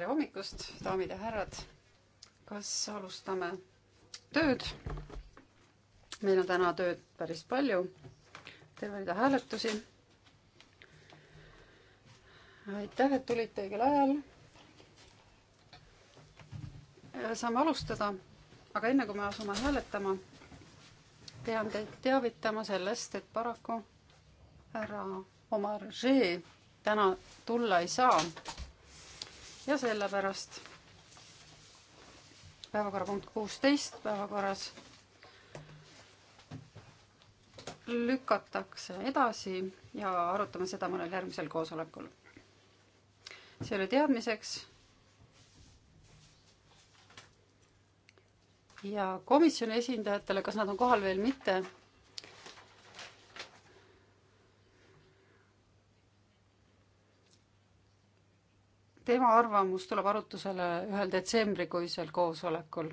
tere hommikust, daamid ja härrad. kas alustame tööd? meil on täna tööd päris palju. terve rida hääletusi. aitäh, et tulite õigel ajal. saame alustada, aga enne kui me asume hääletama, pean teid teavitama sellest, et paraku härra Omar G täna tulla ei saa ja sellepärast päevakorrapunkt kuusteist päevakorras lükatakse edasi ja arutame seda mõnel järgmisel koosolekul. see oli teadmiseks. ja komisjoni esindajatele, kas nad on kohal veel, mitte tema arvamus tuleb arutusele ühel detsembrikuisel koosolekul.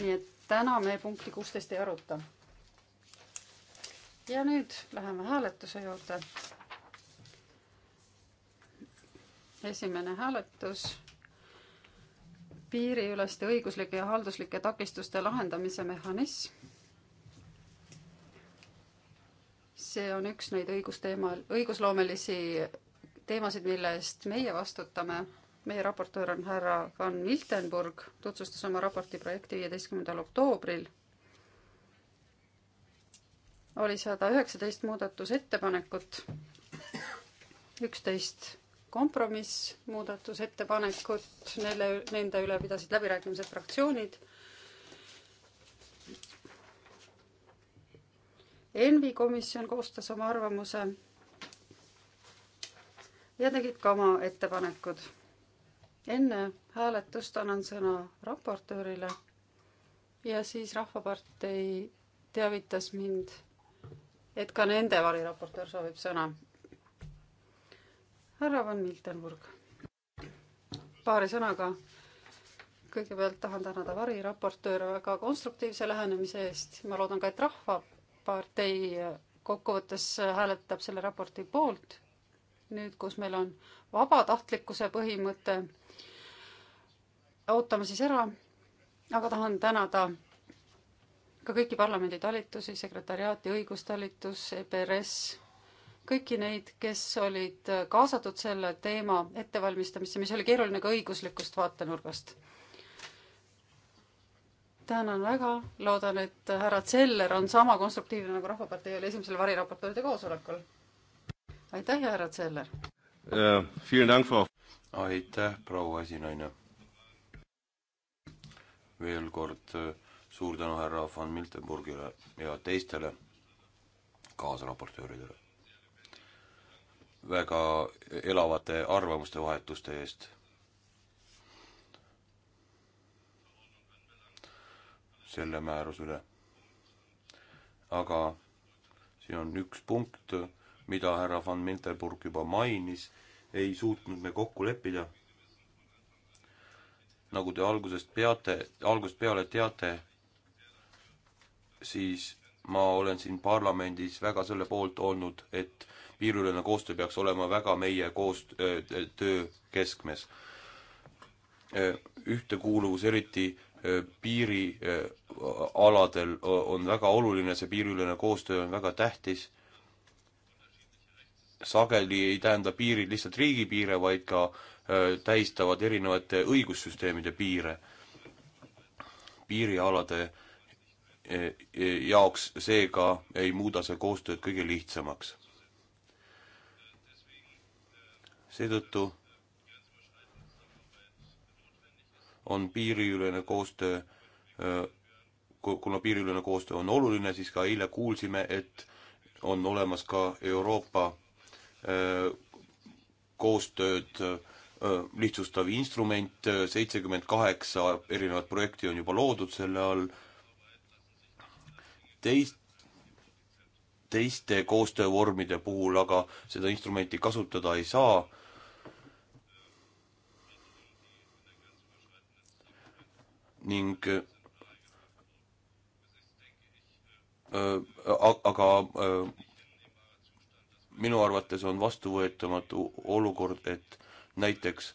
nii et täna me punkti kuusteist ei aruta. ja nüüd läheme hääletuse juurde. esimene hääletus. piiriüleste õiguslike ja halduslike takistuste lahendamise mehhanism. see on üks neid õigusteemal, õigusloomelisi teemasid, mille eest meie vastutame. meie raportöör on härra Van Miltenburg, tutvustas oma raporti projekti viieteistkümnendal oktoobril. oli sada üheksateist muudatusettepanekut, üksteist kompromissmuudatusettepanekut, neile, nende üle pidasid läbirääkimised fraktsioonid ENVI komisjon koostas oma arvamuse ja tegid ka oma ettepanekud. enne hääletust annan sõna raportöörile ja siis Rahvapartei teavitas mind, et ka nende variraportöör soovib sõna. härra von Miltenburg, paari sõnaga. kõigepealt tahan tänada variraportööre väga konstruktiivse lähenemise eest, ma loodan ka, et Rahvapartei kokkuvõttes hääletab selle raporti poolt nüüd, kus meil on vabatahtlikkuse põhimõte, ootame siis ära, aga tahan tänada ka kõiki parlamendi talitusi, sekretäriaati, õigustalitus, EPRS, kõiki neid, kes olid kaasatud selle teema ettevalmistamisse, mis oli keeruline ka õiguslikust vaatenurgast. tänan väga, loodan, et härra Zeller on sama konstruktiivne nagu Rahvapartei oli esimesel variraportööride koosolekul aitäh ja härra Zeller uh,! aitäh, proua esinaine! veel kord äh, suur tänu härra von Miltenburgile ja teistele kaasraportööridele väga elavate arvamuste vahetuste eest. selle määruse üle. aga siin on üks punkt, mida härra Van Miltenburg juba mainis, ei suutnud me kokku leppida. nagu te algusest peate, algusest peale teate, siis ma olen siin parlamendis väga selle poolt olnud, et piiriülene koostöö peaks olema väga meie koostöö, töö keskmes. ühtekuuluvus, eriti piirialadel on väga oluline, see piiriülene koostöö on väga tähtis sageli ei tähenda piirid lihtsalt riigipiire, vaid ka äh, tähistavad erinevate õigussüsteemide piire. piirialade e, e, jaoks seega ei muuda see koostööd kõige lihtsamaks. seetõttu on piiriülene koostöö, e, kuna piiriülene koostöö on oluline, siis ka eile kuulsime, et on olemas ka Euroopa Äh, koostööd äh, lihtsustav instrument, äh, seitsekümmend kaheksa erinevat projekti on juba loodud selle all, teist, teiste koostöövormide puhul aga seda instrumenti kasutada ei saa. ning äh, aga äh, minu arvates on vastuvõetamatu olukord, et näiteks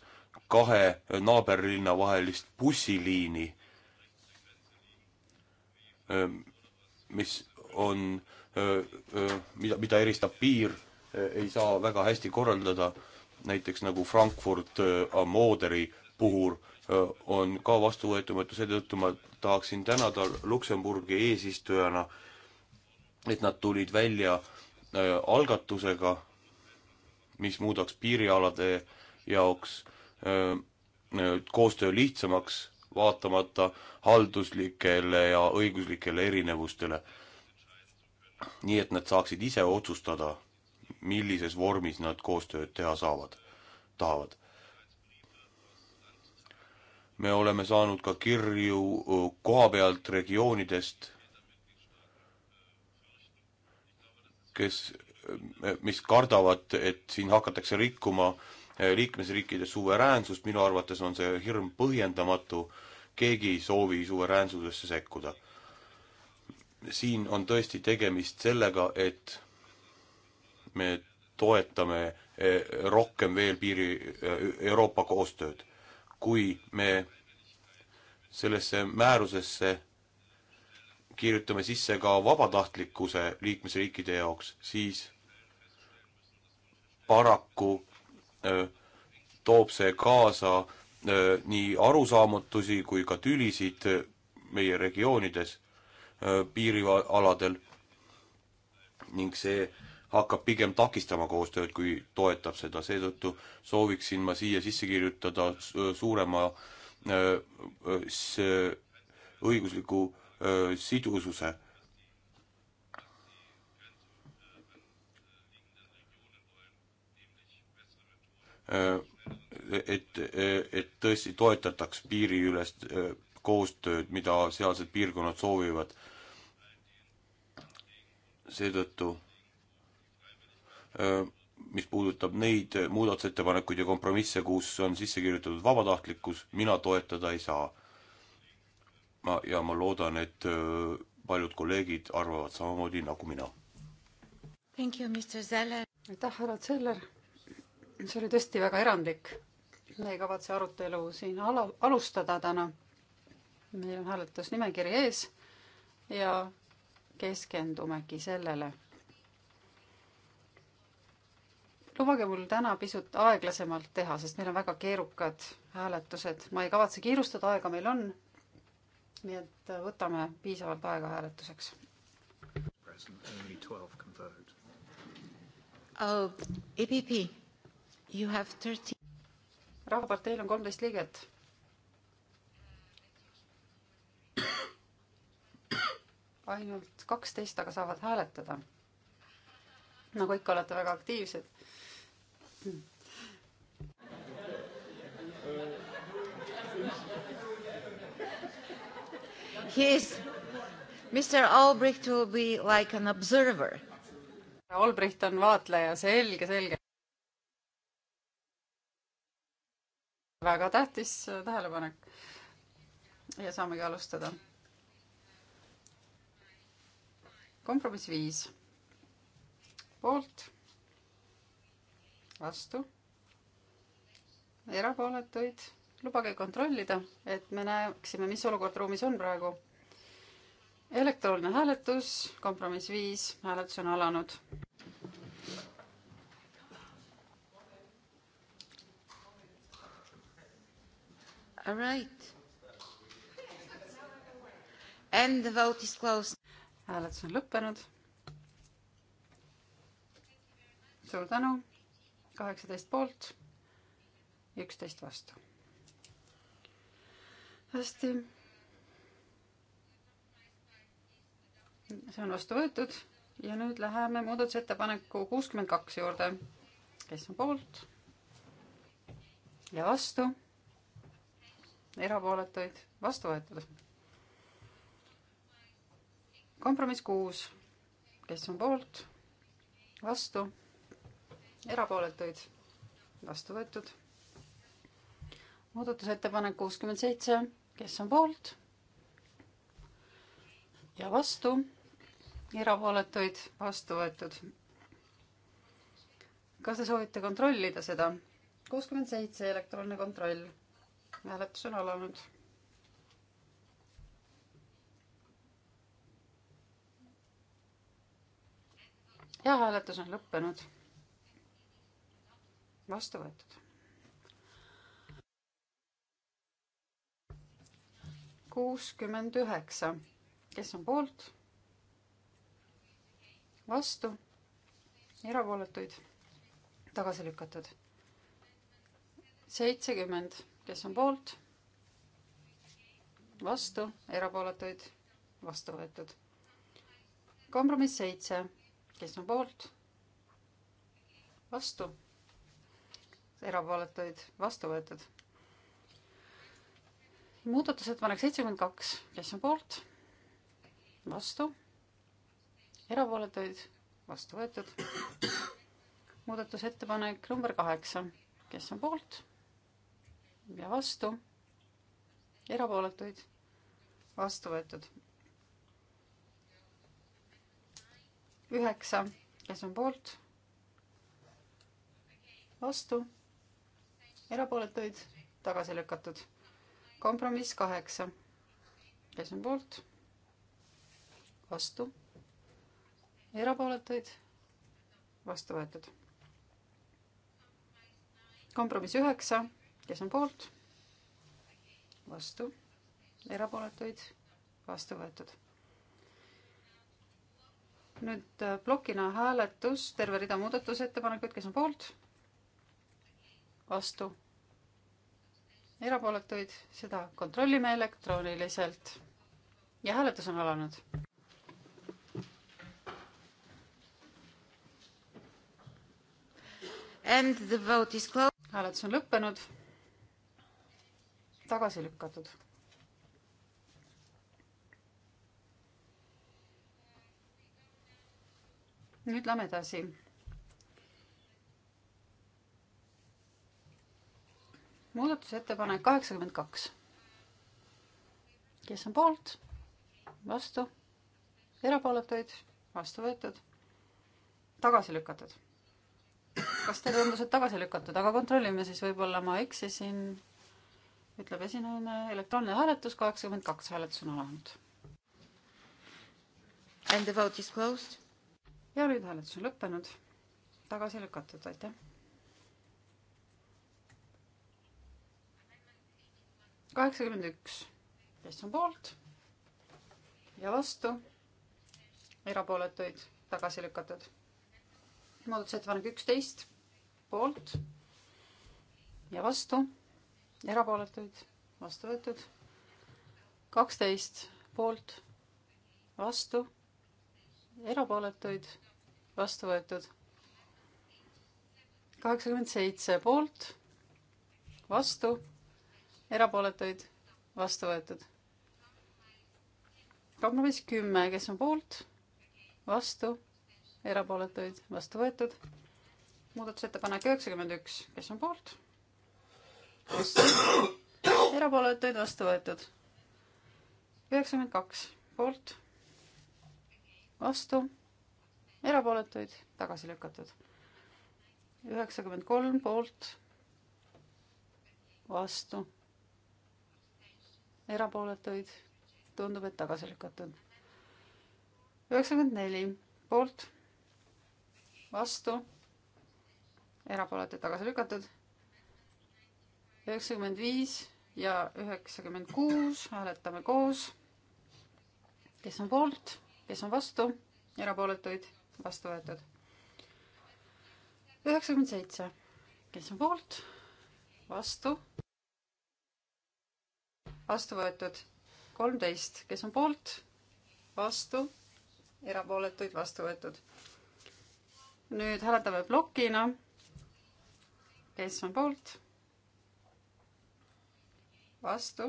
kahe naaberlinna vahelist bussiliini, mis on, mida, mida eristab piir, ei saa väga hästi korraldada, näiteks nagu Frankfurt am Oderi puhul on ka vastuvõetamatu, seetõttu ma tahaksin tänada Luksemburgi eesistujana, et nad tulid välja äh, Äh, algatusega, mis muudaks piirialade jaoks äh, koostöö lihtsamaks, vaatamata halduslikele ja õiguslikele erinevustele. nii et nad saaksid ise otsustada, millises vormis nad koostööd teha saavad, tahavad. me oleme saanud ka kirju kohapealt regioonidest kes, mis kardavad, et siin hakatakse rikkuma eh, liikmesriikide suveräänsust, minu arvates on see hirm põhjendamatu, keegi ei soovi suveräänsusesse sekkuda. siin on tõesti tegemist sellega, et me toetame eh, rohkem veel piiri, eh, Euroopa koostööd. kui me sellesse määrusesse kirjutame sisse ka vabatahtlikkuse liikmesriikide jaoks, siis paraku öö, toob see kaasa öö, nii arusaamatusi kui ka tülisid meie regioonides, piirialadel ning see hakkab pigem takistama koostööd, kui toetab seda, seetõttu sooviksin ma siia sisse kirjutada suurema öö, öö, õigusliku sidususe. et, et tõesti toetataks piiriülest koostööd, mida sealsed piirkonnad soovivad. seetõttu mis puudutab neid muudatusettepanekuid ja kompromisse, kus on sisse kirjutatud vabatahtlikkus, mina toetada ei saa ma, ja ma loodan, et äh, paljud kolleegid arvavad samamoodi nagu mina. aitäh, härra Zeller. see oli tõesti väga erandlik. me ei kavatse arutelu siin ala, alustada täna. meil on hääletusnimekiri ees ja keskendumegi sellele. lubage mul täna pisut aeglasemalt teha, sest meil on väga keerukad hääletused. ma ei kavatse kiirustada, aega meil on nii et võtame piisavalt aega hääletuseks. Oh, EPP, you have thirteen. rahvaparteil on kolmteist liiget ainult kaksteist aga saavad hääletada. nagu ikka, olete väga aktiivsed. He's, Mr Albrecht will be like an observer. Albrecht on vaatleja, selge, selge. väga tähtis tähelepanek. ja saamegi alustada. kompromiss viis. poolt. vastu. erapooletuid lubage kontrollida, et me näeksime, mis olukord ruumis on praegu. elektrooniline hääletus, kompromiss viis, hääletus on alanud. All right. And the vote is closed. hääletus on lõppenud. suur tänu, kaheksateist poolt, üksteist vastu hästi. see on vastu võetud ja nüüd läheme muudatusettepaneku kuuskümmend kaks juurde. kes on poolt? ja vastu? erapooletuid? vastu võetud. kompromiss kuus. kes on poolt? vastu? erapooletuid? vastu võetud. muudatusettepanek kuuskümmend seitse kes on poolt ja vastu, erapooletuid vastu võetud. kas te soovite kontrollida seda? kuuskümmend seitse elektroonne kontroll. hääletus on alanud. ja hääletus on lõppenud. vastu võetud. kuuskümmend üheksa, kes on poolt? vastu, erapooletuid, tagasi lükatud. seitsekümmend, kes on poolt? vastu, erapooletuid, vastu võetud. kompromiss seitse, kes on poolt? vastu, erapooletuid, vastu võetud muudatusettepanek seitsekümmend kaks, kes on poolt? vastu? erapooletuid? vastu võetud. muudatusettepanek number kaheksa, kes on poolt? ja vastu? erapooletuid? vastu võetud. üheksa, kes on poolt? vastu? erapooletuid? tagasi lükatud kompromiss kaheksa, kes on poolt, vastu, erapooletuid, vastu võetud. kompromiss üheksa, kes on poolt, vastu, erapooletuid, vastu võetud nüüd äh, plokina hääletus, terve rida muudatusettepanekuid, kes on poolt? vastu? erapooletuid, seda kontrollime elektrooniliselt. ja hääletus on alanud. hääletus on lõppenud. tagasi lükatud. nüüd lähme edasi muudatusettepanek kaheksakümmend kaks. kes on poolt? vastu? erapooletuid? vastu võetud? tagasi lükatud? kas teil tundus, et tagasi lükatud, aga kontrollime siis, võib-olla ma eksisin. ütleb esinejana elektrooniline hääletus, kaheksakümmend kaks hääletus on alanud. And the vote is closed. ja nüüd hääletus on lõppenud. tagasi lükatud, aitäh kaheksakümmend üks, kes on poolt ja vastu, erapooletuid tagasi lükatud. muudatusettepanek üksteist, poolt ja vastu, erapooletuid vastu võetud, kaksteist poolt, vastu, erapooletuid vastu võetud, kaheksakümmend seitse poolt, vastu erapooletuid, vastu võetud. kompromiss kümme, kes on poolt, vastu, erapooletuid, vastu võetud. muudatusettepanek üheksakümmend üks, kes on poolt, vastu, erapooletuid, vastu võetud. üheksakümmend kaks, poolt, vastu, erapooletuid, tagasi lükatud üheksakümmend kolm poolt, vastu erapooletuid, tundub, et tagasi lükatud. üheksakümmend neli poolt, vastu, erapooletuid tagasi lükatud. üheksakümmend viis ja üheksakümmend kuus, hääletame koos. kes on poolt, kes on vastu, erapooletuid vastu võetud. üheksakümmend seitse, kes on poolt, vastu vastu võetud kolmteist, kes on poolt, vastu, erapooletuid vastu võetud. nüüd hääletame plokina. kes on poolt? vastu,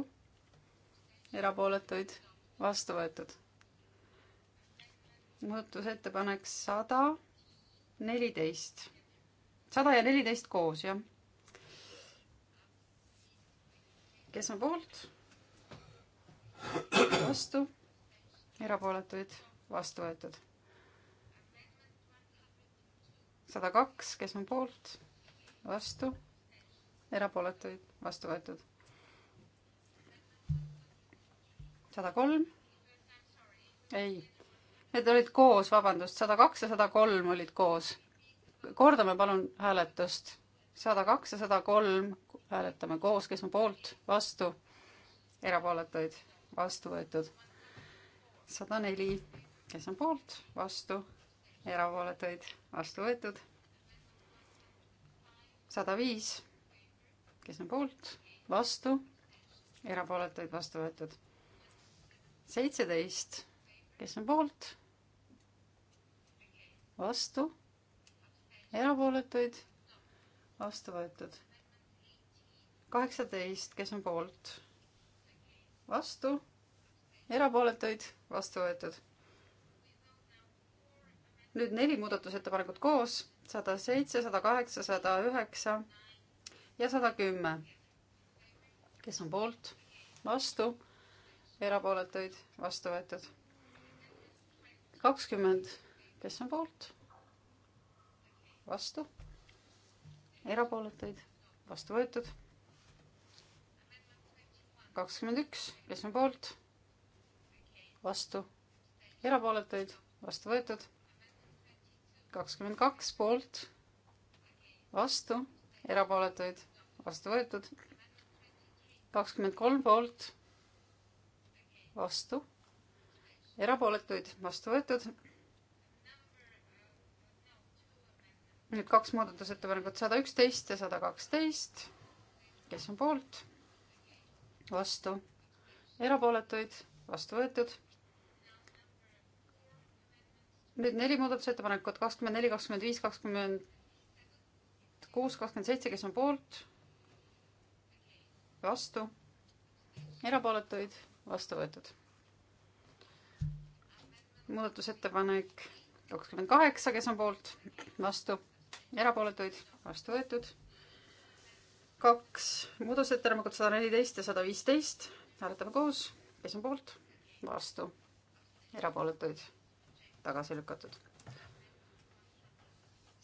erapooletuid vastu võetud. muudatusettepanek sada neliteist, sada ja neliteist koos, jah. kes on poolt? vastu, erapooletuid vastu võetud. sada kaks, kes on poolt, vastu, erapooletuid vastu võetud. sada kolm, ei, need olid koos, vabandust, sada kaks ja sada kolm olid koos. kordame palun hääletust, sada kaks ja sada kolm hääletame koos, kes on poolt, vastu, erapooletuid vastu võetud. sada neli, kes on poolt, vastu, erapooletuid, vastu võetud. sada viis, kes on poolt, vastu, erapooletuid, vastu võetud. seitseteist, kes on poolt, vastu, erapooletuid, vastu võetud. kaheksateist, kes on poolt vastu, erapooletuid, vastu võetud. nüüd neli muudatusettepanekut koos, sada seitse, sada kaheksa, sada üheksa ja sada kümme. kes on poolt, vastu, erapooletuid, vastu võetud. kakskümmend, kes on poolt, vastu, erapooletuid, vastu võetud kakskümmend üks, kes on poolt? vastu, erapooletuid, vastu võetud. kakskümmend kaks poolt, vastu, erapooletuid, vastu võetud. kakskümmend kolm poolt, vastu, erapooletuid, vastu võetud. nüüd kaks muudatusettepanekut, sada üksteist ja sada kaksteist. kes on poolt? vastu, erapooletuid, vastu võetud. nüüd neli muudatusettepanekut, kakskümmend neli, kakskümmend viis, kakskümmend kuus, kakskümmend seitse, kes on poolt, vastu, erapooletuid, vastu võetud. muudatusettepanek kakskümmend kaheksa, kes on poolt, vastu, erapooletuid, vastu võetud kaks muudatusettepanekut, sada neliteist ja sada viisteist. hääletame koos, kes on poolt, vastu, erapooletuid, tagasi lükatud.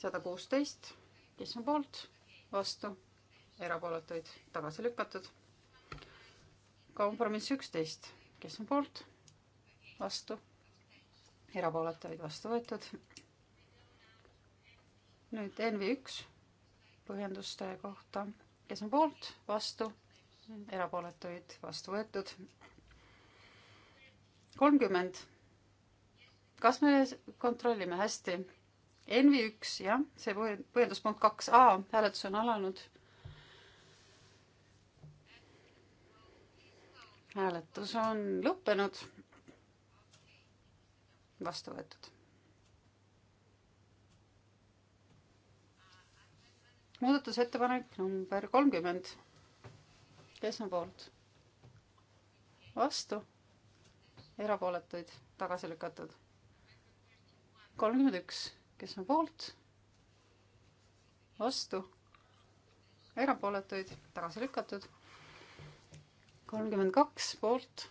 sada kuusteist, kes on poolt, vastu, erapooletuid, tagasi lükatud. kompromiss üksteist, kes on poolt, vastu, erapooletuid, vastu võetud. nüüd NV üks põhjenduste kohta kes on poolt, vastu, erapooletuid vastu võetud. kolmkümmend. kas me kontrollime hästi? Envi üks, jah, see põhjenduspunkt kaks A, hääletus on alanud. hääletus on lõppenud. vastu võetud muudatusettepanek number kolmkümmend. kes on poolt? vastu? erapooletuid tagasi lükatud. kolmkümmend üks, kes on poolt? vastu? erapooletuid tagasi lükatud. kolmkümmend kaks poolt.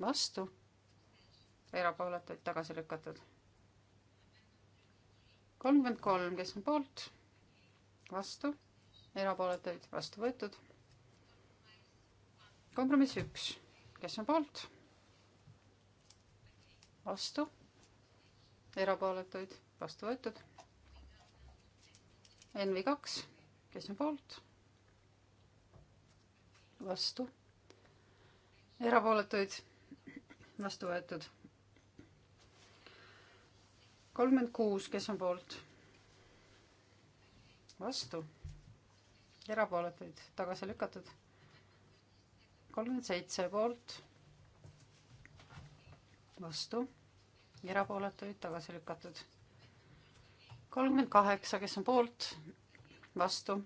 vastu? erapooletuid tagasi lükatud kolmkümmend kolm, kes on poolt, vastu, erapooletuid vastu võetud. kompromiss üks, kes on poolt, vastu, erapooletuid vastu võetud. NV kaks, kes on poolt, vastu, erapooletuid vastu võetud kolmkümmend kuus, kes on poolt? vastu. erapooletuid tagasi lükatud. kolmkümmend seitse poolt. vastu. erapooletuid tagasi lükatud. kolmkümmend kaheksa, kes on poolt? vastu.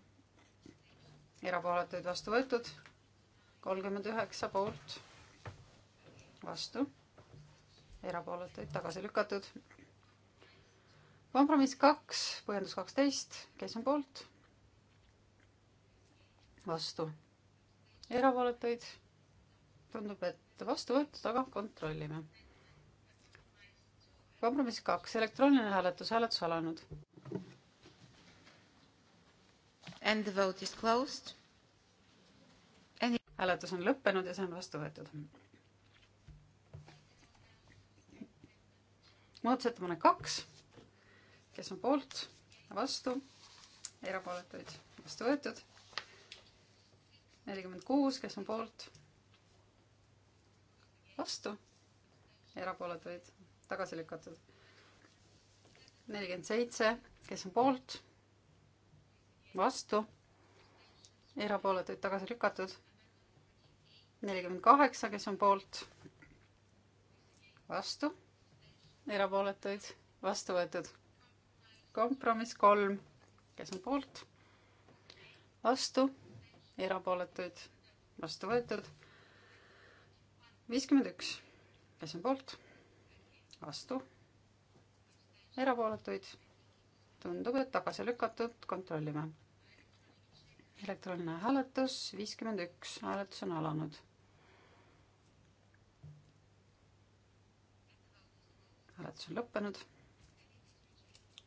erapooletuid vastu võetud. kolmkümmend üheksa poolt. vastu. erapooletuid tagasi lükatud kompromiss kaks, põhjendus kaksteist, kes on poolt? vastu. erapooletuid? tundub, et vastu võetud, aga kontrollime. kompromiss kaks, elektrooniline hääletus, hääletus alanud. And the vote is closed Any.... hääletus on lõppenud ja see on vastu võetud. muudatusettepanek kaks kes on poolt, vastu, erapooletuid vastu võetud. nelikümmend kuus, kes on poolt, vastu, erapooletuid tagasi lükatud. nelikümmend seitse, kes on poolt, vastu, erapooletuid tagasi lükatud. nelikümmend kaheksa, kes on poolt, vastu, erapooletuid vastu võetud kompromiss kolm, kes on poolt, vastu, erapooletuid, vastu võetud. viiskümmend üks, kes on poolt, vastu, erapooletuid, tundub, et tagasi lükatud, kontrollime. elektrooniline hääletus viiskümmend üks, hääletus on alanud hääletus on lõppenud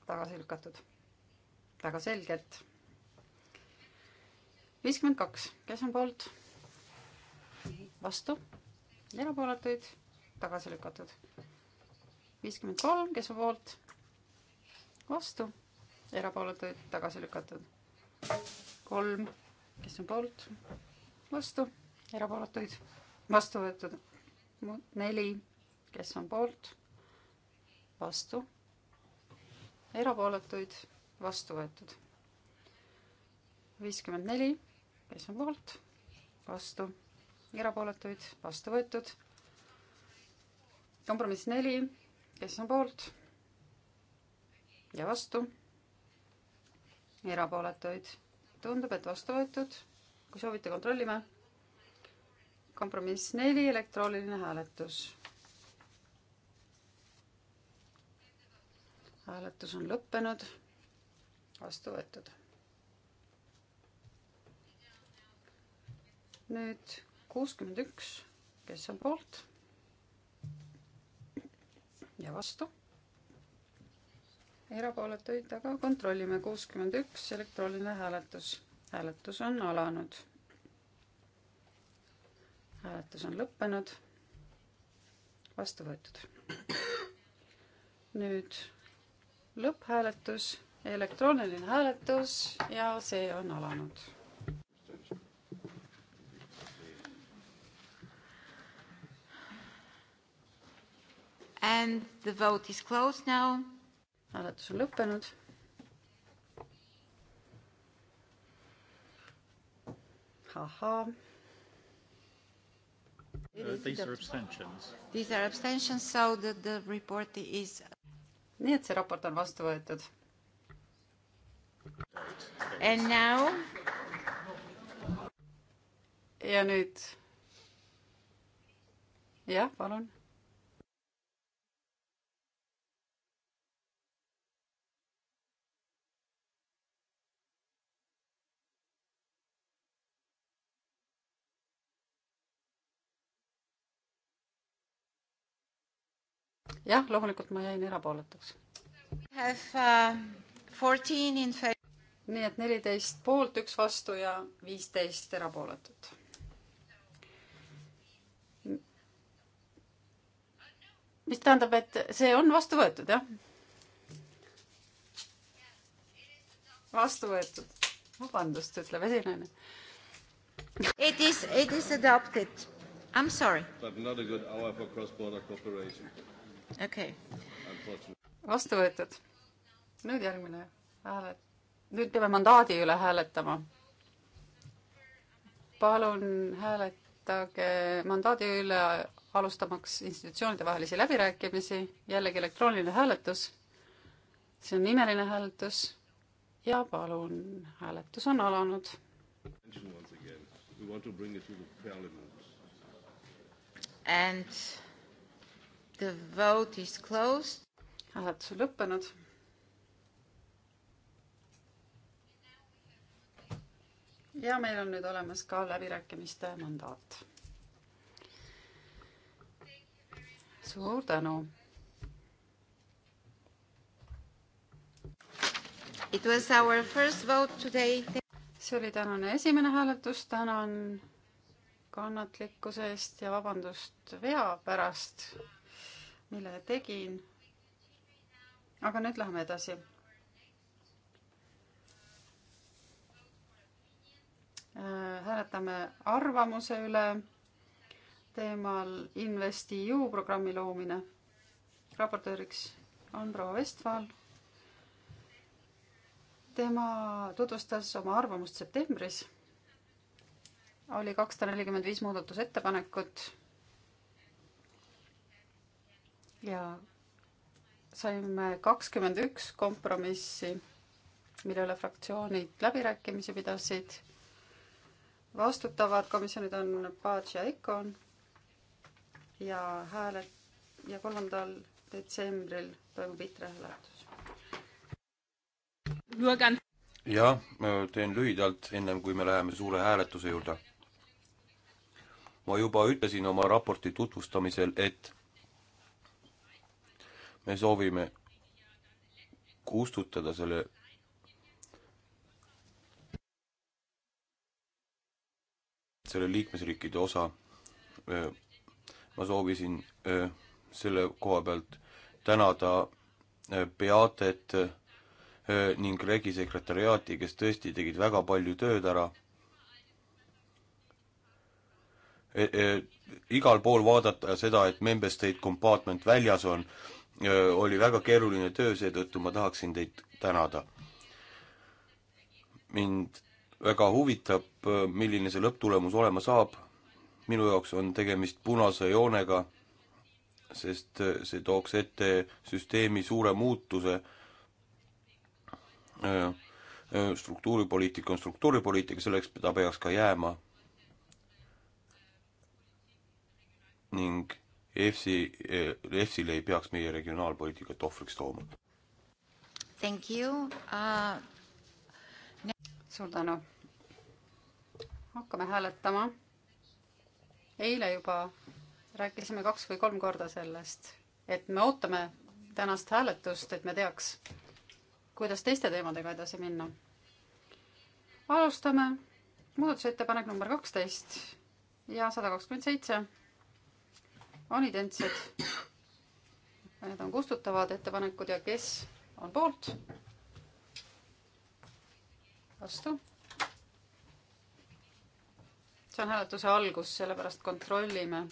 tagasi lükatud. väga selgelt. viiskümmend kaks, kes on poolt? vastu, erapooletuid, tagasi lükatud. viiskümmend kolm, kes on poolt? vastu, erapooletuid, tagasi lükatud. kolm, kes on poolt? vastu, erapooletuid, vastu võetud. neli, kes on poolt? vastu erapooletuid, vastu võetud. viiskümmend neli, kes on poolt, vastu, erapooletuid, vastu võetud. kompromiss neli, kes on poolt ja vastu, erapooletuid, tundub, et vastu võetud, kui soovite, kontrollime kompromiss neli, elektrooniline hääletus hääletus on lõppenud, vastu võetud. nüüd kuuskümmend üks, kes on poolt ja vastu. erapooletuid aga kontrollime, kuuskümmend üks, elektrooniline hääletus. hääletus on alanud. hääletus on lõppenud, vastu võetud. nüüd lõpphääletus, elektrooniline hääletus ja see on alanud. And the vote is closed now. hääletus on lõppenud Haha. Uh, these are abstentions. These are abstentions, so the, the report is nii et see raport on vastu võetud. And now? ja nüüd? jah, palun jah, loomulikult ma jäin erapooletuks. Uh, nii et neliteist poolt, üks vastu ja viisteist erapooletut. mis tähendab, et see on vastu võetud, jah? vastu võetud. vabandust, ütleb esinaine. It is, it is adopted. I am sorry. But not a good hour for cross-border cooperation okei okay.. vastu võetud. nüüd järgmine hääle, nüüd peame mandaadi üle hääletama. palun hääletage mandaadi üle alustamaks institutsioonide vahelisi läbirääkimisi, jällegi elektrooniline hääletus. see on nimeline hääletus ja palun, hääletus on alanud. And The vote is closed. hääletus on lõppenud. ja meil on nüüd olemas ka läbirääkimiste mandaat. suur tänu. It was our first vote today. see oli tänane esimene hääletus, tänan kannatlikkuse eest ja vabandust vea pärast mille tegin. aga nüüd läheme edasi. Äh, hääletame arvamuse üle teemal InvestEU programmi loomine. raportööriks on proua Vestfal. tema tutvustas oma arvamust septembris. oli kakssada nelikümmend viis muudatusettepanekut ja saime kakskümmend üks kompromissi, mille üle fraktsioonid läbirääkimisi pidasid. vastutavad komisjonid on Paats ja Econ ja hääled ja kolmandal detsembril toimub ITRE hääletus. jah, teen lühidalt, ennem kui me läheme suure hääletuse juurde. ma juba ütlesin oma raporti tutvustamisel, et me soovime kustutada selle selle liikmesriikide osa ma soovisin selle koha pealt tänada Beatet ning Regi sekretäriaati, kes tõesti tegid väga palju tööd ära. E, igal pool vaadata seda, et member state compartment väljas on oli väga keeruline töö, seetõttu ma tahaksin teid tänada. mind väga huvitab, milline see lõpptulemus olema saab. minu jaoks on tegemist punase joonega, sest see tooks ette süsteemi suure muutuse. struktuuripoliitika on struktuuripoliitika, selleks ta peaks ka jääma. ning EFSI, eh, EFSile ei peaks meie regionaalpoliitikat ohvriks tooma. Thank you uh,. suur tänu. hakkame hääletama. eile juba rääkisime kaks või kolm korda sellest, et me ootame tänast hääletust, et me teaks, kuidas teiste teemadega edasi minna. alustame muudatusettepanek number kaksteist ja sada kakskümmend seitse on identsed. Need on kustutavad ettepanekud ja kes on poolt? vastu. see on hääletuse algus, sellepärast kontrollime.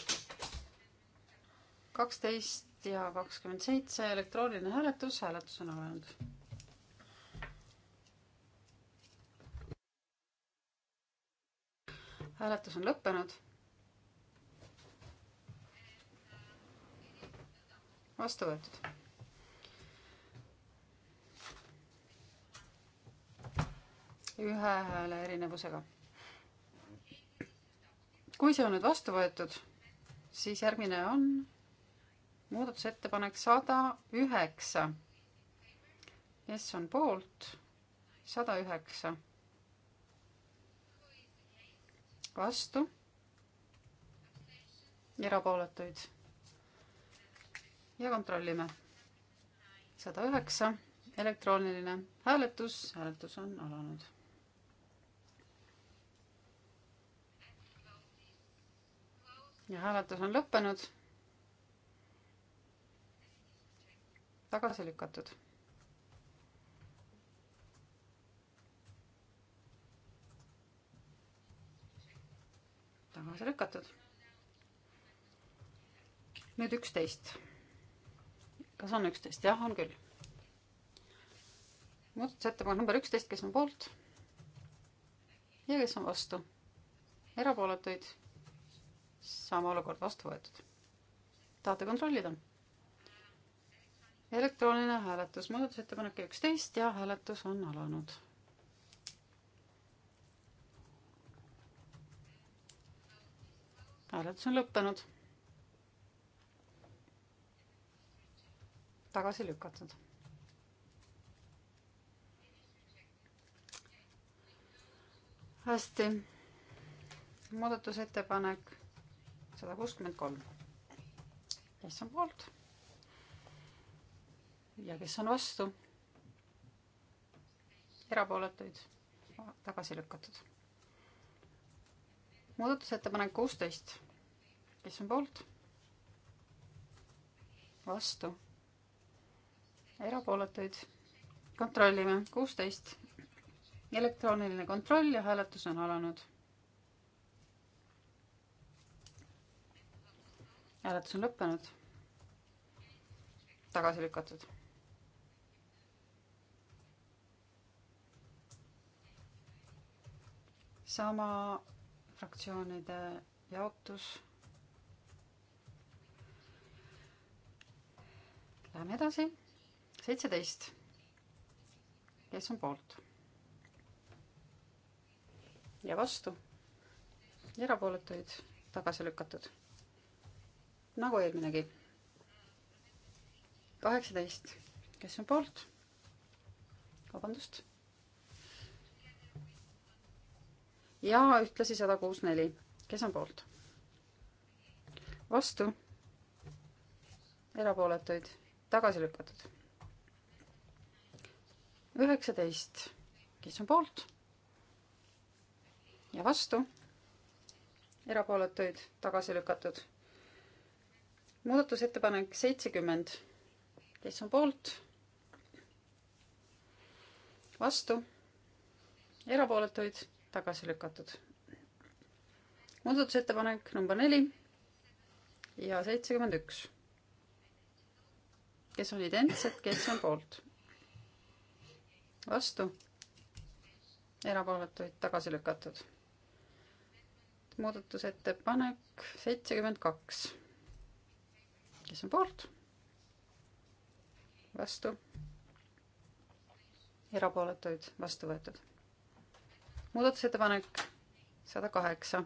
kaksteist ja kakskümmend seitse elektrooniline hääletus, hääletus on alanud. hääletus on lõppenud vastu võetud. ühe hääle erinevusega. kui see on nüüd vastu võetud, siis järgmine on muudatusettepanek sada üheksa. kes on poolt? sada üheksa. vastu? erapooletuid ja kontrollime. sada üheksa, elektrooniline hääletus, hääletus on alanud. ja hääletus on lõppenud. tagasi lükatud tagasi lükatud. nüüd üksteist kas on üksteist? jah, on küll. muudatusettepanek number üksteist, kes on poolt? ja kes on vastu? erapooletuid? sama olukord vastu võetud. tahate kontrollida? elektrooniline hääletus, muudatusettepanek üksteist ja hääletus on alanud. hääletus on lõppenud tagasi lükatud. hästi. muudatusettepanek sada kuuskümmend kolm. kes on poolt? ja kes on vastu? erapooletuid tagasi lükatud. muudatusettepanek kuusteist. kes on poolt? vastu erapooletuid kontrollime, kuusteist. elektrooniline kontroll ja hääletus on alanud. hääletus on lõppenud. tagasi lükatud. sama fraktsioonide jaotus. Läheme edasi seitseteist. kes on poolt? ja vastu? erapooletuid tagasi lükatud. nagu eelminegi. kaheksateist, kes on poolt? vabandust. ja ühtlasi sada kuus neli, kes on poolt? vastu? erapooletuid tagasi lükatud üheksateist, kes on poolt ja vastu, erapooletuid tagasi lükatud. muudatusettepanek seitsekümmend, kes on poolt, vastu, erapooletuid tagasi lükatud. muudatusettepanek number neli ja seitsekümmend üks, kes on identsed, kes on poolt vastu, erapooletuid tagasi lükatud. muudatusettepanek seitsekümmend kaks. kes on poolt? vastu? erapooletuid vastu võetud. muudatusettepanek sada kaheksa.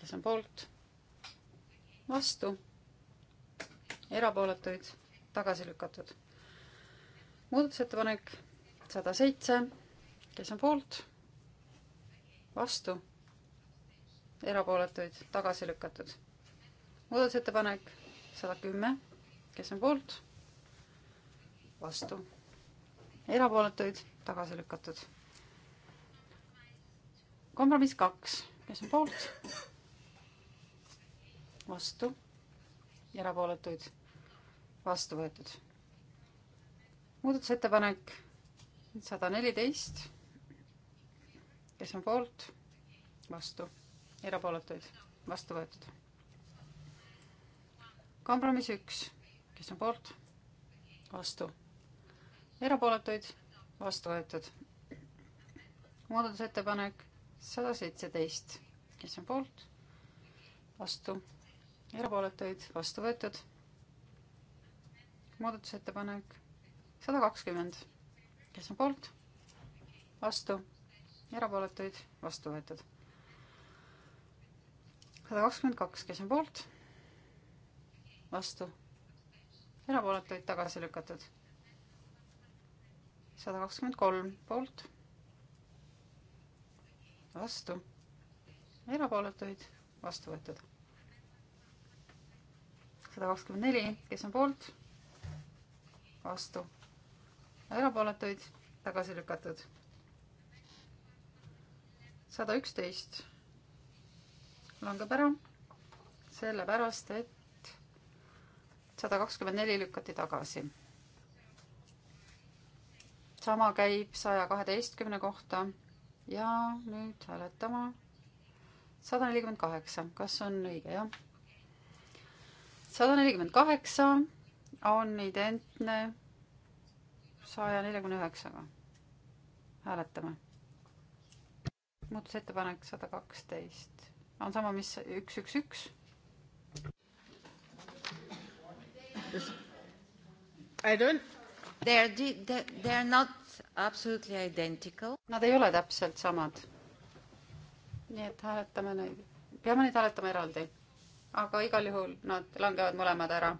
kes on poolt? vastu? erapooletuid tagasi lükatud. muudatusettepanek sada seitse, kes on poolt, vastu, erapooletuid, tagasi lükatud. muudatusettepanek sada kümme, kes on poolt, vastu, erapooletuid, tagasi lükatud. kompromiss kaks, kes on poolt, vastu, erapooletuid, vastu võetud muudatusettepanek sada neliteist, kes on poolt, vastu, erapooletuid, vastu võetud. kompromiss üks, kes on poolt, vastu, erapooletuid, vastu võetud. muudatusettepanek sada seitseteist, kes on poolt, vastu, erapooletuid, vastu võetud. muudatusettepanek sada kakskümmend kes on poolt, vastu, erapooletuid, vastu võetud. sada kakskümmend kaks, kes on poolt, vastu, erapooletuid, tagasi lükatud. sada kakskümmend kolm poolt, vastu, erapooletuid, vastu võetud. sada kakskümmend neli, kes on poolt, vastu erapooletuid tagasi lükatud. sada üksteist langeb ära, sellepärast et sada kakskümmend neli lükati tagasi. sama käib saja kaheteistkümne kohta ja nüüd hääletama sada nelikümmend kaheksa, kas on õige, jah? sada nelikümmend kaheksa on identne saja neljakümne üheksaga. hääletame. muudatusettepanek sada kaksteist on sama, mis üks, üks, üks. I don't. They are, they are not absolutely identical. Nad ei ole täpselt samad. nii et hääletame neid, peame neid hääletama eraldi. aga igal juhul nad langevad mõlemad ära.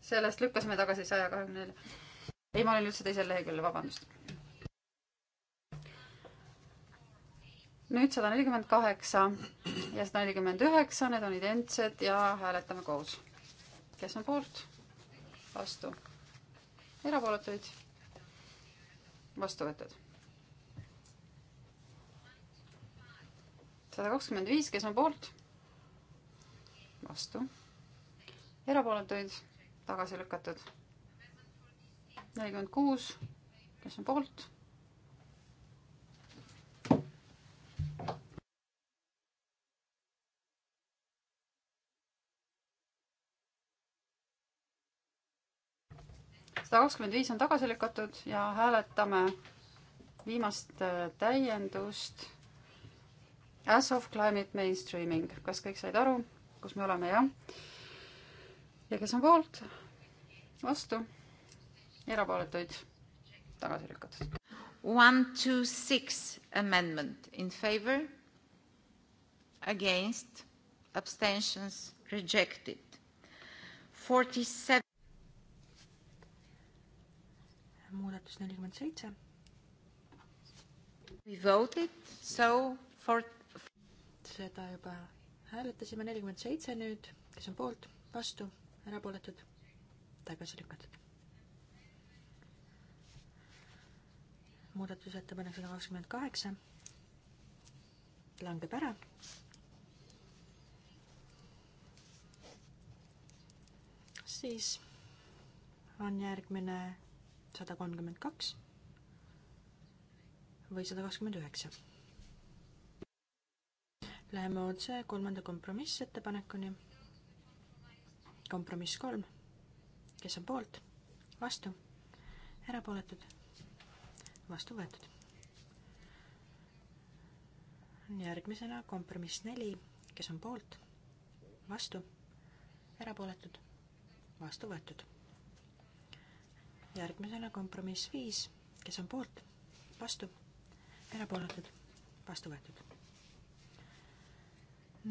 sellest lükkasime tagasi saja kahekümne nelja ei, ma olin üldse teisel leheküljel, vabandust. nüüd sada nelikümmend kaheksa ja sada nelikümmend üheksa, need on identsed ja hääletame koos. kes on poolt? vastu. erapooletuid? vastu võetud. sada kakskümmend viis, kes on poolt? vastu. erapooletuid? tagasi lükatud nelikümmend kuus, kes on poolt? sada kakskümmend viis on tagasi lükatud ja hääletame viimast äh, täiendust. As of climate mainstreaming, kas kõik said aru, kus me oleme, jah? ja kes on poolt? vastu erapooletuid tagasi lükatud. One, two, six amendment in favor, against, abstentions rejected. Forty seven. muudatus nelikümmend seitse. We voted, so for. seda juba hääletasime, nelikümmend seitse nüüd, kes on poolt, vastu, erapooletud, tagasi lükatud muudatusettepanek sada kakskümmend kaheksa langeb ära. siis on järgmine sada kolmkümmend kaks või sada kakskümmend üheksa. Läheme otse kolmanda kompromissettepanekuni. kompromiss kolm, kes on poolt, vastu, erapooletud vastu võetud. järgmisena kompromiss neli, kes on poolt, vastu, erapooletud, vastu võetud. järgmisena kompromiss viis, kes on poolt, vastu, erapooletud, vastu võetud.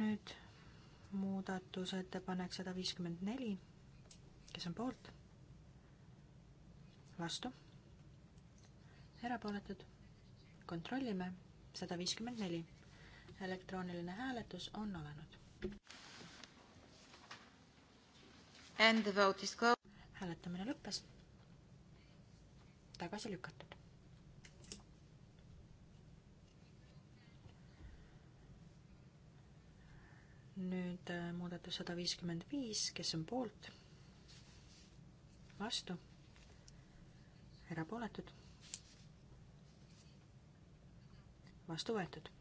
nüüd muudatusettepanek sada viiskümmend neli, kes on poolt, vastu erapooletud, kontrollime, sada viiskümmend neli. elektrooniline hääletus on alanud. And the vote is closed. hääletamine lõppes. tagasi lükatud. nüüd äh, muudatus sada viiskümmend viis, kes on poolt? vastu? erapooletud? vastu võetud.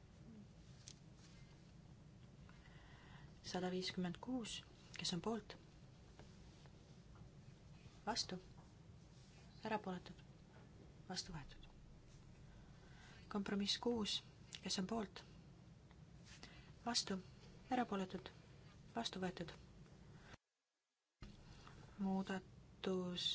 sada viiskümmend kuus, kes on poolt? vastu, erapooletud, vastu võetud. kompromiss kuus, kes on poolt? vastu, erapooletud, vastu võetud. muudatus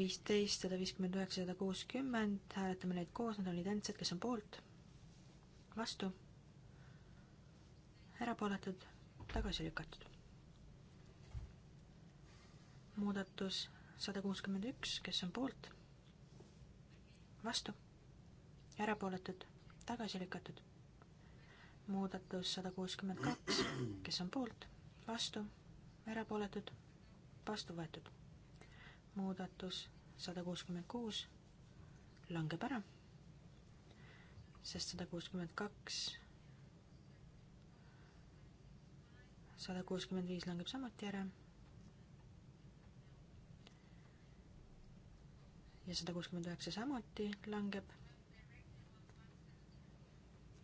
viisteist, sada viiskümmend üheksa, sada kuuskümmend, hääletame neid koos, nad on identsed, kes on poolt, vastu, erapooletud, tagasi lükatud. muudatus sada kuuskümmend üks, kes on poolt, vastu, erapooletud, tagasi lükatud. muudatus sada kuuskümmend kaks, kes on poolt, vastu, erapooletud, vastu võetud muudatus sada kuuskümmend kuus langeb ära, sest sada kuuskümmend kaks, sada kuuskümmend viis langeb samuti ära ja sada kuuskümmend üheksa samuti langeb.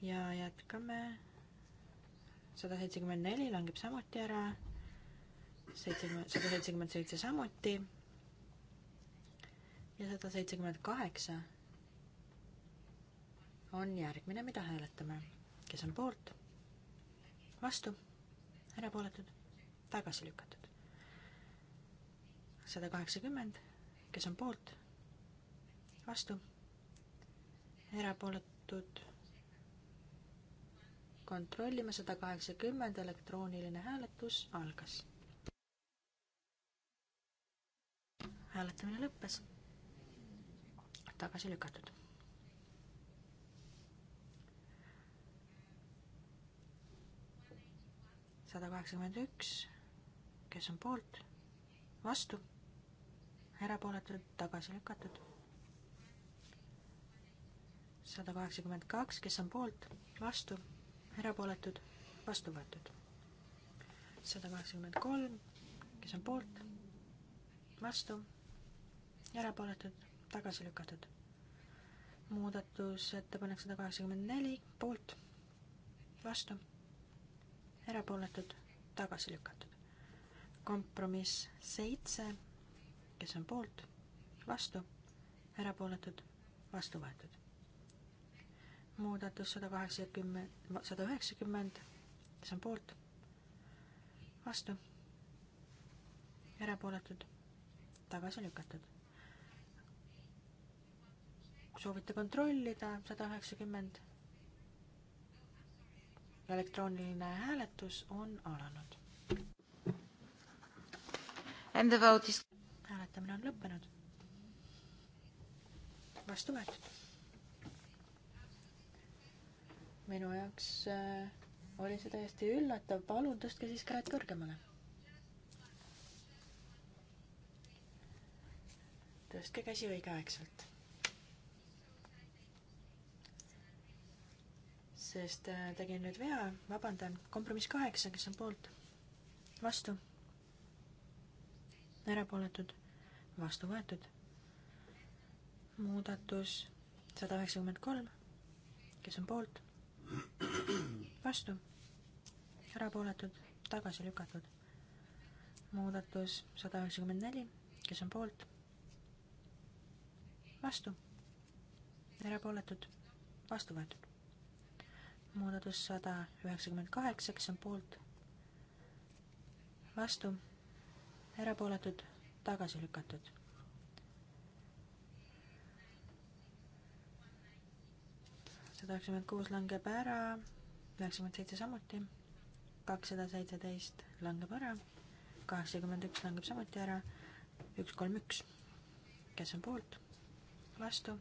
ja jätkame. sada seitsekümmend neli langeb samuti ära. seitsekümmend, sada seitsekümmend seitse samuti ja sada seitsekümmend kaheksa on järgmine, mida hääletame. kes on poolt? vastu? erapooletud? tagasi lükatud? sada kaheksakümmend, kes on poolt? vastu? erapooletud? kontrollime sada kaheksakümmend, elektrooniline hääletus algas. hääletamine lõppes tagasi lükatud. sada kaheksakümmend üks, kes on poolt, vastu, erapooletud, tagasi lükatud. sada kaheksakümmend kaks, kes on poolt, vastu, erapooletud, vastu võetud. sada kaheksakümmend kolm, kes on poolt, vastu, erapooletud tagasi lükatud. muudatusettepanek sada kaheksakümmend neli, poolt, vastu, erapooletud, tagasi lükatud. kompromiss seitse, kes on poolt, vastu, erapooletud, vastu võetud. muudatus sada kaheksakümmend, sada üheksakümmend, kes on poolt, vastu, erapooletud, tagasi lükatud soovite kontrollida, sada üheksakümmend. elektrooniline hääletus on alanud. And the vote is hääletamine on lõppenud. vastu võetud. minu jaoks äh, oli see täiesti üllatav, palun tõstke siis käed kõrgemale. tõstke käsi õigeaegselt sest äh, tegin nüüd vea, vabandan, kompromiss kaheksa, kes on poolt? vastu? erapooletud? vastu võetud? muudatus sada üheksakümmend kolm, kes on poolt? vastu? erapooletud? tagasi lükatud. muudatus sada üheksakümmend neli, kes on poolt? vastu? erapooletud? vastu võetud muudatus sada üheksakümmend kaheksa, kes on poolt, vastu, erapooletud, tagasi lükatud. sada üheksakümmend kuus langeb ära, üheksakümmend seitse samuti, kakssada seitseteist langeb ära, kaheksakümmend üks langeb samuti ära, üks, kolm, üks. kes on poolt, vastu,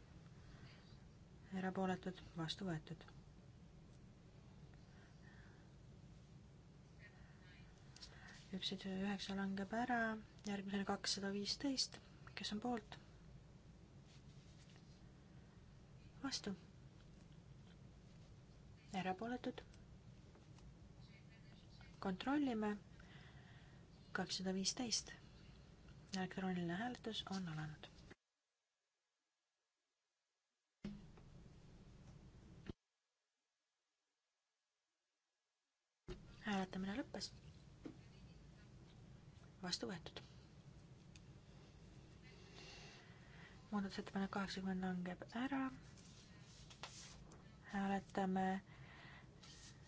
erapooletud, vastu võetud üksteise üheksa langeb ära, järgmisena kakssada viisteist, kes on poolt? vastu. erapooletud. kontrollime. kakssada viisteist. elektrooniline hääletus on alanud. hääletamine lõppes vastu võetud. muudatusettepanek kaheksakümmend langeb ära. hääletame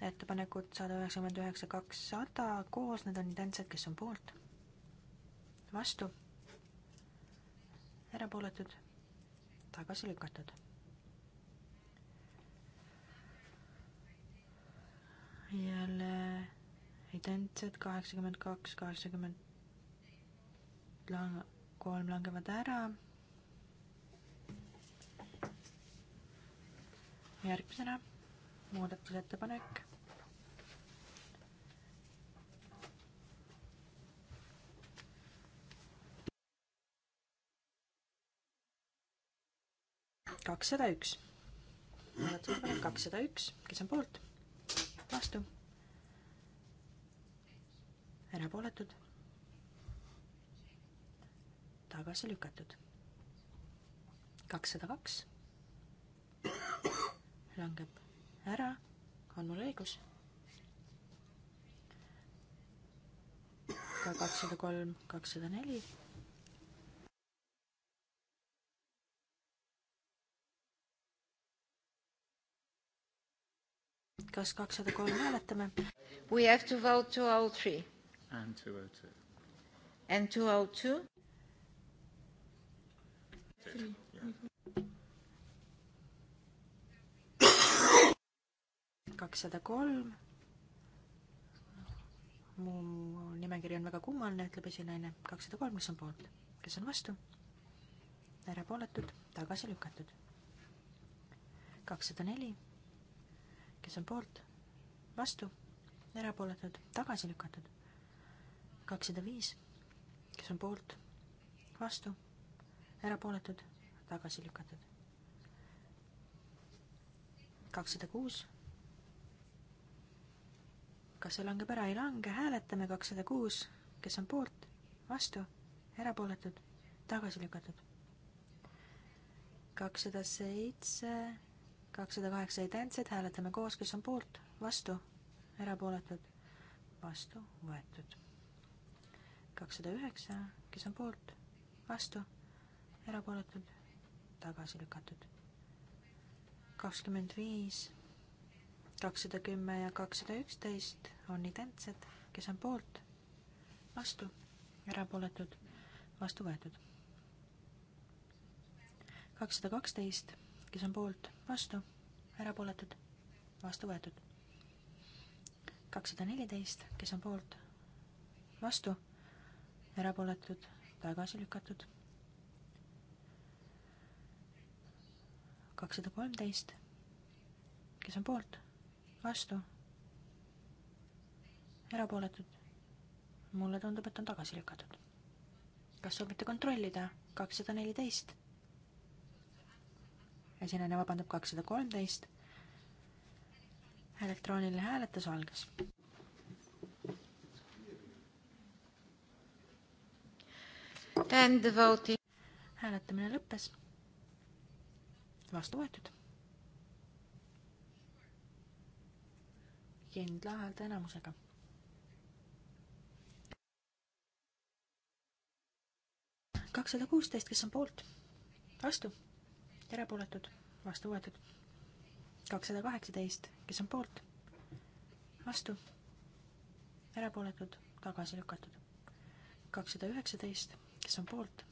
ettepanekut sada üheksakümmend üheksa, kakssada koos, need on identsed, kes on poolt, vastu, erapooletud, tagasi lükatud. jälle identsed kaheksakümmend kaks, kaheksakümmend ülejäänud lang-, kolm langevad ära. järgmisena muudatusettepanek kakssada üks. muudatusettepanek kakssada üks, kes on poolt? vastu? erapooletud? tagasi lükatud. kakssada kaks langeb ära, on mul õigus? ka kakssada kolm, kakssada neli. kas kakssada kolm hääletame? We have to vote two oh three. And two oh two. And two oh two kakssada kolm. mu nimekiri on väga kummaline, ütleb esinaine. kakssada kolm, kes on poolt, kes on vastu? erapooletud, tagasi lükatud. kakssada neli, kes on poolt, vastu, erapooletud, tagasi lükatud. kakssada viis, kes on poolt, vastu erapooletud, tagasi lükatud. kakssada kuus. kas see langeb ära, ei lange, hääletame kakssada kuus, kes on poolt, vastu, erapooletud, tagasi lükatud. kakssada seitse, kakssada kaheksa identsed, hääletame koos, kes on poolt, vastu, erapooletud, vastu võetud. kakssada üheksa, kes on poolt, vastu erapooletud, tagasi lükatud. kakskümmend viis, kakssada kümme ja kakssada üksteist on identsed, kes on poolt, vastu, erapooletud, vastu võetud. kakssada kaksteist, kes on poolt, vastu erapooletud, vastu võetud. kakssada neliteist, kes on poolt, vastu, erapooletud, tagasi lükatud kakssada kolmteist, kes on poolt, vastu, erapooletud. mulle tundub, et on tagasi lükatud. kas soovite kontrollida? kakssada neliteist. esinejana vabandab kakssada kolmteist. elektrooniline hääletus algas. hääletamine lõppes vastu võetud. kindla häälte enamusega. kakssada kuusteist, kes on poolt, vastu, erapooletud, vastu võetud. kakssada kaheksateist, kes on poolt, vastu, erapooletud, tagasi lükatud. kakssada üheksateist, kes on poolt,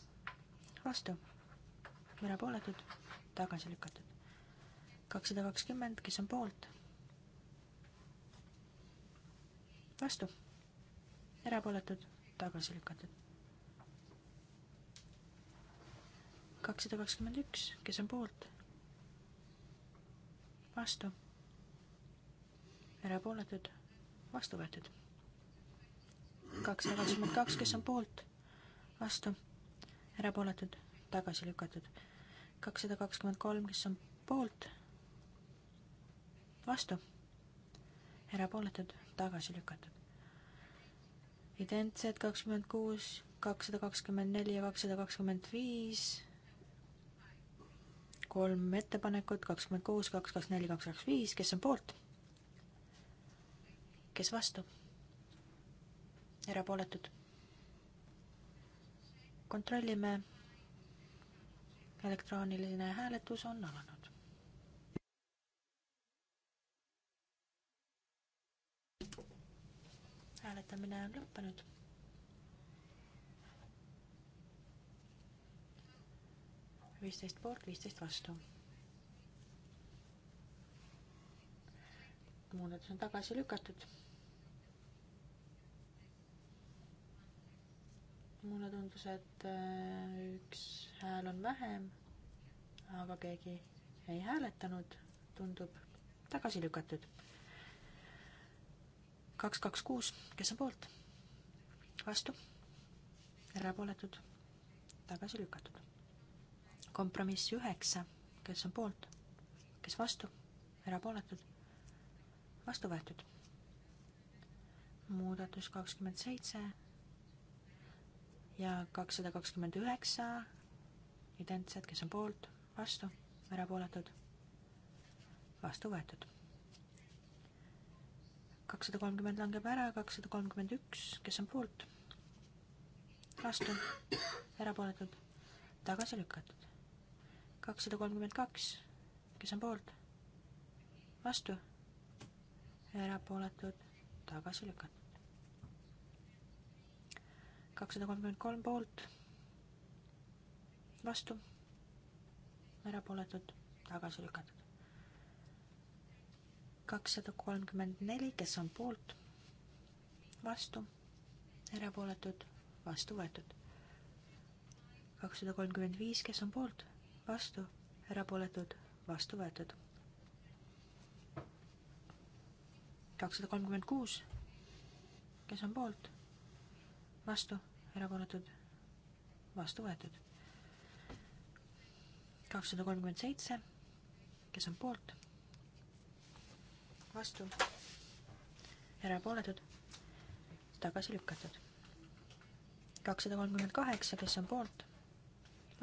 vastu, erapooletud tagasi lükatud. kakssada kakskümmend, kes on poolt? vastu. erapooletud, tagasi lükatud. kakssada kakskümmend üks, kes on poolt? vastu. erapooletud, vastu võetud. kakssada kakskümmend kaks, kes on poolt? vastu. erapooletud, tagasi lükatud kakssada kakskümmend kolm, kes on poolt, vastu, erapooletud, tagasi lükatud. identsed kakskümmend kuus, kakssada kakskümmend neli ja kakssada kakskümmend viis, kolm ettepanekut, kakskümmend kuus, kaks, kaks, neli, kaks, kaks, viis, kes on poolt? kes vastu? erapooletud. kontrollime elektrooniline hääletus on alanud. hääletamine on lõppenud. viisteist poolt, viisteist vastu. muudatus on tagasi lükatud mulle tundus, et äh, üks hääl on vähem, aga keegi ei hääletanud, tundub tagasi lükatud. kaks, kaks, kuus, kes on poolt? vastu? erapooletud? tagasi lükatud. kompromiss üheksa, kes on poolt? kes vastu? erapooletud? vastu võetud. muudatus kakskümmend seitse ja kakssada kakskümmend üheksa identsed, kes on poolt, vastu, erapooletud, vastu võetud. kakssada kolmkümmend langeb ära, kakssada kolmkümmend üks, kes on poolt, vastu, erapooletud, tagasi lükatud. kakssada kolmkümmend kaks, kes on poolt, vastu, erapooletud, tagasi lükatud kakssada kolmkümmend kolm poolt, vastu, erapooletud, tagasi lükatud. kakssada kolmkümmend neli, kes on poolt, vastu, erapooletud, vastu võetud. kakssada kolmkümmend viis, kes on poolt, vastu, erapooletud, vastu võetud. kakssada kolmkümmend kuus, kes on poolt vastu, erapooletud, vastu võetud. kakssada kolmkümmend seitse, kes on poolt, vastu, erapooletud, tagasi lükatud. kakssada kolmkümmend kaheksa, kes on poolt,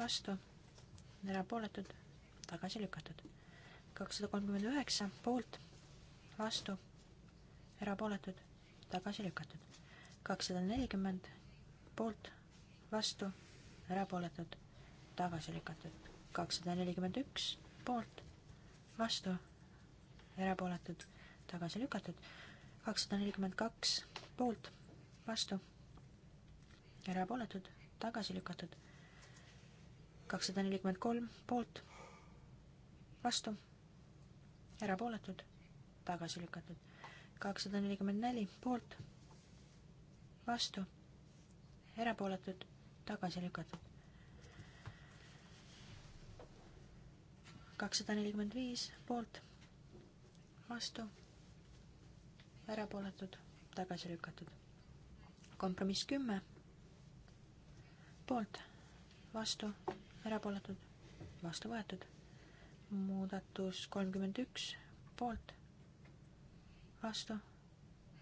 vastu, erapooletud, tagasi lükatud. kakssada kolmkümmend üheksa, poolt, vastu, erapooletud, tagasi lükatud. kakssada nelikümmend poolt, vastu, erapooletud, tagasi lükatud. kakssada nelikümmend üks poolt, vastu, erapooletud, tagasi lükatud. kakssada nelikümmend kaks poolt, vastu, erapooletud, tagasi lükatud. kakssada nelikümmend kolm poolt, vastu, erapooletud, tagasi lükatud. kakssada nelikümmend neli poolt, vastu erapooletud, tagasi lükatud. kakssada nelikümmend viis poolt, vastu, erapooletud, tagasi lükatud. kompromiss kümme, poolt, vastu, erapooletud, vastu võetud. muudatus kolmkümmend üks, poolt, vastu,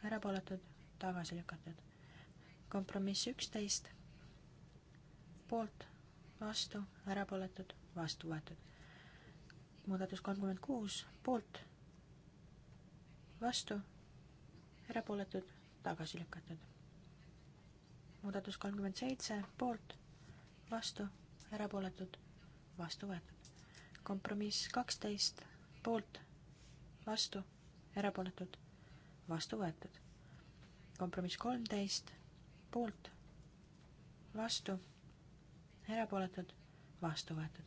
erapooletud, tagasi lükatud kompromiss üksteist, poolt, vastu, erapooletud, vastu võetud. muudatus kolmkümmend kuus, poolt, vastu, erapooletud, tagasi lükatud. muudatus kolmkümmend seitse, poolt, vastu, erapooletud, vastu võetud. kompromiss kaksteist, poolt, vastu, erapooletud, vastu võetud. kompromiss kolmteist poolt, vastu, erapooletud, vastu võetud.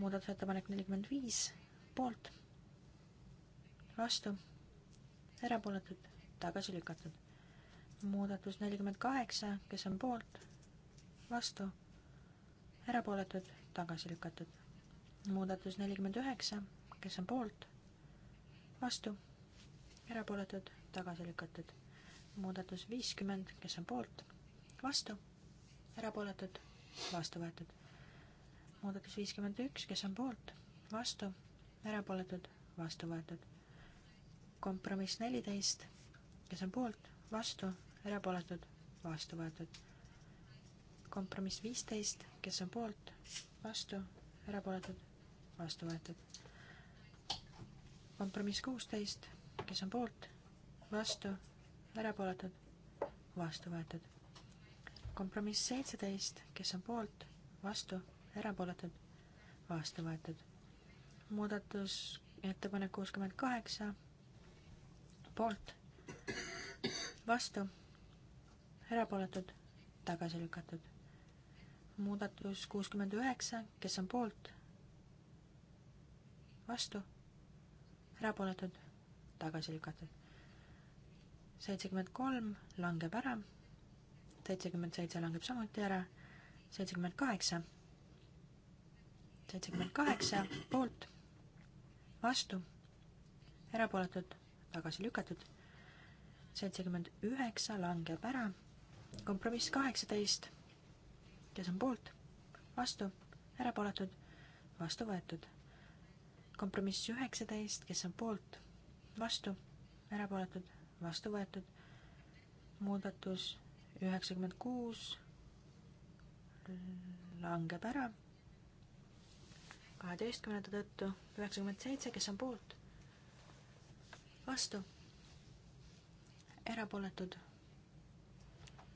muudatusettepanek nelikümmend viis, poolt, vastu, erapooletud, tagasi lükatud. muudatus nelikümmend kaheksa, kes on poolt, vastu, erapooletud, tagasi lükatud. muudatus nelikümmend üheksa, kes on poolt, vastu, erapooletud, tagasi lükatud muudatus viiskümmend, kes on poolt, vastu, erapooletud, vastu võetud. muudatus viiskümmend üks, kes on poolt, vastu, erapooletud, vastu võetud. kompromiss neliteist, kes on poolt, vastu, erapooletud, vastu võetud. kompromiss viisteist, kes on poolt, vastu, erapooletud, vastu võetud. kompromiss kuusteist, kes on poolt, vastu, erapooletud, vastu võetud. kompromiss seitseteist, kes on poolt, vastu, erapooletud, vastu võetud. muudatus, ettepanek kuuskümmend kaheksa, poolt, vastu, erapooletud, tagasi lükatud. muudatus kuuskümmend üheksa, kes on poolt, vastu, erapooletud, tagasi lükatud seitsekümmend kolm langeb ära, seitsekümmend seitse langeb samuti ära, seitsekümmend kaheksa, seitsekümmend kaheksa poolt, vastu, erapooletud, tagasi lükatud, seitsekümmend üheksa langeb ära, kompromiss kaheksateist, kes on poolt, vastu, erapooletud, vastu võetud. kompromiss üheksateist, kes on poolt, vastu, erapooletud, vastu võetud. muudatus üheksakümmend kuus langeb ära kaheteistkümnenda tõttu, üheksakümmend seitse, kes on poolt, vastu, erapooletud,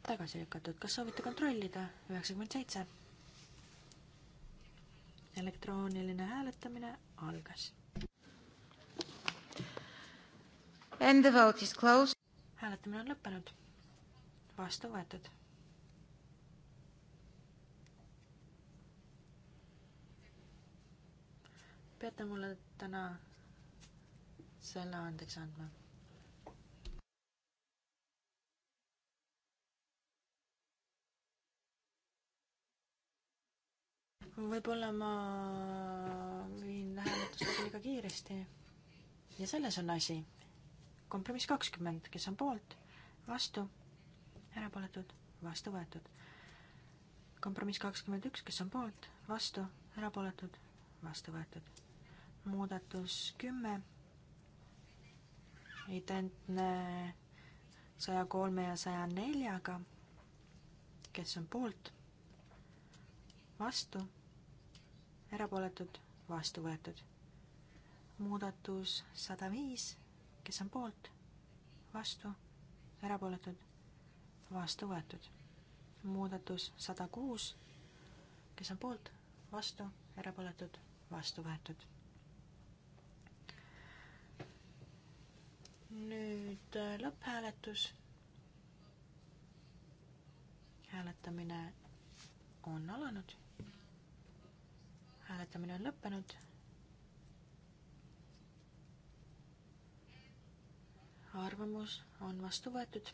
tagasi lükatud. kas soovite kontrollida? üheksakümmend seitse. elektrooniline hääletamine algas And the vote is closed. hääletamine on lõppenud. vastu võetud. peate mulle täna selle andeks andma võib-olla ma viin hääletust liiga kiiresti. ja selles on asi kompromiss kakskümmend, kes on poolt, vastu, erapooletud, vastu võetud. kompromiss kakskümmend üks, kes on poolt, vastu, erapooletud, vastu võetud. muudatus kümme, identne saja kolme ja saja neljaga, kes on poolt, vastu, erapooletud, vastu võetud. muudatus sada viis kes on poolt, vastu, erapooletud, vastu võetud. muudatus sada kuus, kes on poolt, vastu, erapooletud, vastu võetud. nüüd äh, lõpphääletus. hääletamine on alanud. hääletamine on lõppenud arvamus on vastu võetud.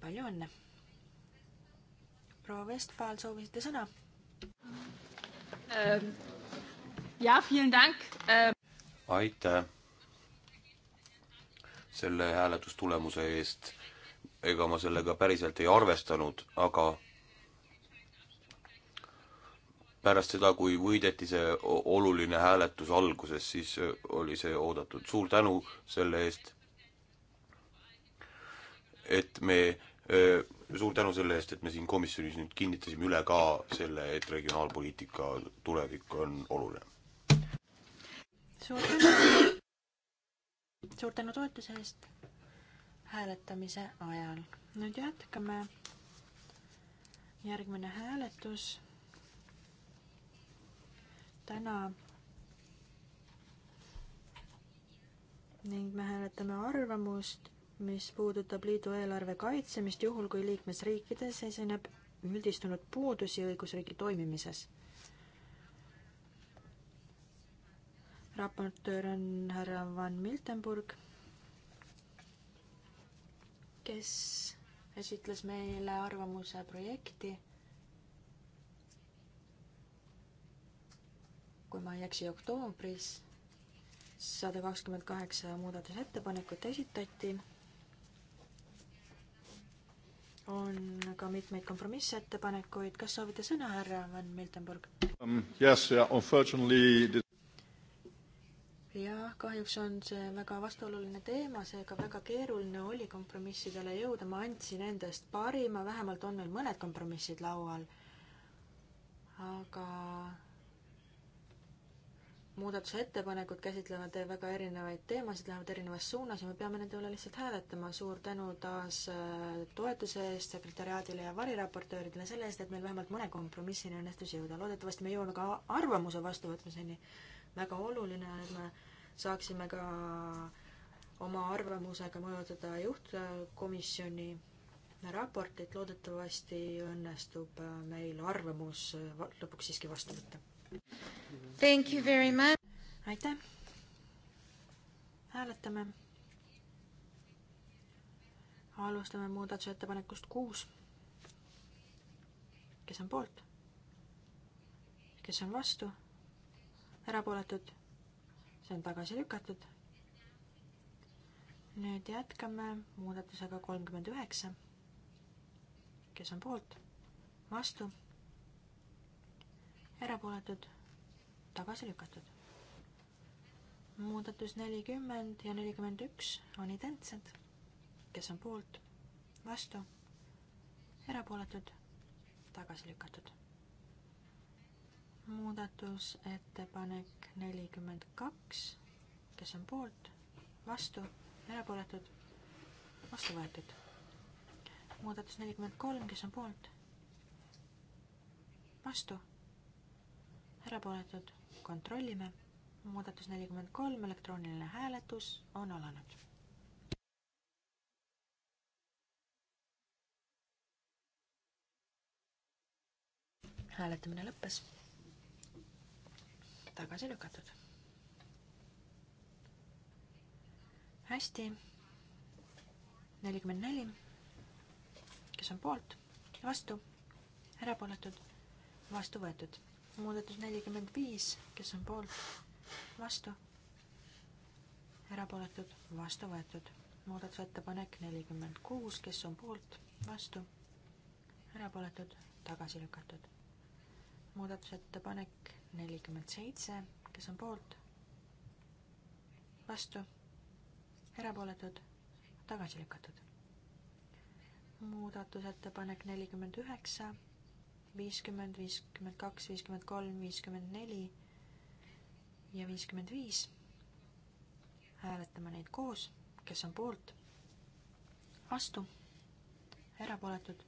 palju õnne! proua Vestpaal, soovisite sõna ähm,? jah, vielen dank ähm.. aitäh selle hääletustulemuse eest. ega ma sellega päriselt ei arvestanud, aga pärast seda, kui võideti see oluline hääletus alguses, siis äh, oli see oodatud. suur tänu selle eest, et me, äh, suur tänu selle eest, et me siin komisjonis nüüd kinnitasime üle ka selle, et regionaalpoliitika tulevik on oluline. suur tänu, suur tänu toetuse eest hääletamise ajal. nüüd jätkame. järgmine hääletus täna ning me hääletame arvamust, mis puudutab liidu eelarve kaitsemist juhul, kui liikmesriikides esineb üldistunud puudusi õigusriigi toimimises. raportöör on härra Van Miltenburg, kes esitles meile arvamuse projekti kui ma ei eksi, oktoobris sada kakskümmend kaheksa muudatusettepanekut esitati. on ka mitmeid kompromissettepanekuid, kas soovite sõna, härra Van Miltenburg um,? Yes, yeah, unfortunately jah, kahjuks on see väga vastuoluline teema, seega väga keeruline oli kompromissidele jõuda, ma andsin endast parima, vähemalt on meil mõned kompromissid laual. aga muudatusettepanekud käsitlevad väga erinevaid teemasid, lähevad erinevas suunas ja me peame nende üle lihtsalt hääletama. suur tänu taas äh, toetuse eest sekretäriaadile ja variraportööridele selle eest, et meil vähemalt mõne kompromissini õnnestus jõuda. loodetavasti me jõuame ka arvamuse vastuvõtmiseni. väga oluline on, et me saaksime ka oma arvamusega mõjutada juhtkomisjoni raportit. loodetavasti õnnestub äh, meil arvamus lõpuks siiski vastu võtta aitäh. hääletame. alustame muudatusettepanekust kuus. kes on poolt? kes on vastu? erapooletud? see on tagasi lükatud. nüüd jätkame muudatusega kolmkümmend üheksa. kes on poolt? vastu erapooletud, tagasi lükatud. muudatus nelikümmend ja nelikümmend üks on identsed, kes on poolt, vastu, erapooletud, tagasi lükatud. muudatusettepanek nelikümmend kaks, kes on poolt, vastu, erapooletud, vastu võetud. muudatus nelikümmend kolm, kes on poolt, vastu erapooletud, kontrollime. muudatus nelikümmend kolm, elektrooniline hääletus on alanud. hääletamine lõppes. tagasi lükatud. hästi. nelikümmend neli, kes on poolt, vastu, erapooletud, vastu võetud muudatus nelikümmend viis, kes on poolt, vastu, erapooletud, vastu võetud. muudatusettepanek nelikümmend kuus, kes on poolt, vastu, erapooletud, tagasi lükatud. muudatusettepanek nelikümmend seitse, kes on poolt, vastu, erapooletud, tagasi lükatud. muudatusettepanek nelikümmend üheksa viiskümmend, viiskümmend kaks, viiskümmend kolm, viiskümmend neli ja viiskümmend viis. hääletame neid koos, kes on poolt, vastu, erapooletud,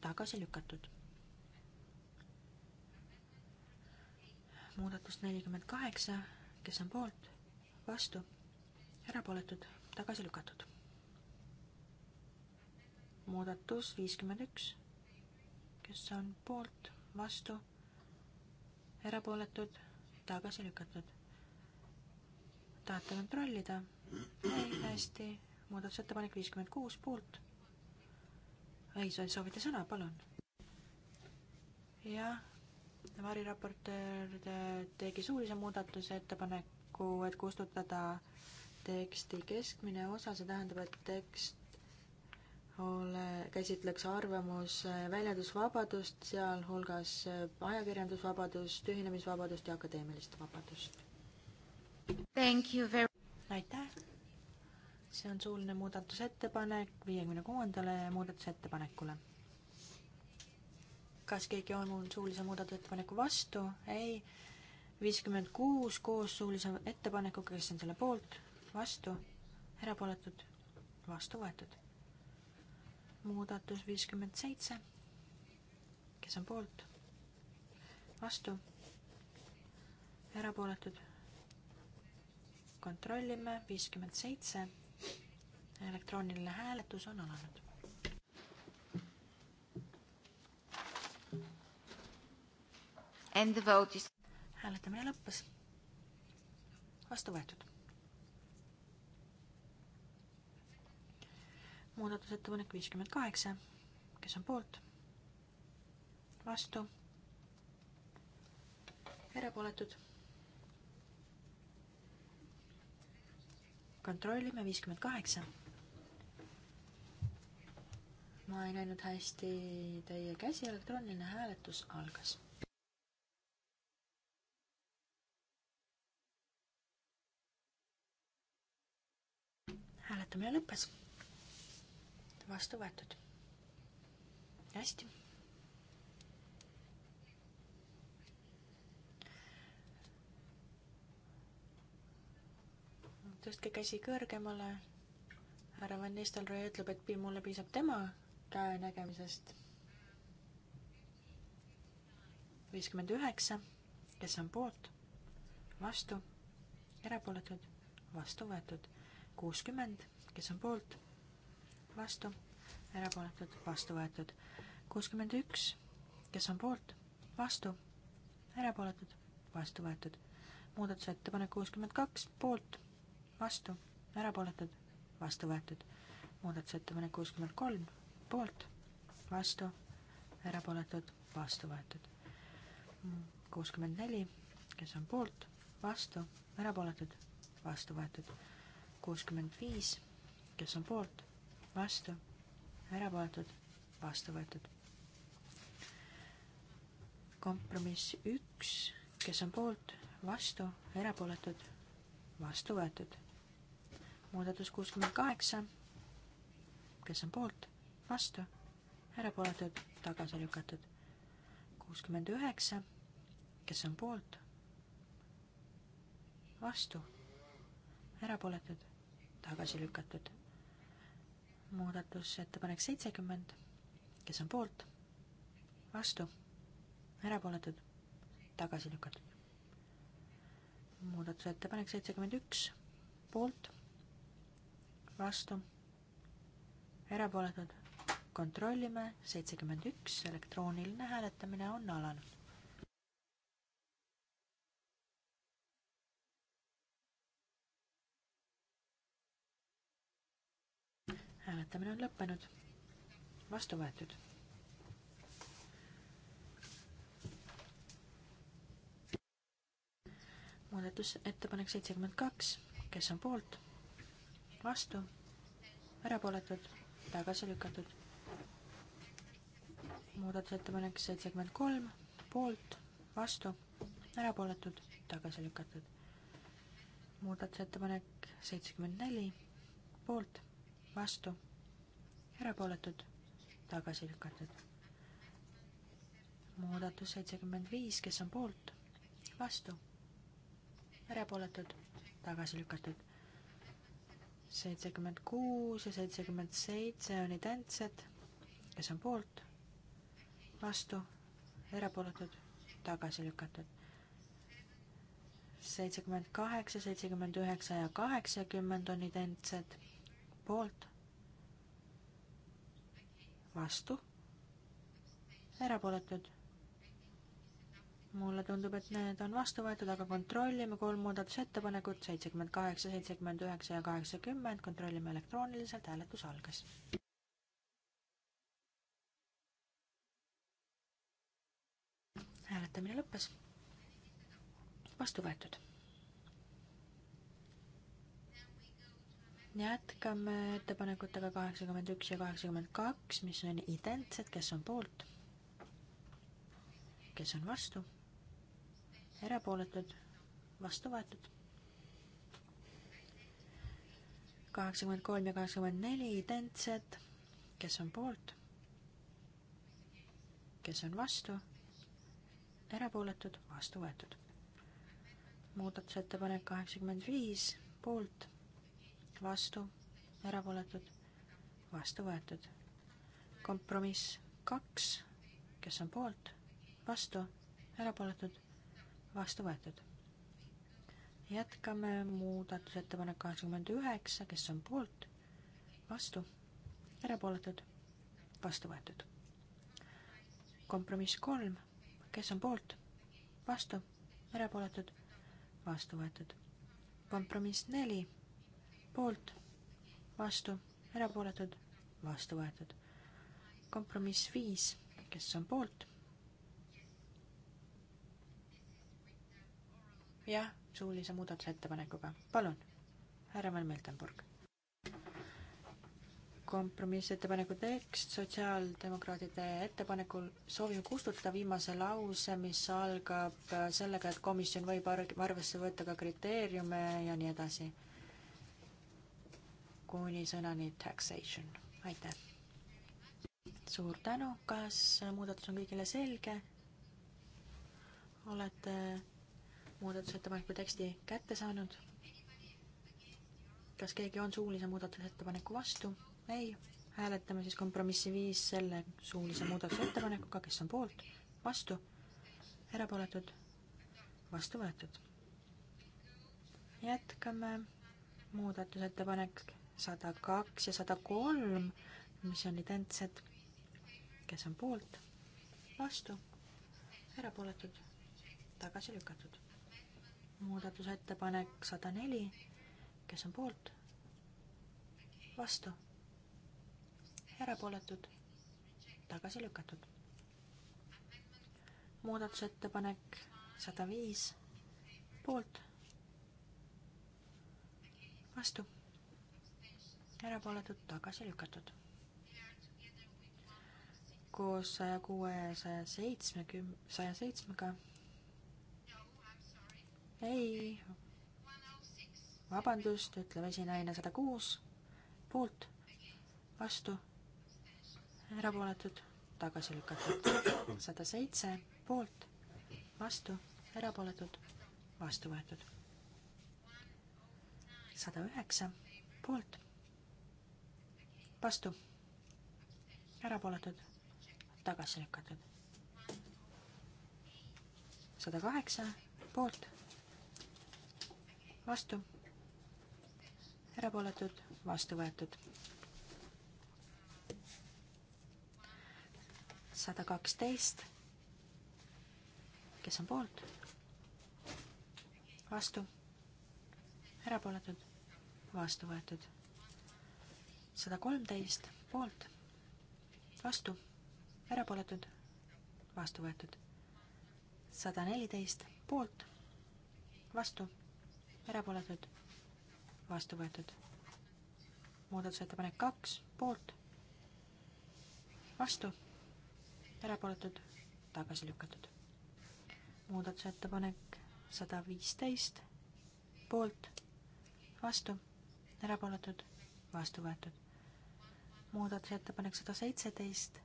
tagasi lükatud. muudatus nelikümmend kaheksa, kes on poolt, vastu, erapooletud, tagasi lükatud. muudatus viiskümmend üks kes on poolt, vastu, erapooletud, tagasi lükatud. tahate kontrollida? ei, hästi. muudatusettepanek viiskümmend kuus poolt. ei, soovite sõna, palun. jah, variraportöör tegi suulise muudatusettepaneku, et kustutada teksti keskmine osa, see tähendab, et tekst ole, käsitleks arvamuse äh, väljendusvabadust, sealhulgas äh, ajakirjandusvabadust, ühinemisvabadust ja akadeemilist vabadust. aitäh! see on suuline muudatusettepanek viiekümne kuuendale muudatusettepanekule. kas keegi on suulise muudatusettepaneku vastu? ei. viiskümmend kuus koos suulise ettepanekuga, kes on selle poolt, vastu, erapooletud, vastu võetud muudatus viiskümmend seitse, kes on poolt, vastu, erapooletud. kontrollime, viiskümmend seitse, elektrooniline hääletus on alanud. And the vote is hääletamine lõppes. vastu võetud muudatusettepanek viiskümmend kaheksa, kes on poolt? vastu? erapooletud? kontrollime viiskümmend kaheksa. ma ei näinud hästi teie käsi, elektrooniline hääletus algas hääletamine lõppes vastu võetud. hästi. tõstke käsi kõrgemale. härra Van Nistelrooy ütleb, et mulle piisab tema käe nägemisest. viiskümmend üheksa, kes on poolt, vastu, erapooletud, vastu võetud. kuuskümmend, kes on poolt vastu, erapooletud, vastu võetud. kuuskümmend üks, kes on poolt, vastu, erapooletud, vastu võetud. muudatusettepanek kuuskümmend kaks, poolt, vastu, erapooletud, vastu võetud. muudatusettepanek kuuskümmend kolm, poolt, vastu, erapooletud, vastu võetud. kuuskümmend neli, kes on poolt, vastu, erapooletud, vastu võetud. kuuskümmend viis, kes on poolt vastu, erapooletud, vastu võetud. kompromiss üks, kes on poolt, vastu, erapooletud, vastu võetud. muudatus kuuskümmend kaheksa, kes on poolt, vastu, erapooletud, tagasi lükatud. kuuskümmend üheksa, kes on poolt, vastu, erapooletud, tagasi lükatud muudatusettepanek seitsekümmend, kes on poolt, vastu, erapooletud, tagasi lükatud. muudatusettepanek seitsekümmend üks, poolt, vastu, erapooletud, kontrollime, seitsekümmend üks, elektrooniline hääletamine on alanud. hääletamine on lõppenud. vastu võetud. muudatusettepanek seitsekümmend kaks, kes on poolt, vastu, erapooletud, tagasi lükatud. muudatusettepanek seitsekümmend kolm, poolt, vastu, erapooletud, tagasi lükatud. muudatusettepanek seitsekümmend neli, poolt vastu, erapooletud, tagasi lükatud. muudatus seitsekümmend viis, kes on poolt, vastu, erapooletud, tagasi lükatud. seitsekümmend kuus ja seitsekümmend seitse on identsed, kes on poolt, vastu, erapooletud, tagasi lükatud seitsekümmend kaheksa, seitsekümmend üheksa ja kaheksakümmend on identsed, poolt, vastu, erapooletud. mulle tundub, et need on vastu võetud, aga kontrollime kolm muudatusettepanekut, seitsekümmend kaheksa, seitsekümmend üheksa ja kaheksakümmend, kontrollime elektrooniliselt, hääletus algas. hääletamine lõppes. vastu võetud jätkame ettepanekutega kaheksakümmend üks ja kaheksakümmend kaks, mis on identsed, kes on poolt, kes on vastu, erapooletud, vastu võetud. kaheksakümmend kolm ja kaheksakümmend neli identsed, kes on poolt, kes on vastu, erapooletud, vastu võetud. muudatusettepanek kaheksakümmend viis, poolt vastu, erapooletud, vastu võetud. kompromiss kaks, kes on poolt, vastu, erapooletud, vastu võetud. jätkame muudatusettepanek kaheksakümmend üheksa, kes on poolt, vastu, erapooletud, vastu võetud. kompromiss kolm, kes on poolt, vastu, erapooletud, vastu võetud. kompromiss neli poolt, vastu, erapooletud, vastu võetud. kompromiss viis, kes on poolt? jah, suulise muudatusettepanekuga, palun, härra Van Miltenburg kompromissettepaneku tekst sotsiaaldemokraatide ettepanekul soovime kustutada viimase lause, mis algab sellega, et komisjon võib arvesse võtta ka kriteeriume ja nii edasi kuni sõnani taxation. aitäh! suur tänu, kas muudatus on kõigile selge? olete muudatusettepaneku teksti kätte saanud? kas keegi on suulise muudatusettepaneku vastu? ei, hääletame siis kompromissi viis selle suulise muudatusettepanekuga, kes on poolt, vastu, erapooletud, vastu võetud. jätkame muudatusettepanek sada kaks ja sada kolm, mis on identsed. kes on poolt, vastu, erapooletud, tagasi lükatud. muudatusettepanek sada neli, kes on poolt, vastu, erapooletud, tagasi lükatud. muudatusettepanek sada viis, poolt, vastu erapooletud, tagasi lükatud. koos saja kuue ja saja seitsmekümne, saja seitsmega. ei, vabandust, ütleb esinaine sada kuus, poolt, vastu, erapooletud, tagasi lükatud, sada seitse, poolt, vastu, erapooletud, vastu võetud, sada üheksa, poolt vastu, erapooletud, tagasi lükatud. sada kaheksa poolt, vastu, erapooletud, vastu võetud. sada kaksteist, kes on poolt, vastu, erapooletud, vastu võetud sada kolmteist poolt, vastu, erapooletud, vastu võetud. sada neliteist poolt, vastu, erapooletud, vastu võetud. muudatusettepanek kaks poolt, vastu, erapooletud, tagasi lükatud. muudatusettepanek sada viisteist poolt, vastu, erapooletud, vastu võetud muudatusettepanek sada seitseteist.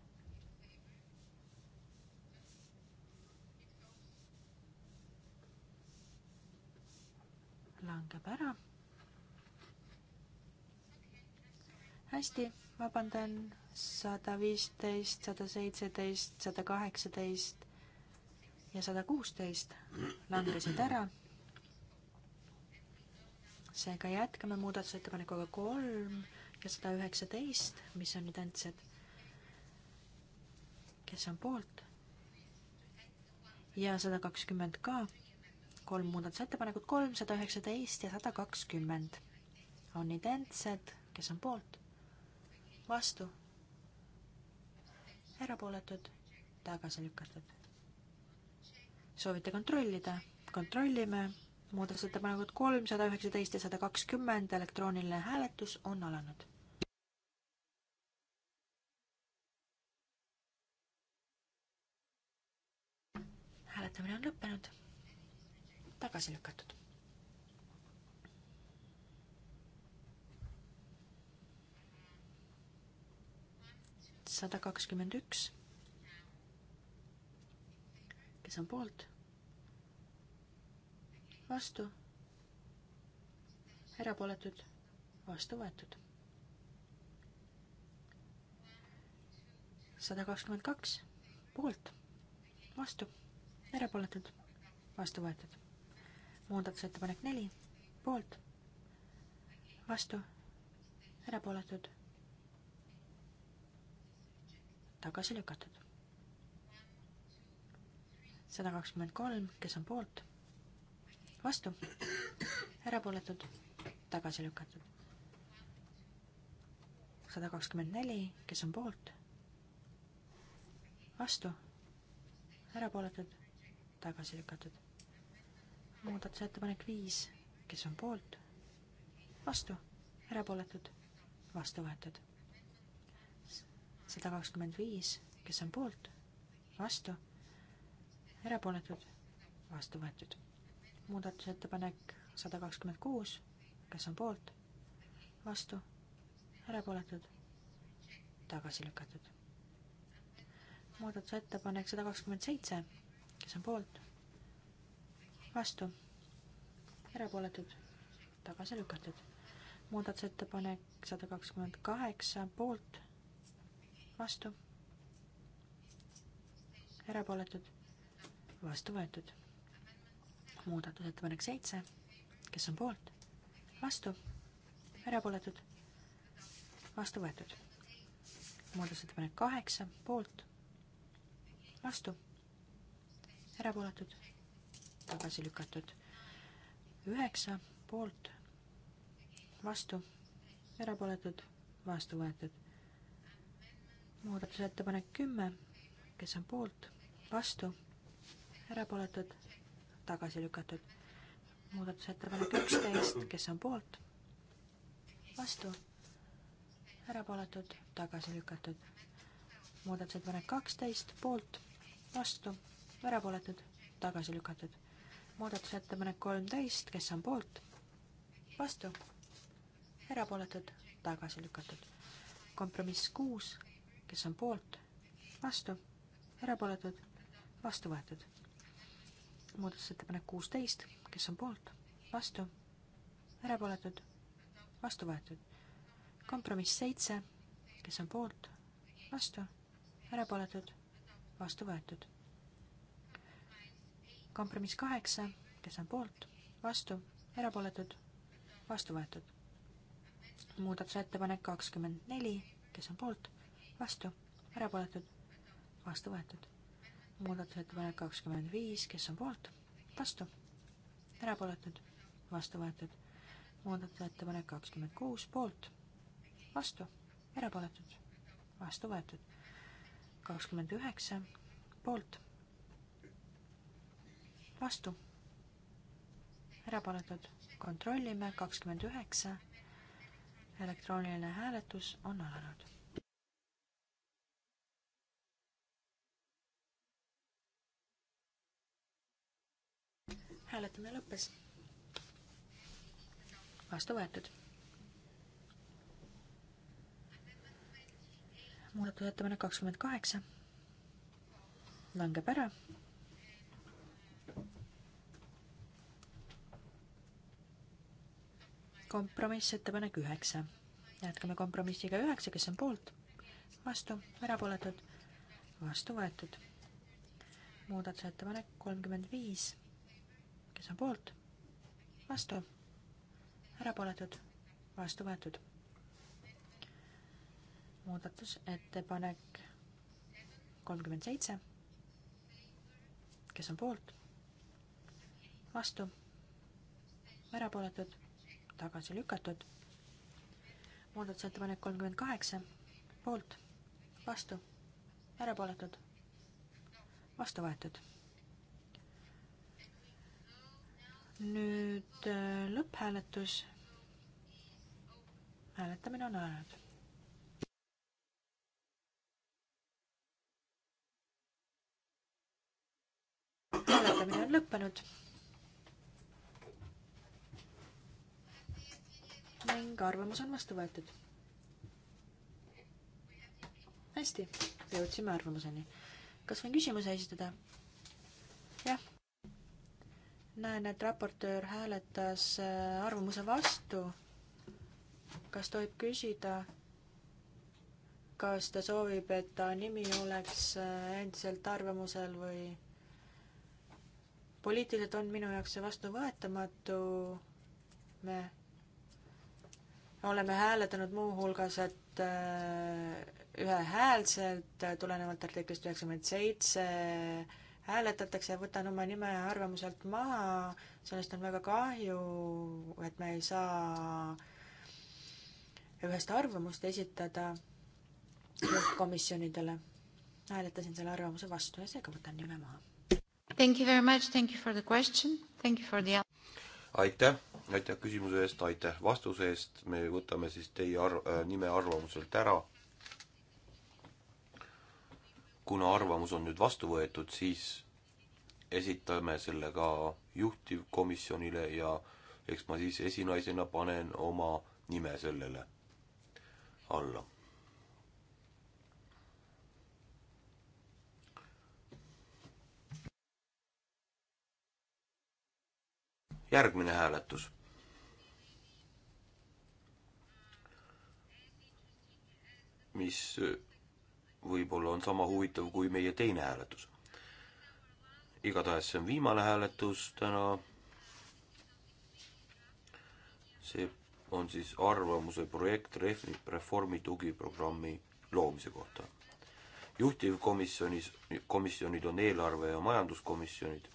langeb ära. hästi, vabandan, sada viisteist, sada seitseteist, sada kaheksateist ja sada kuusteist langesid ära seega jätkame muudatusettepanekuga kolm ja sada üheksateist, mis on identsed. kes on poolt? ja sada kakskümmend ka. kolm muudatusettepanekut, kolm, sada üheksateist ja sada kakskümmend on identsed, kes on poolt? vastu? erapooletud? tagasi lükatud? soovite kontrollida? kontrollime muudatusettepanekud kolm, sada üheksateist ja sada kakskümmend, elektrooniline hääletus on alanud. hääletamine on lõppenud, tagasi lükatud. sada kakskümmend üks. kes on poolt? vastu, erapooletud, vastu võetud. sada kakskümmend kaks poolt, vastu, erapooletud, vastu võetud. muudatusettepanek neli poolt, vastu, erapooletud, tagasi lükatud. sada kakskümmend kolm, kes on poolt vastu, erapooletud, tagasi lükatud. sada kakskümmend neli, kes on poolt, vastu, erapooletud, tagasi lükatud. muudatusettepanek viis, kes on poolt, vastu, erapooletud, vastu võetud. sada kakskümmend viis, kes on poolt, vastu, erapooletud, vastu võetud muudatusettepanek sada kakskümmend kuus, kes on poolt, vastu, erapooletud, tagasi lükatud. muudatusettepanek sada kakskümmend seitse, kes on poolt, vastu, erapooletud, tagasi lükatud. muudatusettepanek sada kakskümmend kaheksa, poolt, vastu, erapooletud, vastu võetud muudatusettepanek seitse, kes on poolt, vastu, erapooletud, vastu võetud. muudatusettepanek kaheksa, poolt, vastu, erapooletud, tagasi lükatud. üheksa, poolt, vastu, erapooletud, vastu võetud. muudatusettepanek kümme, kes on poolt, vastu, erapooletud tagasi lükatud. muudatusettepanek üksteist, kes on poolt? vastu? erapooletud? tagasi lükatud. muudatusettepanek kaksteist, poolt? vastu? erapooletud? tagasi lükatud. muudatusettepanek kolmteist, kes on poolt? vastu? erapooletud? tagasi lükatud. kompromiss kuus, kes on poolt? vastu? erapooletud? vastu võetud muudatusettepanek kuusteist, kes on poolt, vastu, erapooletud, vastu võetud. kompromiss seitse, kes on poolt, vastu, erapooletud, vastu võetud. kompromiss kaheksa, kes on poolt, vastu, erapooletud, vastu võetud. muudatusettepanek kakskümmend neli, kes on poolt, vastu, erapooletud, vastu võetud muudatusettepanek kakskümmend viis, kes on poolt, vastu, erapooletud, vastu võetud. muudatusettepanek kakskümmend kuus, poolt, vastu, erapooletud, vastu võetud. kakskümmend üheksa, poolt, vastu, erapooletud, kontrollime, kakskümmend üheksa, elektrooniline hääletus on alanud hääletamine lõppes. vastu võetud. muudatusettepanek kakskümmend kaheksa langeb ära. kompromissettepanek üheksa. jätkame kompromissiga üheksa, kes on poolt, vastu, erapooletud, vastu võetud. muudatusettepanek kolmkümmend viis kes on poolt, vastu, erapooletud, vastu võetud. muudatusettepanek kolmkümmend seitse, kes on poolt, vastu, erapooletud, tagasi lükatud. muudatusettepanek kolmkümmend kaheksa, poolt, vastu, erapooletud, vastu võetud nüüd äh, lõpphääletus. hääletamine on alanud. hääletamine on lõppenud. ning arvamus on vastu võetud. hästi, jõudsime arvamuseni. kas võin küsimuse esitada? jah näen, et raportöör hääletas äh, arvamuse vastu. kas tohib küsida, kas ta soovib, et ta nimi oleks äh, endiselt arvamusel või? poliitiliselt on minu jaoks see vastuvõetamatu. me oleme hääletanud muuhulgas, et äh, ühehäälselt tulenevalt artiklist üheksakümmend seitse hääletatakse ja võtan oma nime arvamuselt maha, sellest on väga kahju, et me ei saa ühest arvamust esitada komisjonidele. hääletasin selle arvamuse vastu ja seega võtan nime maha. Thank you very much, thank you for the question, thank you for the aitäh, aitäh küsimuse eest, aitäh vastuse eest, me võtame siis teie arv-, äh, nime arvamuselt ära kuna arvamus on nüüd vastu võetud, siis esitame selle ka juhtivkomisjonile ja eks ma siis esinaisena panen oma nime sellele alla. järgmine hääletus. mis võib-olla on sama huvitav kui meie teine hääletus. igatahes see on viimane hääletus täna. see on siis arvamuse projekt reformi tugiprogrammi loomise kohta. juhtivkomisjonis, komisjonid on eelarve ja majanduskomisjonid.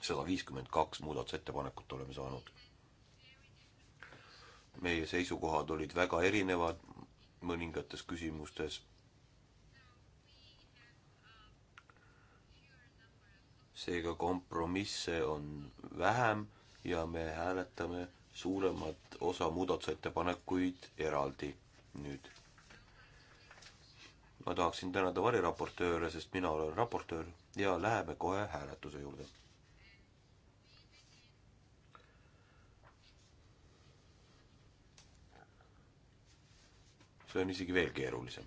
sada viiskümmend kaks muudatusettepanekut oleme saanud meie seisukohad olid väga erinevad mõningates küsimustes. seega kompromisse on vähem ja me hääletame suuremat osa muudatusettepanekuid eraldi nüüd. ma tahaksin tänada variraportööre, sest mina olen raportöör ja läheme kohe hääletuse juurde see on isegi veel keerulisem.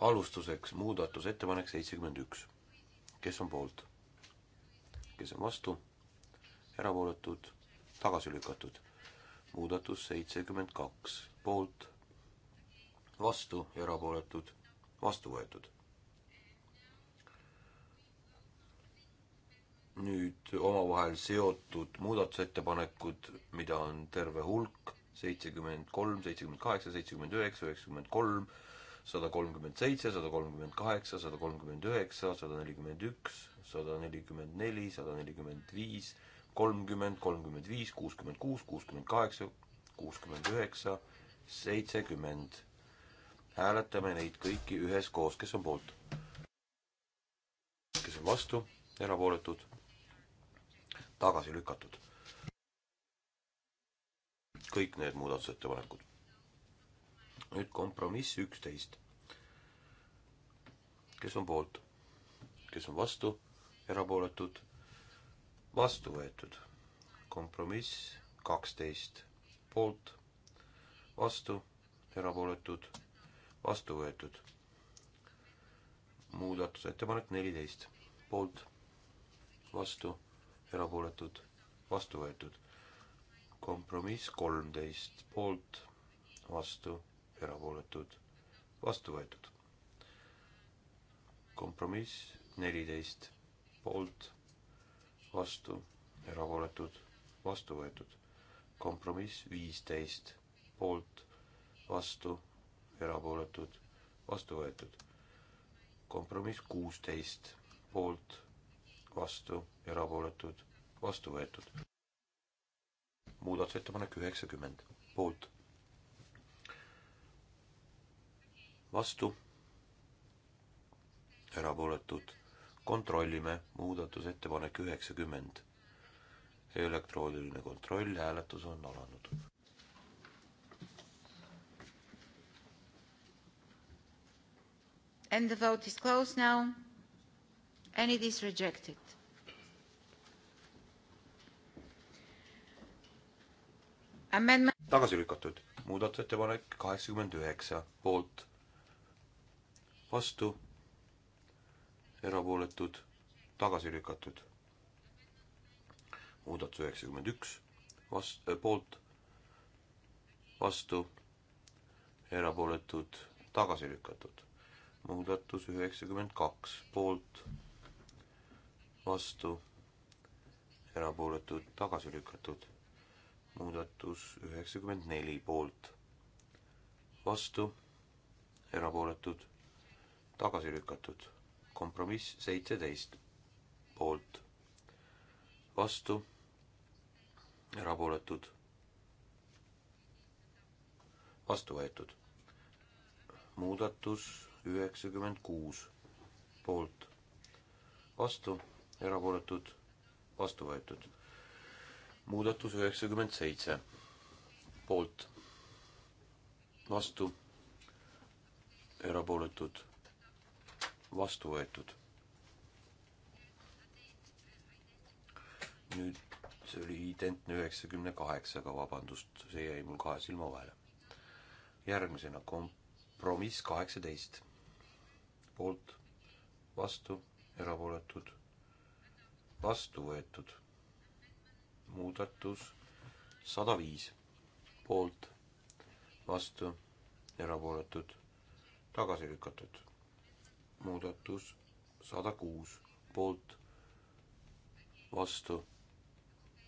alustuseks muudatusettepanek seitsekümmend üks. kes on poolt? kes on vastu? erapooletud, tagasi lükatud. muudatus seitsekümmend kaks, poolt, vastu, erapooletud, vastu võetud nüüd omavahel seotud muudatusettepanekud, mida on terve hulk, seitsekümmend kolm, seitsekümmend kaheksa, seitsekümmend üheksa, üheksakümmend kolm, sada kolmkümmend seitse, sada kolmkümmend kaheksa, sada kolmkümmend üheksa, sada nelikümmend üks, sada nelikümmend neli, sada nelikümmend viis, kolmkümmend, kolmkümmend viis, kuuskümmend kuus, kuuskümmend kaheksa, kuuskümmend üheksa, seitsekümmend. hääletame neid kõiki üheskoos, kes on poolt. kes on vastu, erapooletud, tagasi lükatud kõik need muudatusettepanekud. nüüd kompromiss üksteist. kes on poolt? kes on vastu? erapooletud? vastu võetud. kompromiss kaksteist poolt, vastu, erapooletud, vastu võetud. muudatusettepanek neliteist poolt, vastu, erapooletud, vastu võetud kompromiss kolmteist poolt, vastu, erapooletud, vastu võetud. kompromiss neliteist poolt, vastu, erapooletud, vastu võetud. kompromiss viisteist poolt, vastu, erapooletud, vastu võetud. kompromiss kuusteist poolt, vastu, erapooletud, vastu võetud muudatusettepanek üheksakümmend poolt. vastu. erapooletud. kontrollime muudatusettepanek üheksakümmend. elektrooniline kontroll, hääletus on alanud. And the vote is closed now and it is rejected tagasi lükatud. muudatusettepanek kaheksakümmend üheksa, poolt, vastu, erapooletud, tagasi lükatud. muudatus üheksakümmend üks, vast-, äh, poolt, vastu, erapooletud, tagasi lükatud. muudatus üheksakümmend kaks, poolt, vastu, erapooletud, tagasi lükatud muudatus üheksakümmend neli poolt, vastu, erapooletud, tagasi lükatud. kompromiss seitseteist poolt, vastu, erapooletud, vastu võetud. muudatus üheksakümmend kuus poolt, vastu, erapooletud, vastu võetud muudatus üheksakümmend seitse, poolt, vastu, erapooletud, vastu võetud. nüüd see oli identne üheksakümne kaheksaga, vabandust, see jäi mul kahe silma vahele. järgmisena kompromiss kaheksateist, poolt, vastu, erapooletud, vastu võetud muudatus sada viis poolt, vastu, erapooletud, tagasi lükatud. muudatus sada kuus poolt, vastu,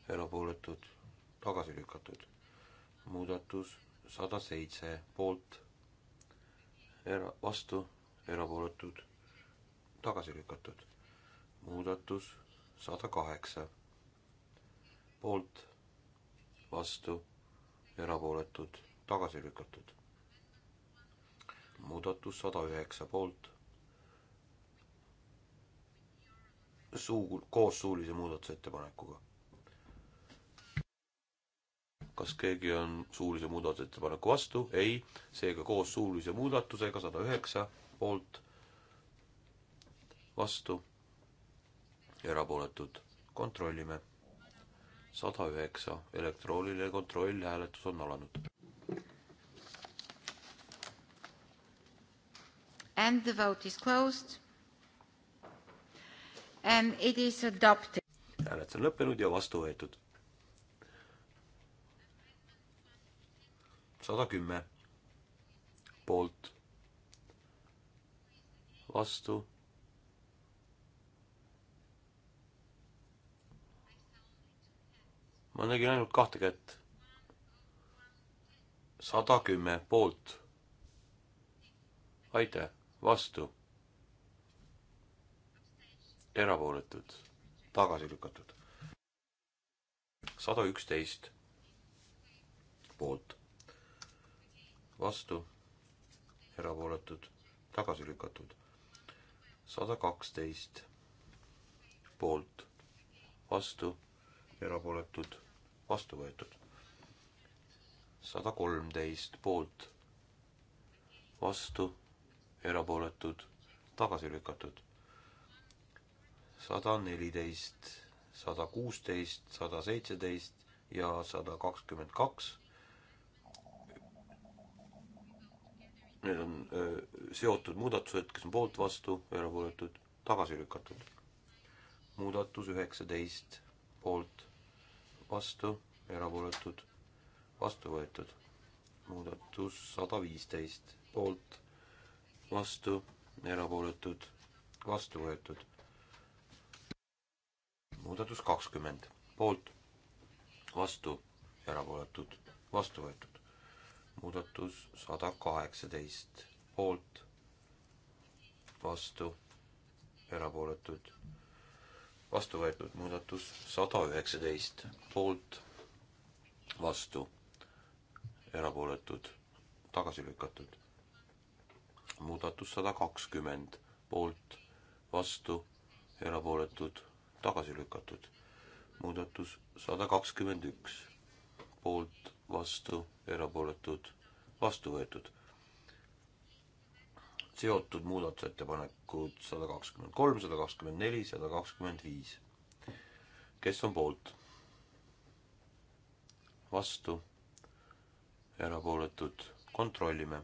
erapooletud, tagasi lükatud. muudatus sada seitse poolt, era-, vastu, erapooletud, tagasi lükatud. muudatus sada kaheksa poolt, vastu, erapooletud, tagasi lükatud. muudatus sada üheksa poolt, suu, koos suulise muudatusettepanekuga. kas keegi on suulise muudatusettepaneku vastu? ei, seega koos suulise muudatusega sada üheksa poolt, vastu, erapooletud, kontrollime sada üheksa, elektrooniline kontroll, hääletus on alanud. And the vote is closed. And it is adopted. hääletus on lõppenud ja vastu võetud. sada kümme poolt, vastu ma nägin ainult kahte kätt. sada kümme poolt. aitäh, vastu. erapooletud, tagasi lükatud. sada üksteist poolt, vastu, erapooletud, tagasi lükatud. sada kaksteist poolt, vastu erapooletud, vastu võetud. sada kolmteist poolt, vastu, erapooletud, tagasi lükatud. sada neliteist, sada kuusteist, sada seitseteist ja sada kakskümmend kaks. Need on öö, seotud muudatused, kes on poolt, vastu, erapooletud, tagasi lükatud. muudatus üheksateist poolt vastu, erapooletud, vastu võetud. muudatus sada viisteist, poolt, vastu, erapooletud, vastu võetud. muudatus kakskümmend, poolt, vastu, erapooletud, vastu võetud. muudatus sada kaheksateist, poolt, vastu, erapooletud vastu võetud muudatus sada üheksateist, poolt, vastu, erapooletud, tagasi lükatud. muudatus sada kakskümmend, poolt, vastu, erapooletud, tagasi lükatud. muudatus sada kakskümmend üks, poolt, vastu, erapooletud, vastu võetud seotud muudatusettepanekud sada kakskümmend kolm, sada kakskümmend neli, sada kakskümmend viis. kes on poolt? vastu? erapooletud? kontrollime.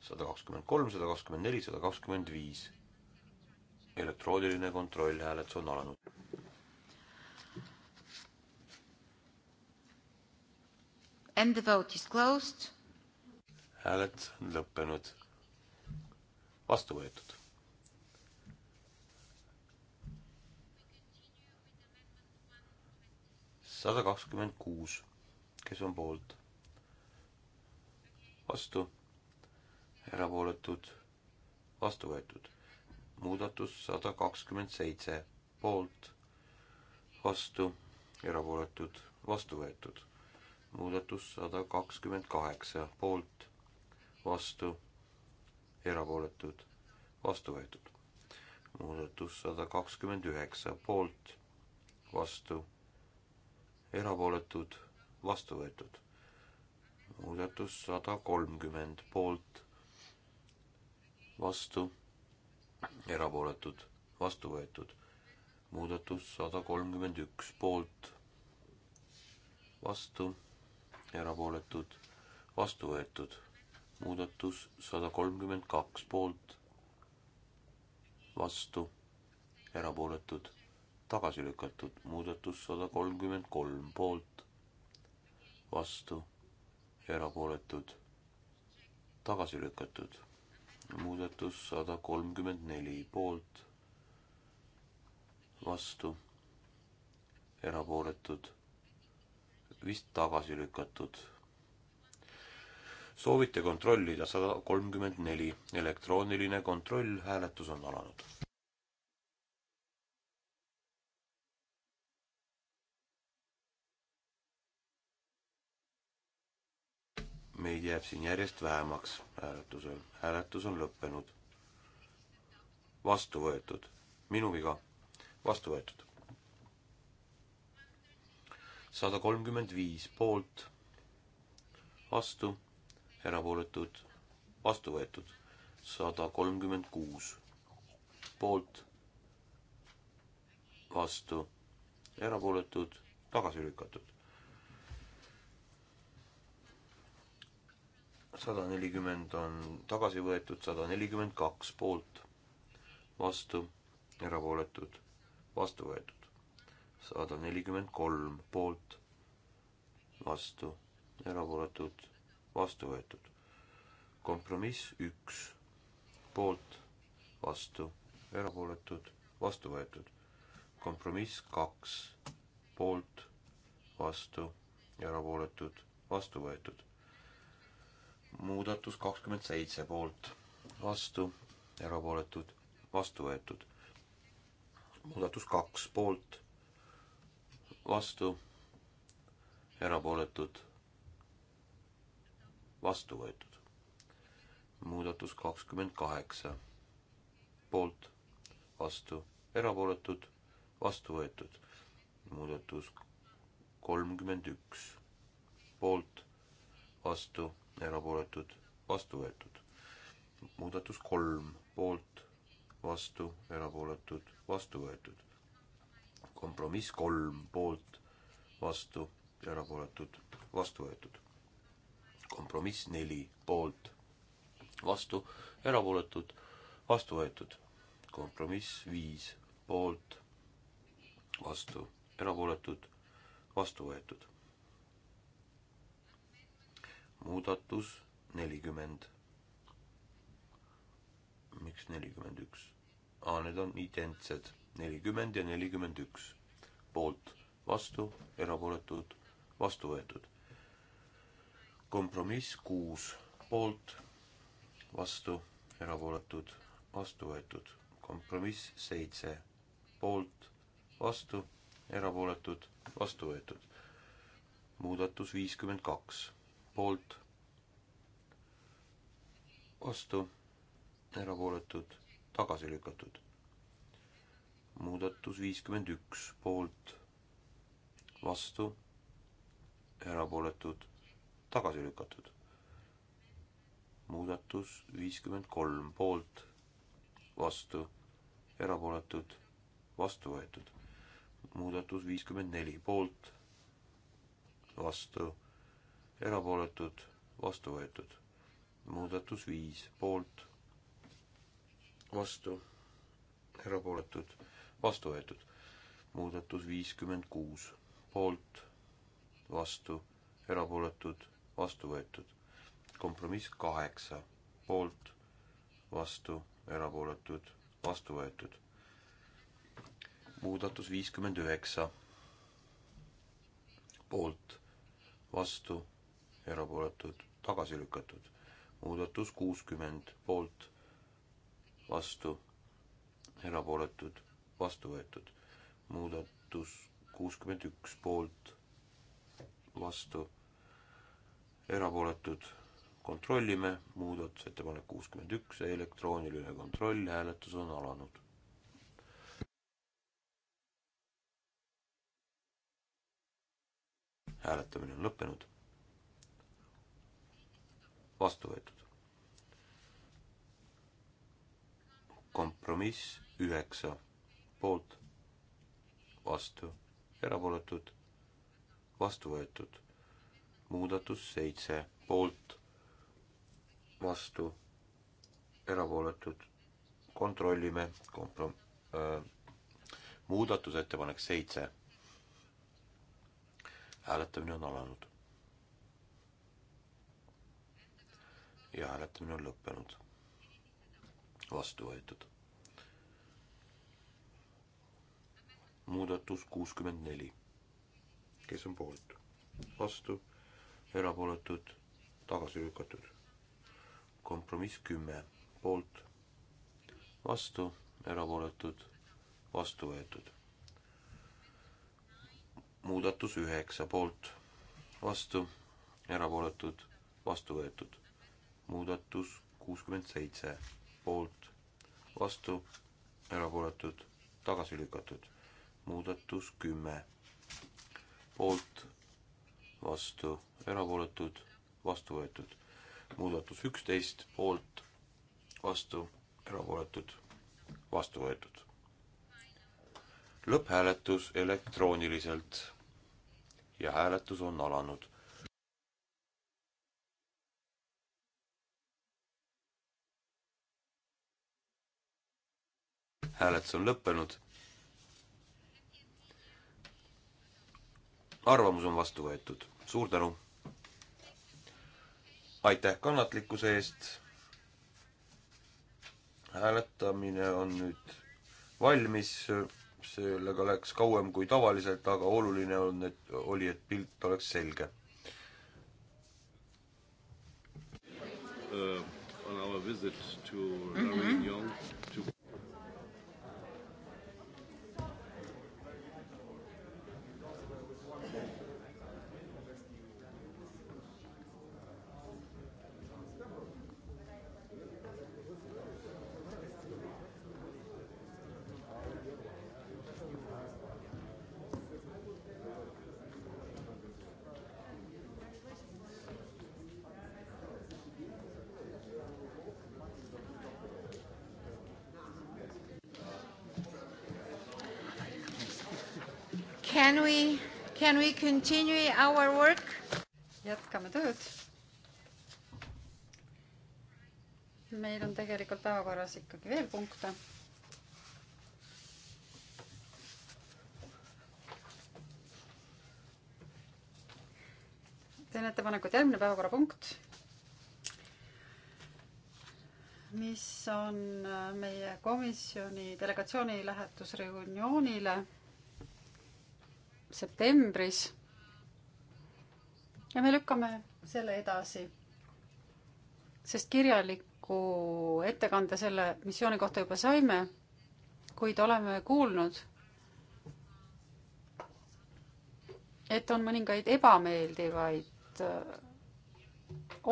sada kakskümmend kolm, sada kakskümmend neli, sada kakskümmend viis. elektrooniline kontroll, hääletus on alanud. And the vote is closed. hääled lõppenud vastu võetud. sada kakskümmend kuus, kes on poolt? vastu, erapooletud, vastu võetud. muudatus sada kakskümmend seitse, poolt, vastu, erapooletud, vastu võetud muudatus sada kakskümmend kaheksa, poolt, vastu, erapooletud, vastu võetud. muudatus sada kakskümmend üheksa, poolt, vastu, erapooletud, vastu võetud. muudatus sada kolmkümmend, poolt, vastu, erapooletud, vastu võetud. muudatus sada kolmkümmend üks, poolt, vastu, erapooletud, vastu võetud muudatus sada kolmkümmend kaks poolt, vastu, erapooletud, tagasi lükatud, muudatus sada kolmkümmend kolm poolt, vastu, erapooletud, tagasi lükatud, muudatus sada kolmkümmend neli poolt, vastu, erapooletud, vist tagasi lükatud soovite kontrollida sada kolmkümmend neli. elektrooniline kontroll, hääletus on alanud. meid jääb siin järjest vähemaks hääletusel. hääletus on lõppenud. vastu võetud. minu viga. vastu võetud. sada kolmkümmend viis poolt, vastu erapooletud, vastu võetud. sada kolmkümmend kuus poolt, vastu, erapooletud, tagasi lükatud. sada nelikümmend on tagasi võetud, sada nelikümmend kaks poolt, vastu, erapooletud, vastu võetud. sada nelikümmend kolm poolt, vastu, erapooletud, vastu võetud. kompromiss üks, poolt, vastu, erapooletud, vastu võetud. kompromiss kaks, poolt, vastu, erapooletud, vastu võetud. muudatus kakskümmend seitse poolt, vastu, erapooletud, vastu võetud. muudatus kaks poolt, vastu, erapooletud vastu võetud. muudatus kakskümmend kaheksa, poolt, vastu, erapooletud, vastu võetud. muudatus kolmkümmend üks, poolt, vastu, erapooletud, vastu võetud. muudatus kolm, poolt, vastu, erapooletud, vastu võetud. kompromiss kolm, poolt, vastu, erapooletud, vastu võetud kompromiss neli poolt, vastu, erapooletud, vastu võetud. kompromiss viis poolt, vastu, erapooletud, vastu võetud. muudatus nelikümmend. miks nelikümmend üks? aa, need on identsed, nelikümmend ja nelikümmend üks. poolt, vastu, erapooletud, vastu võetud kompromiss kuus poolt, vastu, erapooletud, vastu võetud. kompromiss seitse poolt, vastu, erapooletud, vastu võetud. muudatus viiskümmend kaks poolt, vastu, erapooletud, tagasi lükatud. muudatus viiskümmend üks poolt, vastu, erapooletud tagasi lükatud. muudatus viiskümmend kolm poolt, vastu, erapooletud, vastu võetud. muudatus viiskümmend neli poolt, vastu, erapooletud, vastu võetud. muudatus viis poolt, vastu, erapooletud, vastu võetud. muudatus viiskümmend kuus poolt, vastu, erapooletud, vastu võetud. kompromiss kaheksa, poolt, vastu, erapooletud, vastu võetud. muudatus viiskümmend üheksa, poolt, vastu, erapooletud, tagasi lükatud. muudatus kuuskümmend, poolt, vastu, erapooletud, vastu võetud. muudatus kuuskümmend üks, poolt, vastu erapooletud, kontrollime, muudatusettepanek kuuskümmend üks, elektrooniline kontroll, hääletus on alanud. hääletamine on lõppenud. vastu võetud. kompromiss üheksa, poolt, vastu, erapooletud, vastu võetud muudatus seitse poolt, vastu, erapooletud. kontrollime komprom-, äh, muudatusettepanek seitse. hääletamine on alanud. ja hääletamine on lõppenud. vastu võetud. muudatus kuuskümmend neli. kes on poolt? vastu erapooletud, tagasi lükatud. kompromiss kümme, poolt, vastu, erapooletud, vastu võetud. muudatus üheksa, poolt, vastu, erapooletud, vastu võetud. muudatus kuuskümmend seitse, poolt, vastu, erapooletud, tagasi lükatud. muudatus kümme, poolt vastu, erapooletud, vastu võetud. muudatus üksteist poolt, vastu, erapooletud, vastu võetud. lõpphääletus elektrooniliselt ja hääletus on alanud. hääletus on lõppenud. arvamus on vastu võetud suur tänu! aitäh kannatlikkuse eest. hääletamine on nüüd valmis. sellega läks kauem kui tavaliselt, aga oluline on, et oli, et pilt oleks selge uh,. On our visit to mm -hmm. Laureen Young can we continue our work? jätkame tööd. meil on tegelikult päevakorras ikkagi veel punkte. teen ettepaneku, et järgmine päevakorrapunkt, mis on äh, meie komisjoni delegatsiooni lähetus reunioonile septembris. ja me lükkame selle edasi, sest kirjaliku ettekande selle missiooni kohta juba saime, kuid oleme kuulnud, et on mõningaid ebameeldivaid äh,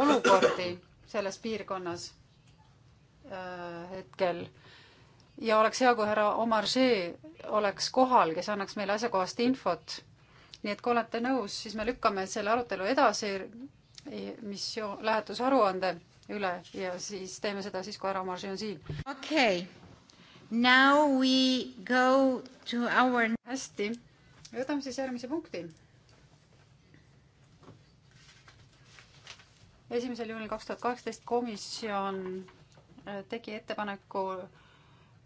olukordi selles piirkonnas äh, hetkel ja oleks hea, kui härra Omaržee oleks kohal, kes annaks meile asjakohast infot. nii et kui olete nõus, siis me lükkame selle arutelu edasi, missioon, lähetusaruande üle ja siis teeme seda siis, kui härra Omaržee on siin. okei okay., now we go to our. hästi, võtame siis järgmise punkti. esimesel juunil kaks tuhat kaheksateist komisjon äh, tegi ettepaneku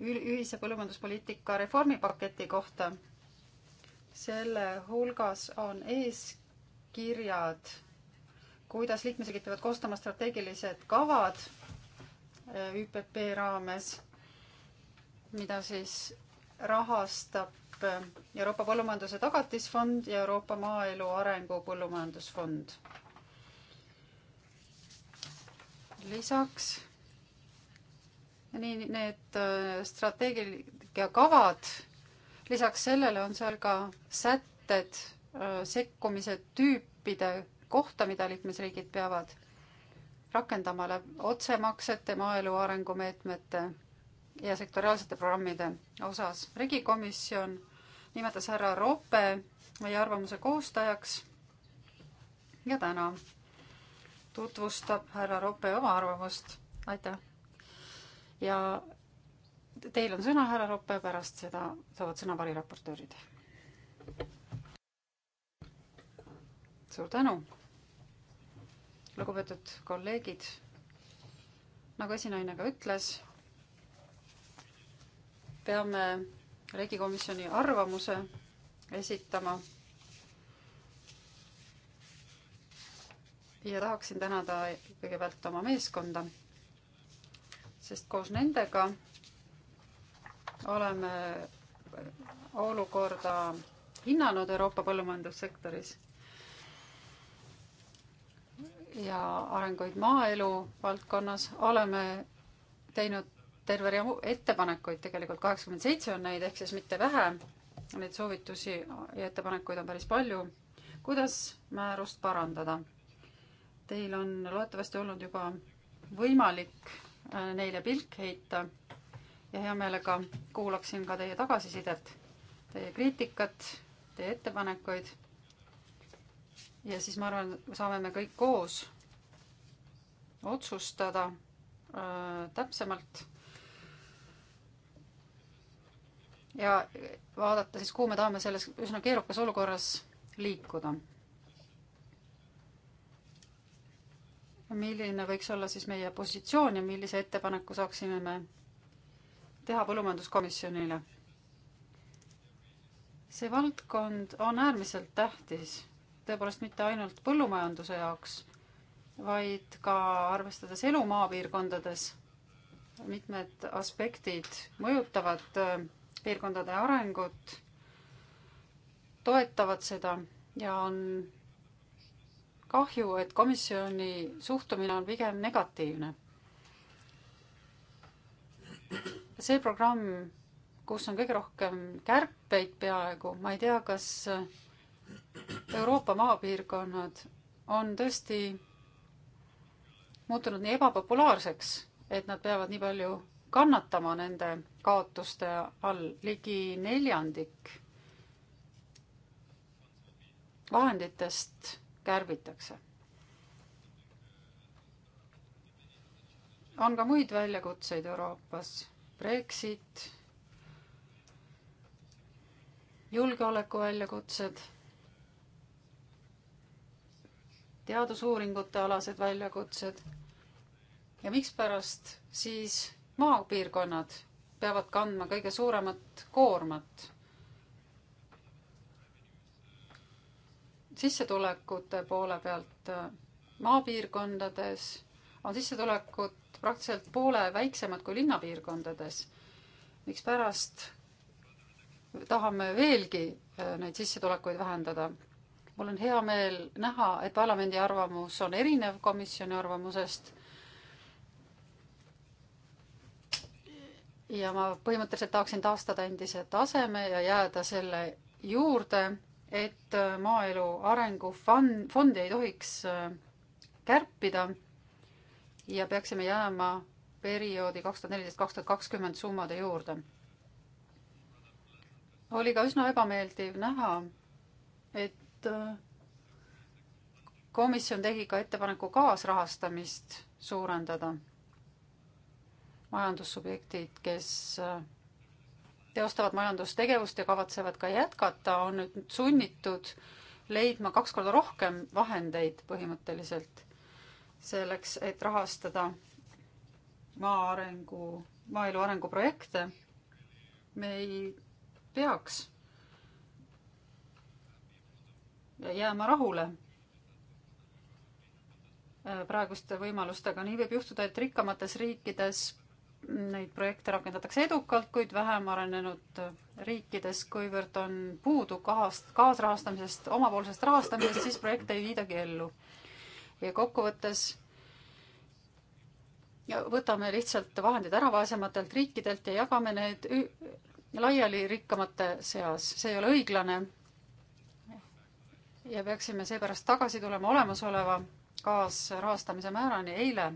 ühise põllumajanduspoliitika reformipaketi kohta. selle hulgas on eeskirjad, kuidas liikmesriigid peavad koostama strateegilised kavad äh, ÜPP raames, mida siis rahastab äh, Euroopa Põllumajanduse Tagatisfond ja Euroopa Maaelu Arengu Põllumajandusfond. lisaks nii need äh, strateegiakavad, lisaks sellele on seal ka sätted äh, sekkumise tüüpide kohta, mida liikmesriigid peavad rakendama läbi otsemaksete, maaelu arengumeetmete ja sektoriaalsete programmide osas. regikomisjon nimetas härra Roope meie arvamuse koostajaks ja täna tutvustab härra Roope oma arvamust. aitäh! ja teil on sõna, härra Roppe, pärast seda saavad sõna variraportöörid. suur tänu, lugupeetud kolleegid. nagu esinaine ka ütles, peame riigikomisjoni arvamuse esitama. ja tahaksin tänada kõigepealt oma meeskonda sest koos nendega oleme olukorda hinnanud Euroopa põllumajandussektoris ja arenguid maaelu valdkonnas oleme teinud terve rea ettepanekuid, tegelikult kaheksakümmend seitse on neid, ehk siis mitte vähe. Neid soovitusi ja ettepanekuid on päris palju. kuidas määrust parandada? Teil on loodetavasti olnud juba võimalik Äh, neile pilk heita ja hea meelega kuulaksin ka teie tagasisidet, teie kriitikat, teie ettepanekuid. ja siis ma arvan, saame me kõik koos otsustada öö, äh, täpsemalt. ja vaadata siis, kuhu me tahame selles üsna keerukas olukorras liikuda milline võiks olla siis meie positsioon ja millise ettepaneku saaksime me teha põllumajanduskomisjonile. see valdkond on äärmiselt tähtis, tõepoolest mitte ainult põllumajanduse jaoks, vaid ka arvestades elu maapiirkondades, mitmed aspektid mõjutavad äh, piirkondade arengut, toetavad seda ja on kahju, et komisjoni suhtumine on pigem negatiivne. see programm, kus on kõige rohkem kärpeid peaaegu, ma ei tea, kas Euroopa maapiirkonnad on tõesti muutunud nii ebapopulaarseks, et nad peavad nii palju kannatama nende kaotuste all, ligi neljandik vahenditest kärbitakse. on ka muid väljakutseid Euroopas, Brexit, julgeoleku väljakutsed, teadusuuringute alased väljakutsed ja mikspärast siis maapiirkonnad peavad kandma kõige suuremat koormat sissetulekute poole pealt äh, maapiirkondades on sissetulekud praktiliselt poole väiksemad kui linnapiirkondades. mikspärast tahame veelgi äh, neid sissetulekuid vähendada? mul on hea meel näha, et parlamendi arvamus on erinev komisjoni arvamusest. ja ma põhimõtteliselt tahaksin taastada endise taseme ja jääda selle juurde et äh, maaelu arengufond, fondi ei tohiks äh, kärpida ja peaksime jääma perioodi kaks tuhat neliteist, kaks tuhat kakskümmend summade juurde. oli ka üsna ebameeldiv näha, et äh, komisjon tegi ka ettepaneku kaasrahastamist suurendada. majandussubjektid, kes teostavad majandustegevust ja kavatsevad ka jätkata, on nüüd sunnitud leidma kaks korda rohkem vahendeid põhimõtteliselt selleks, et rahastada maa arengu, maaelu arenguprojekte. me ei peaks jääma rahule praeguste võimalustega. nii võib juhtuda, et rikkamates riikides neid projekte rakendatakse edukalt, kuid vähem arenenud riikides, kuivõrd on puudu kahast, kaasrahastamisest, omapoolsest rahastamisest, siis projekte ei viidagi ellu. ja kokkuvõttes ja võtame lihtsalt vahendid ära vaesematelt riikidelt ja jagame need laiali rikkamate seas, see ei ole õiglane. ja peaksime seepärast tagasi tulema olemasoleva kaasrahastamise määrani eile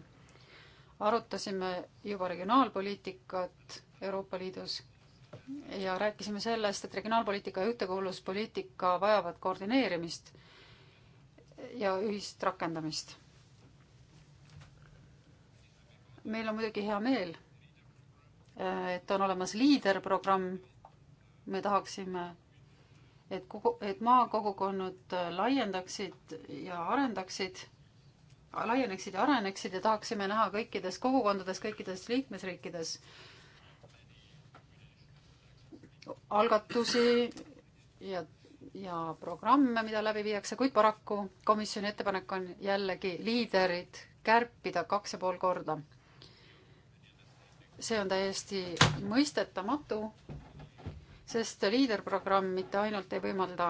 arutasime juba regionaalpoliitikat Euroopa Liidus ja rääkisime sellest, et regionaalpoliitika ja ühtekuuluvuspoliitika vajavad koordineerimist ja ühist rakendamist. meil on muidugi hea meel, et on olemas liiderprogramm. me tahaksime, et kogu, et maakogukonnad laiendaksid ja arendaksid laieneksid ja areneksid ja tahaksime näha kõikides kogukondades, kõikides liikmesriikides algatusi ja, ja programme, mida läbi viiakse, kuid paraku komisjoni ettepanek on jällegi liiderid kärpida kaks ja pool korda. see on täiesti mõistetamatu, sest liiderprogramm mitte ainult ei võimalda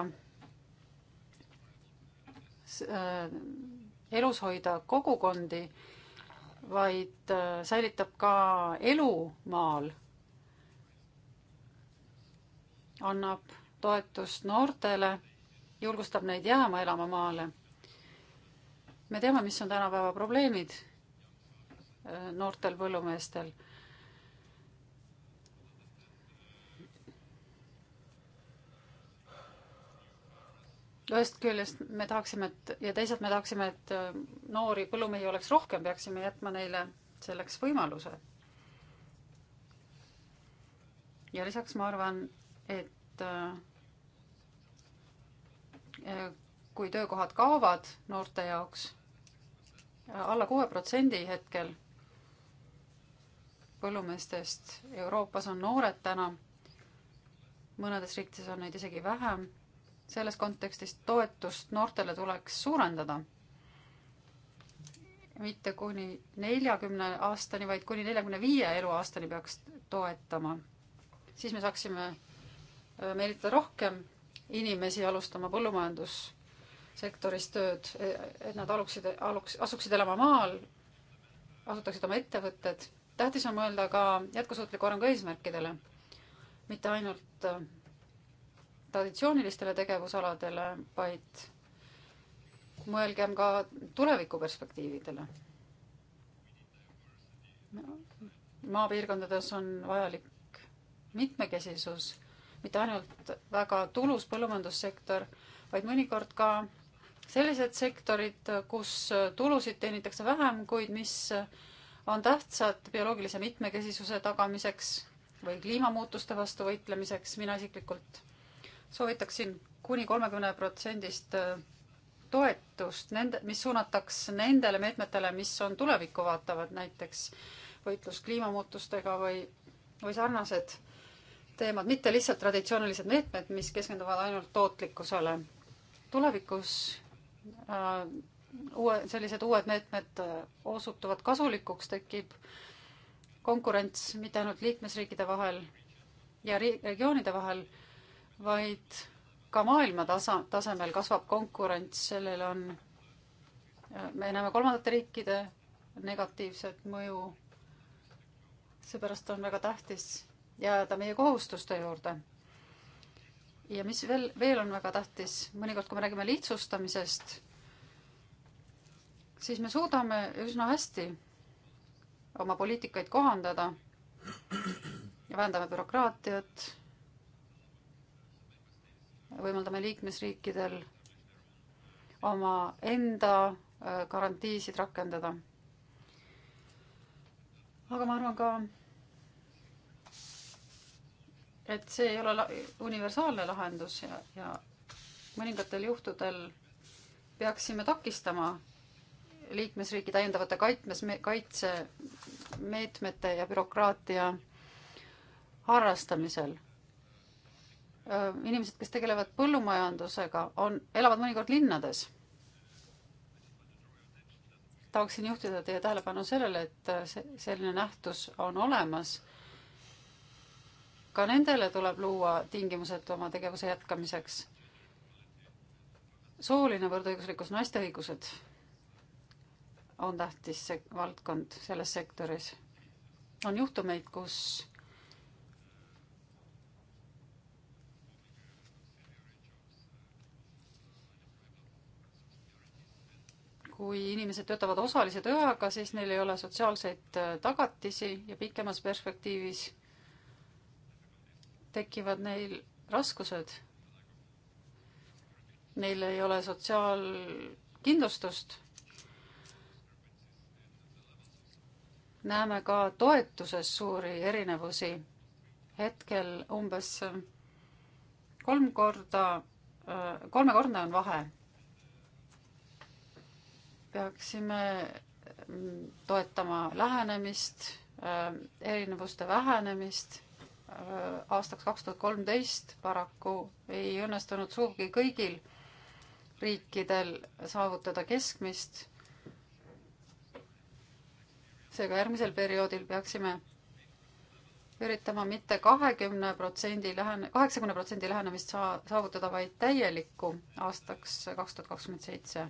äh, elus hoida kogukondi, vaid äh, säilitab ka elu maal. annab toetust noortele, julgustab neid jääma elama maale. me teame, mis on tänapäeva probleemid äh, noortel põllumeestel ühest küljest me tahaksime, et ja teisalt me tahaksime, et äh, noori põllumehi oleks rohkem, peaksime jätma neile selleks võimaluse. ja lisaks ma arvan, et äh, äh, kui töökohad kaovad noorte jaoks alla kuue protsendi hetkel põllumeestest Euroopas on noored täna, mõnedes riikides on neid isegi vähem selles kontekstis toetust noortele tuleks suurendada. mitte kuni neljakümne aastani, vaid kuni neljakümne viie eluaastani peaks toetama. siis me saaksime äh, meelitada rohkem inimesi alustama põllumajandussektoris tööd, et nad aluksid, aluks, asuksid elama maal, asutaksid oma ettevõtted. tähtis on mõelda ka jätkusuutliku arengu eesmärkidele, mitte ainult äh, traditsioonilistele tegevusaladele, vaid mõelgem ka tulevikuperspektiividele. maapiirkondades on vajalik mitmekesisus, mitte ainult väga tulus põllumajandussektor, vaid mõnikord ka sellised sektorid, kus tulusid teenitakse vähem, kuid mis on tähtsad bioloogilise mitmekesisuse tagamiseks või kliimamuutuste vastu võitlemiseks. mina isiklikult soovitaksin kuni kolmekümne protsendist äh, toetust nende, mis suunataks nendele meetmetele, mis on tulevikku vaatavad, näiteks võitlus kliimamuutustega või, või sarnased teemad, mitte lihtsalt traditsioonilised meetmed, mis keskenduvad ainult tootlikkusele. tulevikus äh, uue, sellised uued meetmed äh, osutuvad kasulikuks, tekib konkurents mitte ainult liikmesriikide vahel ja regioonide vahel, vaid ka maailma tasa, tasemel kasvab konkurents, sellel on, me näeme kolmandate riikide negatiivset mõju. seepärast on väga tähtis jääda meie kohustuste juurde. ja mis veel, veel on väga tähtis, mõnikord, kui me räägime lihtsustamisest, siis me suudame üsna hästi oma poliitikaid kohandada ja vähendame bürokraatiat võimaldame liikmesriikidel omaenda äh, garantiisid rakendada. aga ma arvan ka, et see ei ole la universaalne lahendus ja, ja mõningatel juhtudel peaksime takistama liikmesriigi täiendavate kaitmes, kaitsemeetmete ja bürokraatia harrastamisel inimesed, kes tegelevad põllumajandusega, on, elavad mõnikord linnades. tahaksin juhtida teie tähelepanu sellele, et äh, see, selline nähtus on olemas. ka nendele tuleb luua tingimused oma tegevuse jätkamiseks. sooline võrdõiguslikkus, naiste õigused on tähtis see valdkond selles sektoris. on juhtumeid, kus kui inimesed töötavad osalise tööajaga, siis neil ei ole sotsiaalseid äh, tagatisi ja pikemas perspektiivis tekivad neil raskused. Neil ei ole sotsiaalkindlustust. näeme ka toetuses suuri erinevusi. hetkel umbes äh, kolm korda, äh, kolmekordne on vahe peaksime toetama lähenemist, erinevuste vähenemist. aastaks kaks tuhat kolmteist paraku ei õnnestunud sugugi kõigil riikidel saavutada keskmist. seega järgmisel perioodil peaksime üritama mitte kahekümne protsendi lähene, kaheksakümne protsendi lähenemist saa-, saavutada, vaid täielikku aastaks kaks tuhat kakskümmend seitse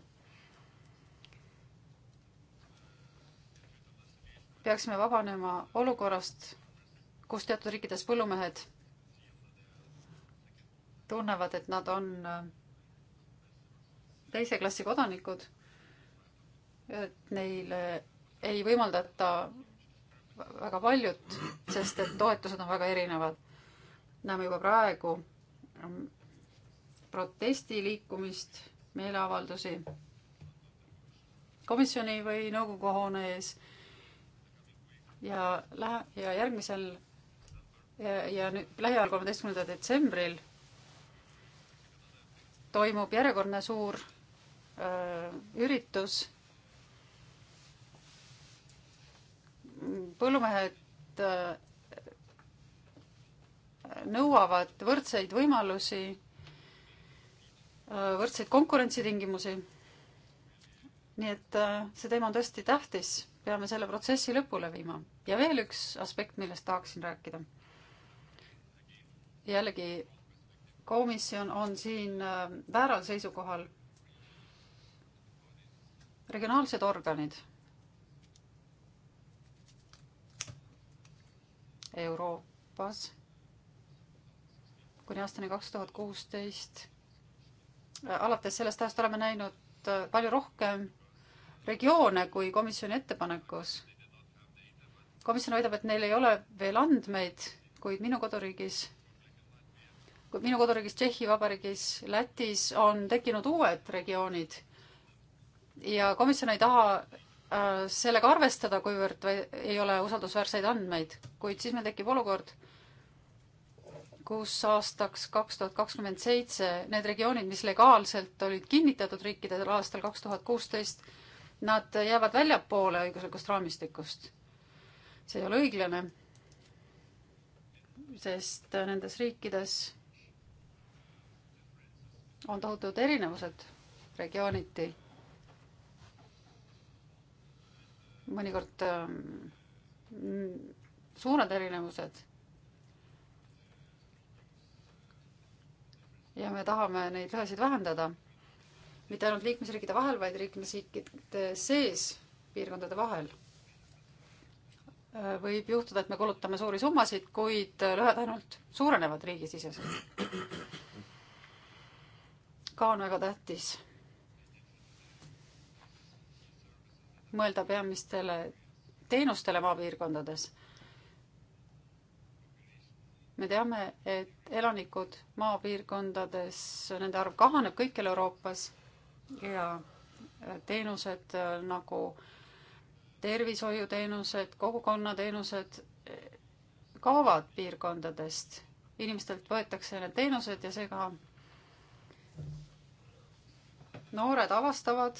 peaksime vabanema olukorrast, kus teatud riikides põllumehed tunnevad, et nad on äh, teise klassi kodanikud, et neile ei võimaldata väga paljut, sest et toetused on väga erinevad. näeme juba praegu ähm, protestiliikumist, meeleavaldusi komisjoni või nõukogu hoone ees ja lähe- ja järgmisel ja, ja nüüd lähiajal, kolmeteistkümnendal detsembril toimub järjekordne suur öö, äh, üritus. põllumehed öö, äh, nõuavad võrdseid võimalusi, äh, võrdseid konkurentsitingimusi. nii et öö, see teema on tõesti tähtis peame selle protsessi lõpule viima. ja veel üks aspekt, millest tahaksin rääkida. jällegi, komisjon on siin äh, vääral seisukohal. regionaalsed organid. Euroopas kuni aastani kaks tuhat kuusteist. Äh, alates sellest ajast oleme näinud äh, palju rohkem regioone kui komisjoni ettepanekus. komisjon väidab, et neil ei ole veel andmeid, kuid minu koduriigis, minu koduriigis Tšehhi Vabariigis, Lätis on tekkinud uued regioonid ja komisjon ei taha äh, sellega arvestada, kuivõrd ei ole usaldusväärseid andmeid, kuid siis meil tekib olukord, kus aastaks kaks tuhat kakskümmend seitse need regioonid, mis legaalselt olid kinnitatud riikidel aastal kaks tuhat kuusteist, nad jäävad väljapoole õiguslikust raamistikust. see ei ole õiglane, sest nendes riikides on tohutud erinevused regiooniti. mõnikord mm, suured erinevused. ja me tahame neid lõhesid vähendada mitte ainult liikmesriikide vahel, vaid liikmesriikide sees, piirkondade vahel. võib juhtuda, et me kulutame suuri summasid, kuid lõhed ainult suurenevad riigisiseselt. ka on väga tähtis mõelda peamistele teenustele maapiirkondades. me teame, et elanikud maapiirkondades, nende arv kahaneb kõikjal Euroopas ja teenused äh, nagu tervishoiuteenused, kogukonnateenused äh, kaovad piirkondadest, inimestelt võetakse need teenused ja seega noored avastavad,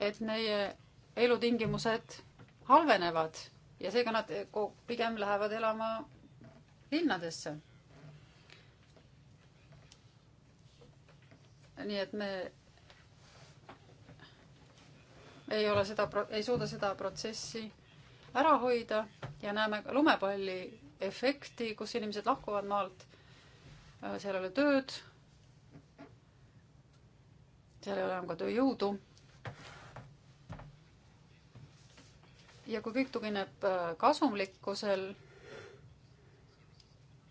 et meie elutingimused halvenevad ja seega nad pigem lähevad elama linnadesse. nii et me ei ole seda, ei suuda seda protsessi ära hoida ja näeme ka lumepalli efekti, kus inimesed lahkuvad maalt. seal ei ole tööd. seal ei ole enam ka tööjõudu. ja kui kõik tugineb äh, kasumlikkusel,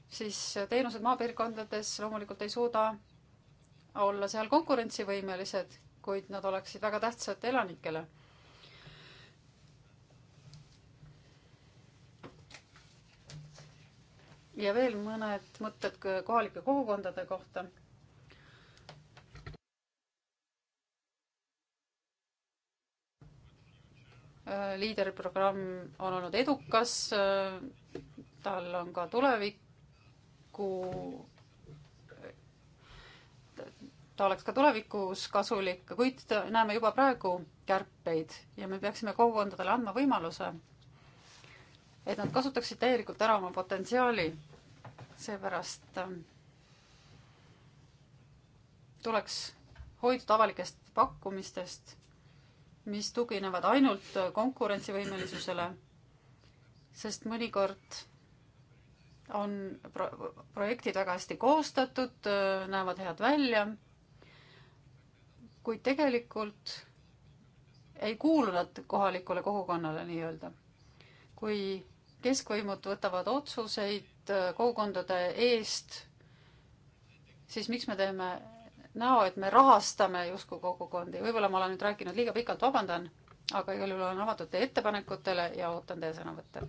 siis teenused maapiirkondades loomulikult ei suuda olla seal konkurentsivõimelised kuid nad oleksid väga tähtsad elanikele. ja veel mõned mõtted kohalike kogukondade kohta liiderprogramm on olnud edukas, tal on ka tuleviku ta oleks ka tulevikus kasulik, kuid näeme juba praegu kärpeid ja me peaksime kogukondadele andma võimaluse, et nad kasutaksid täielikult ära oma potentsiaali. seepärast ähm, tuleks hoiduda avalikest pakkumistest, mis tuginevad ainult konkurentsivõimelisusele, sest mõnikord on pro projektid väga hästi koostatud, äh, näevad head välja kuid tegelikult ei kuulu nad kohalikule kogukonnale nii-öelda. kui keskvõimud võtavad otsuseid äh, kogukondade eest, siis miks me teeme näo, et me rahastame justkui kogukondi, võib-olla ma olen nüüd rääkinud liiga pikalt, vabandan, aga igal juhul olen avatud teie ettepanekutele ja ootan teie sõnavõtte.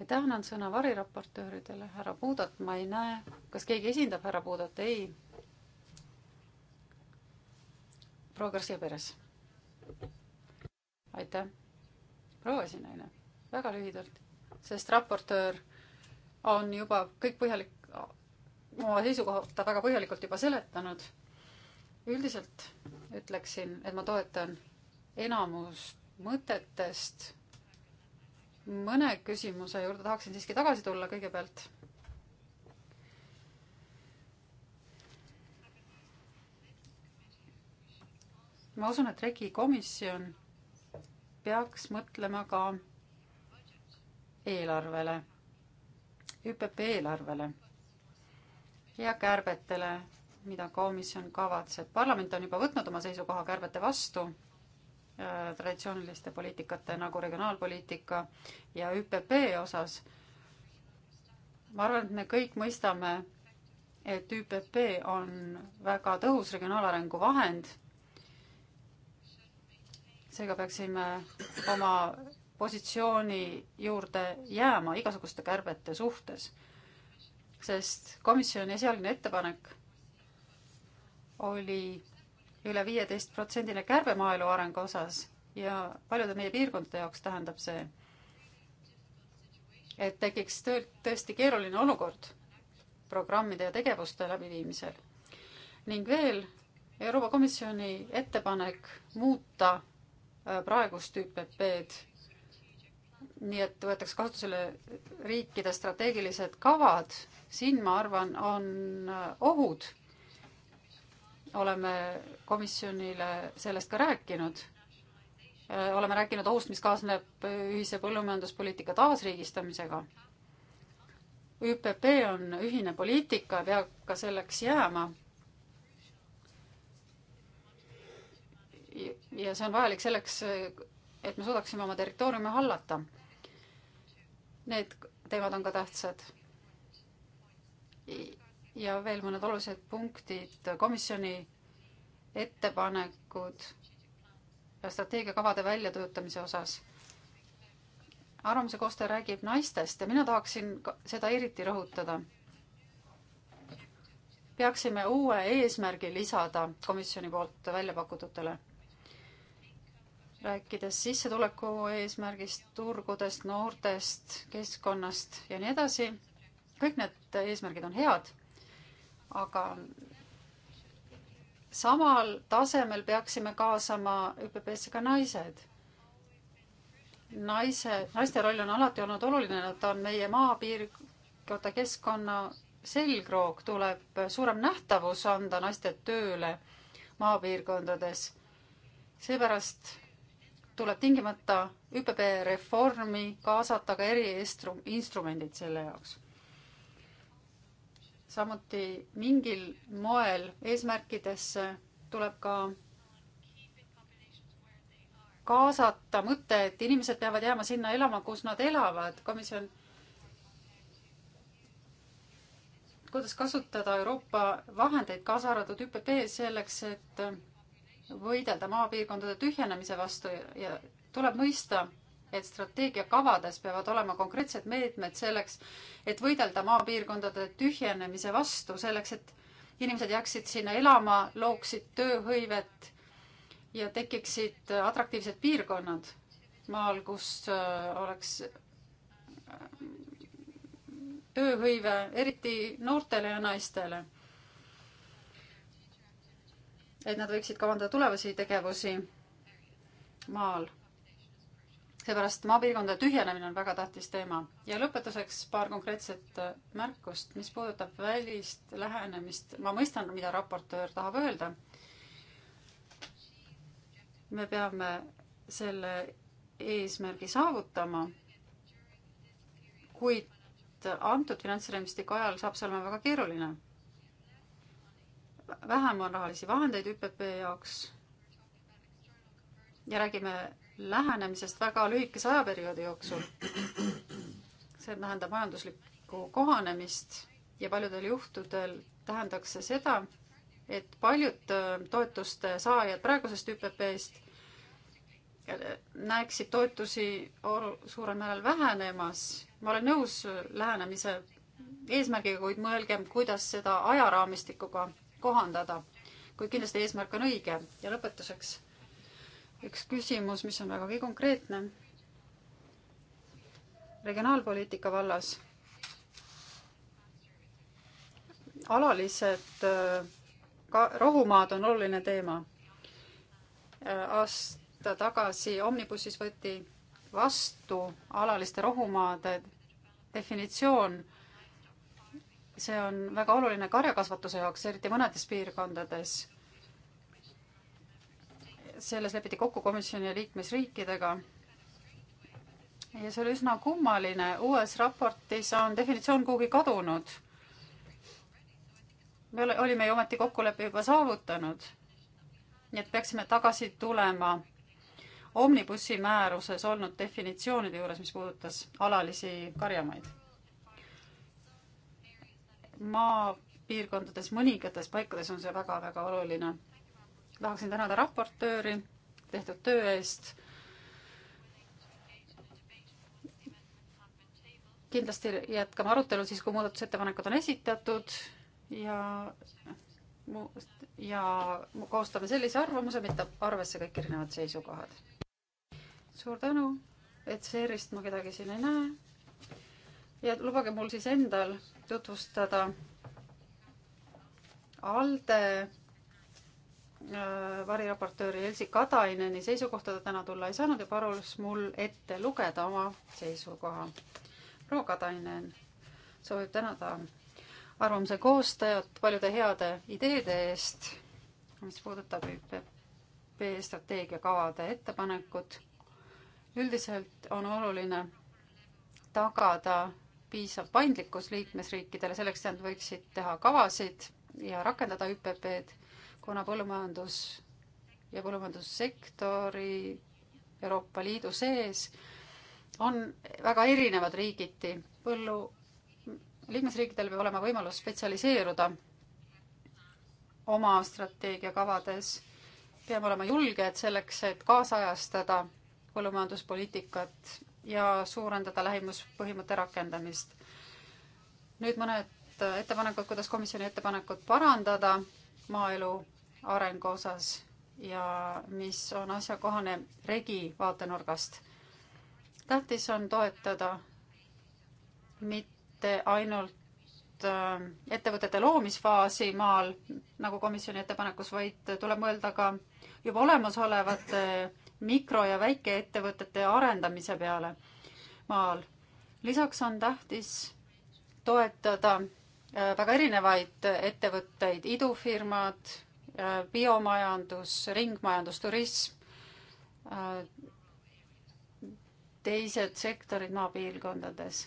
aitäh, annan sõna variraportööridele, härra Puudat ma ei näe, kas keegi esindab härra Puudat, ei proua Garcia Perez. aitäh, proua esinaine, väga lühidalt, sest raportöör on juba kõik põhjalik, oma seisukohta väga põhjalikult juba seletanud. üldiselt ütleksin, et ma toetan enamust mõtetest. mõne küsimuse juurde tahaksin siiski tagasi tulla kõigepealt ma usun, et REKI komisjon peaks mõtlema ka eelarvele, ÜPP eelarvele ja kärbetele, mida komisjon kavatseb. parlament on juba võtnud oma seisukoha kärbete vastu äh, traditsiooniliste poliitikate nagu regionaalpoliitika ja ÜPP osas. ma arvan, et me kõik mõistame, et ÜPP on väga tõhus regionaalarengu vahend seega peaksime oma positsiooni juurde jääma igasuguste kärbete suhtes, sest komisjoni esialgne ettepanek oli üle viieteist protsendine kärbe maaelu arengu osas ja paljude meie piirkondade jaoks tähendab see, et tekiks tõ tõesti keeruline olukord programmide ja tegevuste läbiviimisel. ning veel Euroopa Komisjoni ettepanek muuta Äh, praegust ÜPP-d. nii et võetakse kasutusele riikide strateegilised kavad, siin ma arvan, on äh, ohud. oleme komisjonile sellest ka rääkinud. Äh, oleme rääkinud ohust, mis kaasneb ühise põllumajanduspoliitika taasriigistamisega. ÜPP on ühine poliitika, peab ka selleks jääma ja see on vajalik selleks, et me suudaksime oma territooriumi hallata. Need teemad on ka tähtsad. ja veel mõned olulised punktid, komisjoni ettepanekud ja strateegiakavade väljatöötamise osas. arvamuse koostaja räägib naistest ja mina tahaksin seda eriti rõhutada peaksime uue eesmärgi lisada komisjoni poolt välja pakututele rääkides sissetuleku eesmärgist, turgudest, noortest, keskkonnast ja nii edasi. kõik need eesmärgid on head, aga samal tasemel peaksime kaasama ÜPP-sse ka naised. naise, naiste roll on alati olnud oluline, nad on meie maapiirkonda keskkonna selgroog, tuleb suurem nähtavus anda naiste tööle maapiirkondades. seepärast tuleb tingimata ÜPP reformi kaasata ka eriinstrumendid selle jaoks. samuti mingil moel eesmärkidesse tuleb ka kaasata mõte, et inimesed peavad jääma sinna elama, kus nad elavad. komisjon, kuidas kasutada Euroopa vahendeid, kaasa arvatud ÜPP, selleks, et võidelda maapiirkondade tühjenemise vastu ja tuleb mõista, et strateegiakavades peavad olema konkreetsed meetmed selleks, et võidelda maapiirkondade tühjenemise vastu, selleks et inimesed jääksid sinna elama, looksid tööhõivet ja tekiksid atraktiivsed piirkonnad maal, kus äh, oleks äh, tööhõive, eriti noortele ja naistele et nad võiksid kavandada tulevasi tegevusi maal. seepärast maapiirkondade tühjenemine on väga tähtis teema. ja lõpetuseks paar konkreetset märkust, mis puudutab välist lähenemist. ma mõistan, mida raportöör tahab öelda. me peame selle eesmärgi saavutama, kuid antud finantsraamistiku ajal saab see olema väga keeruline vähem on rahalisi vahendeid ÜPP jaoks ja räägime lähenemisest väga lühikese ajaperioodi jooksul. see tähendab majanduslikku kohanemist ja paljudel juhtudel tähendaks see seda, et paljud äh, toetuste saajad praegusest ÜPP-st näeksid toetusi suurel määral vähenemas. ma olen nõus lähenemise eesmärgiga, kuid mõelgem, kuidas seda ajaraamistikuga kohandada, kuid kindlasti eesmärk on õige. ja lõpetuseks üks küsimus, mis on vägagi konkreetne. regionaalpoliitika vallas alalised äh, ka rohumaad on oluline teema. Äh, aasta tagasi Omnibussis võeti vastu alaliste rohumaade definitsioon see on väga oluline karjakasvatuse jaoks, eriti mõnedes piirkondades. selles lepiti kokku komisjoni ja liikmesriikidega. ja see oli üsna kummaline, uues raportis on definitsioon kuhugi kadunud. me olime ju ometi kokkuleppe juba saavutanud. nii et peaksime tagasi tulema omnibussi määruses olnud definitsioonide juures, mis puudutas alalisi karjamaid maapiirkondades, mõningates paikades on see väga-väga oluline. tahaksin tänada raportööri tehtud töö eest. kindlasti jätkame arutelu siis, kui muudatusettepanekud on esitatud ja ja koostame sellise arvamuse, mitte arvesse kõik erinevad seisukohad. suur tänu, et see erist ma kedagi siin ei näe ja lubage mul siis endal tutvustada ALDE äh, variraportööri Elsi Kataineni seisukohta ta täna tulla ei saanud ja palus mul ette lugeda oma seisukoha. proua Katainen soovib tänada arvamuse koostajat paljude heade ideede eest, mis puudutab ÜPP strateegiakavade ettepanekut. üldiselt on oluline tagada piisav paindlikkus liikmesriikidele selleks, et nad võiksid teha kavasid ja rakendada ÜPP-d, kuna põllumajandus ja põllumajandussektori Euroopa Liidu sees on väga erinevad riigiti. põllu, liikmesriikidel peab olema võimalus spetsialiseeruda oma strateegiakavades. peame olema julged selleks, et kaasajastada põllumajanduspoliitikat ja suurendada lähimuspõhimõtte rakendamist. nüüd mõned ettepanekud, kuidas komisjoni ettepanekut parandada maaelu arengu osas ja mis on asjakohane regi vaatenurgast. tähtis on toetada mitte ainult ähm, ettevõtete loomisfaasi maal, nagu komisjoni ettepanekus, vaid tuleb mõelda ka juba olemasolevate mikro- ja väikeettevõtete arendamise peale maal. lisaks on tähtis toetada äh, väga erinevaid ettevõtteid, idufirmad, äh, biomajandus, ringmajandus, turism, äh, teised sektorid maapiirkondades.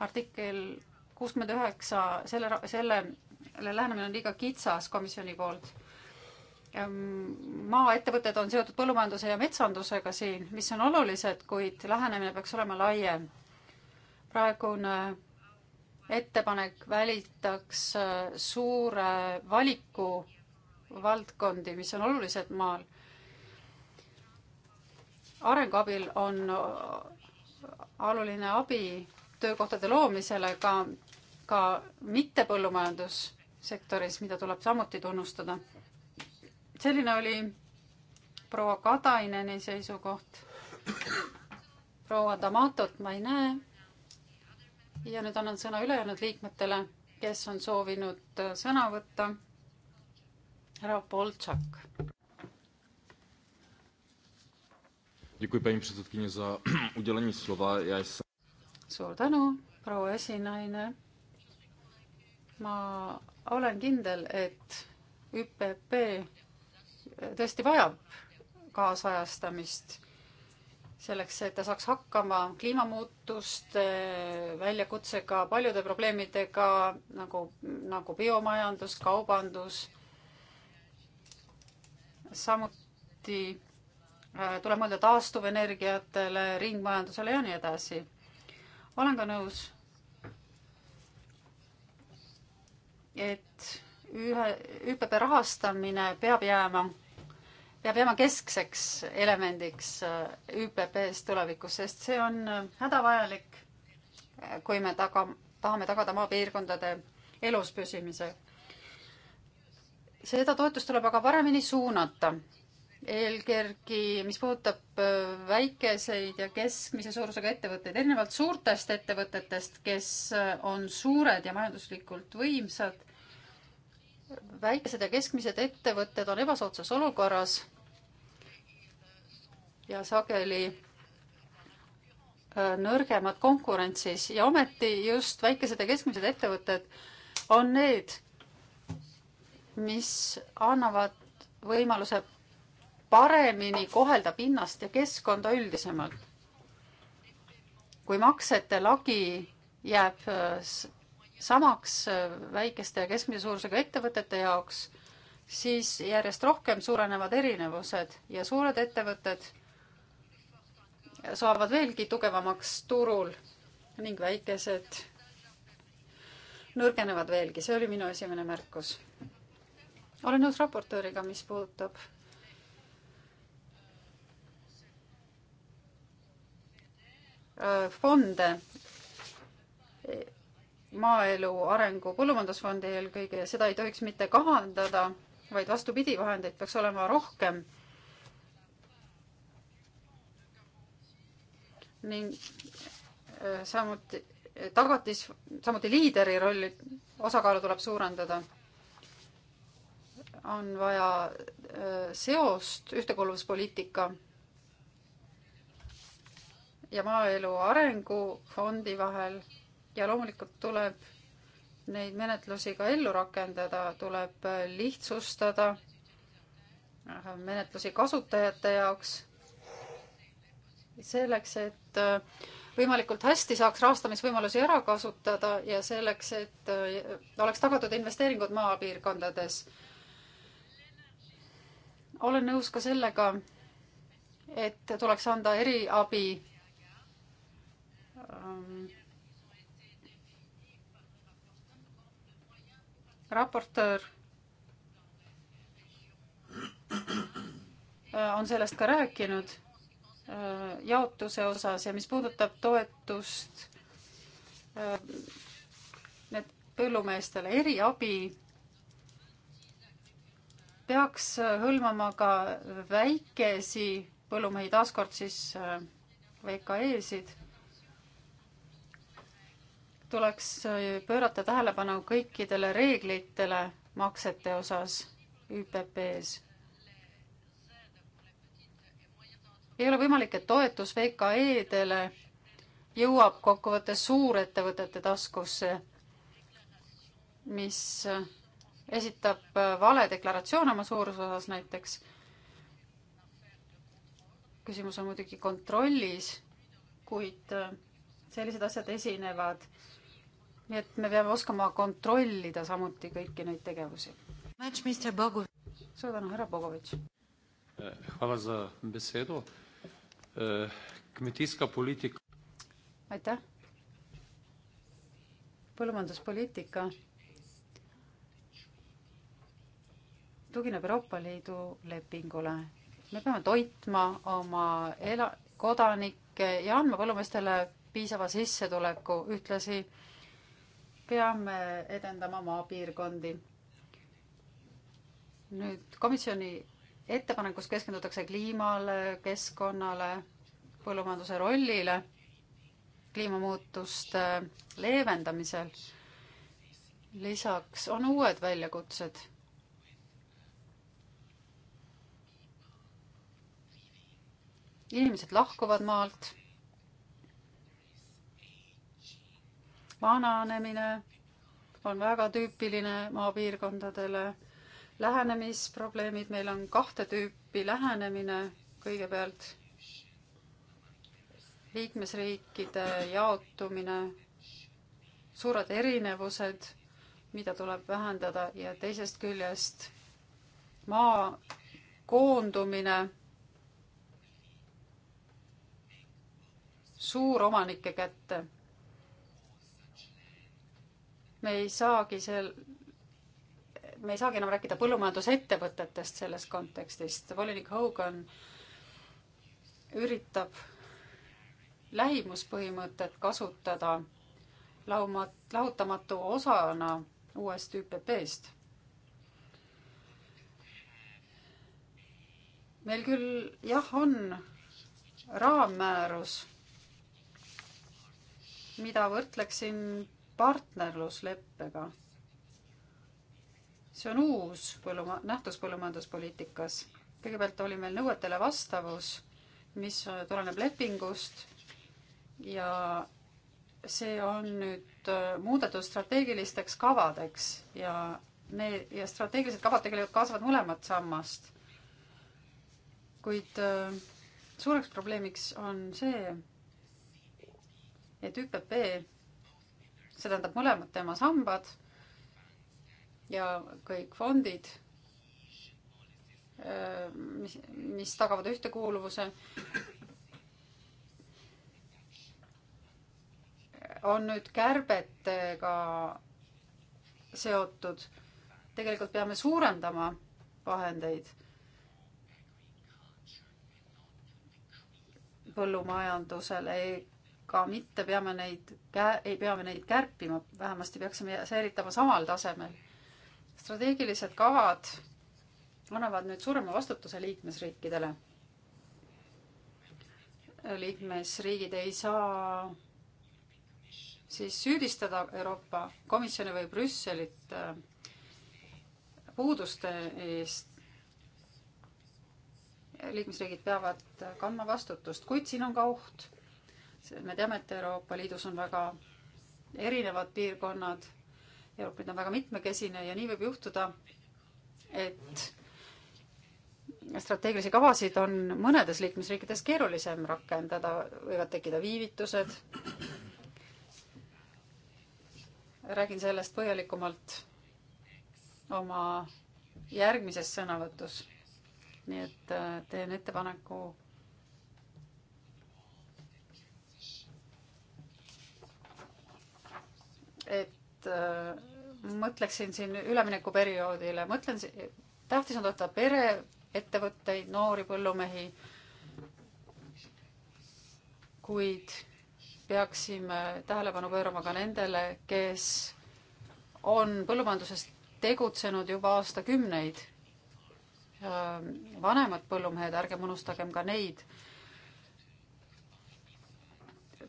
artikkel kuuskümmend üheksa, selle, selle, selle lähenemine on liiga kitsas komisjoni poolt maaettevõtted on seotud põllumajanduse ja metsandusega siin, mis on olulised, kuid lähenemine peaks olema laiem. praegune ettepanek välitaks äh, suure valiku valdkondi, mis on olulised maal. arenguabil on äh, oluline abi töökohtade loomisele ka, ka mittepõllumajandussektoris, mida tuleb samuti tunnustada selline oli proua Kataineni seisukoht. proua Damatot ma ei näe. ja nüüd annan sõna ülejäänud liikmetele, kes on soovinud äh, sõna võtta. härra Boltšak. suur tänu, proua esinaine. ma olen kindel, et ÜPP tõesti vajab kaasajastamist selleks, et ta saaks hakkama kliimamuutuste väljakutsega, paljude probleemidega nagu, nagu biomajandus, kaubandus. samuti äh, tuleb mõelda taastuvenergiatele, ringmajandusele ja nii edasi. olen ka nõus, et ühe, ÜPP rahastamine peab jääma peab jääma keskseks elemendiks äh, ÜPP-s tulevikus, sest see on äh, hädavajalik, äh, kui me taga, tahame tagada maapiirkondade elus püsimise. seda toetust tuleb aga paremini suunata. eelkõige, mis puudutab väikeseid ja keskmise suurusega ettevõtteid, erinevalt suurtest ettevõtetest, kes on suured ja majanduslikult võimsad, väikesed ja keskmised ettevõtted on ebasoodsas olukorras ja sageli äh, nõrgemad konkurentsis ja ometi just väikesed ja keskmised ettevõtted on need, mis annavad võimaluse paremini kohelda pinnast ja keskkonda üldisemalt. kui maksete lagi jääb äh, samaks äh, väikeste ja keskmise suurusega ettevõtete jaoks, siis järjest rohkem suurenevad erinevused ja suured ettevõtted saavad veelgi tugevamaks turul ning väikesed nõrgenevad veelgi, see oli minu esimene märkus. olen nõus raportööriga, mis puudutab äh, fonde, maaelu arengu põllumajandusfondi eelkõige ja seda ei tohiks mitte kahandada, vaid vastupidi, vahendeid peaks olema rohkem ning samuti tagatis, samuti liideri rolli osakaalu tuleb suurendada. on vaja seost ühtekuuluvuspoliitika ja maaelu arengufondi vahel ja loomulikult tuleb neid menetlusi ka ellu rakendada, tuleb lihtsustada äh, menetlusi kasutajate jaoks selleks, et äh, võimalikult hästi saaks rahastamisvõimalusi ära kasutada ja selleks, et äh, oleks tagatud investeeringud maapiirkondades. olen nõus ka sellega, et tuleks anda eriabi ähm, raportöör äh, on sellest ka rääkinud Äh, jaotuse osas ja mis puudutab toetust äh, need põllumeestele, eriabi peaks hõlmama ka väikesi põllumehi, taaskord siis äh, VKE-sid. tuleks pöörata tähelepanu kõikidele reeglitele maksete osas ÜPP-s ei ole võimalik, et toetus VKE-dele jõuab kokkuvõttes suurettevõtete taskusse, mis esitab vale deklaratsioone oma suuruse osas näiteks. küsimus on muidugi kontrollis, kuid sellised asjad esinevad. nii et me peame oskama kontrollida samuti kõiki neid tegevusi. suur tänu, härra Bogovitš. Hvala za besedo kmetijska poliitika. aitäh. põllumajanduspoliitika tugineb Euroopa Liidu lepingule. me peame toitma oma ela-, kodanikke ja andma põllumeestele piisava sissetuleku, ühtlasi peame edendama maapiirkondi. nüüd komisjoni ettepanekus keskendutakse kliimale, keskkonnale, põllumajanduse rollile kliimamuutuste leevendamisel. lisaks on uued väljakutsed. inimesed lahkuvad maalt. vananemine on väga tüüpiline maapiirkondadele lähenemisprobleemid, meil on kahte tüüpi lähenemine, kõigepealt liikmesriikide jaotumine, suured erinevused, mida tuleb vähendada ja teisest küljest maa koondumine suuromanike kätte. me ei saagi seal me ei saagi enam rääkida põllumajandusettevõtetest selles kontekstist. volinik Hogan üritab lähimuspõhimõtet kasutada lauma, lahutamatu osana uuest ÜPP-st. meil küll jah, on raammäärus, mida võrdleksin partnerlusleppega see on uus põlluma-, nähtus põllumajanduspoliitikas. kõigepealt oli meil nõuetele vastavus, mis tuleneb lepingust ja see on nüüd äh, muudetud strateegilisteks kavadeks ja need ja strateegilised kavad tegelikult kaasavad mõlemat sammast. kuid äh, suureks probleemiks on see, et ÜPP, see tähendab mõlemad tema sambad ja kõik fondid, mis, mis tagavad ühtekuuluvuse, on nüüd kärbetega seotud. tegelikult peame suurendama vahendeid põllumajandusele ega mitte peame neid, ei peame neid kärpima, vähemasti peaksime säilitama samal tasemel strateegilised kavad annavad nüüd suurema vastutuse liikmesriikidele. liikmesriigid ei saa siis süüdistada Euroopa Komisjoni või Brüsselit äh, puuduste eest. liikmesriigid peavad kandma vastutust, kuid siin on ka oht. me teame, et Euroopa Liidus on väga erinevad piirkonnad Euroopa Liit on väga mitmekesine ja nii võib juhtuda, et strateegilisi kavasid on mõnedes liikmesriikides keerulisem rakendada, võivad tekkida viivitused. räägin sellest põhjalikumalt oma järgmises sõnavõtus. nii et äh, teen ettepaneku et Äh, mõtleksin siin üleminekuperioodile, mõtlen, tähtis on toetada pereettevõtteid, noori põllumehi, kuid peaksime tähelepanu pöörama ka nendele, kes on põllumajanduses tegutsenud juba aastakümneid. vanemad põllumehed, ärgem unustagem ka neid.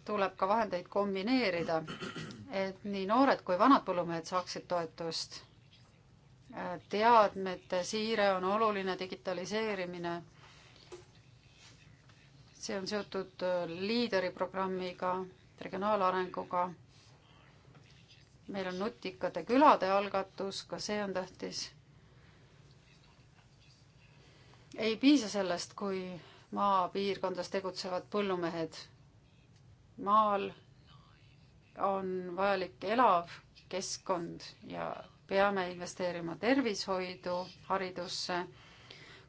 tuleb ka vahendeid kombineerida et nii noored kui vanad põllumehed saaksid toetust. teadmete siire on oluline, digitaliseerimine. see on seotud äh, Leaderi programmiga, regionaalarenguga. meil on nutikate külade algatus, ka see on tähtis. ei piisa sellest, kui maapiirkondades tegutsevad põllumehed maal on vajalik elav keskkond ja peame investeerima tervishoidu, haridusse,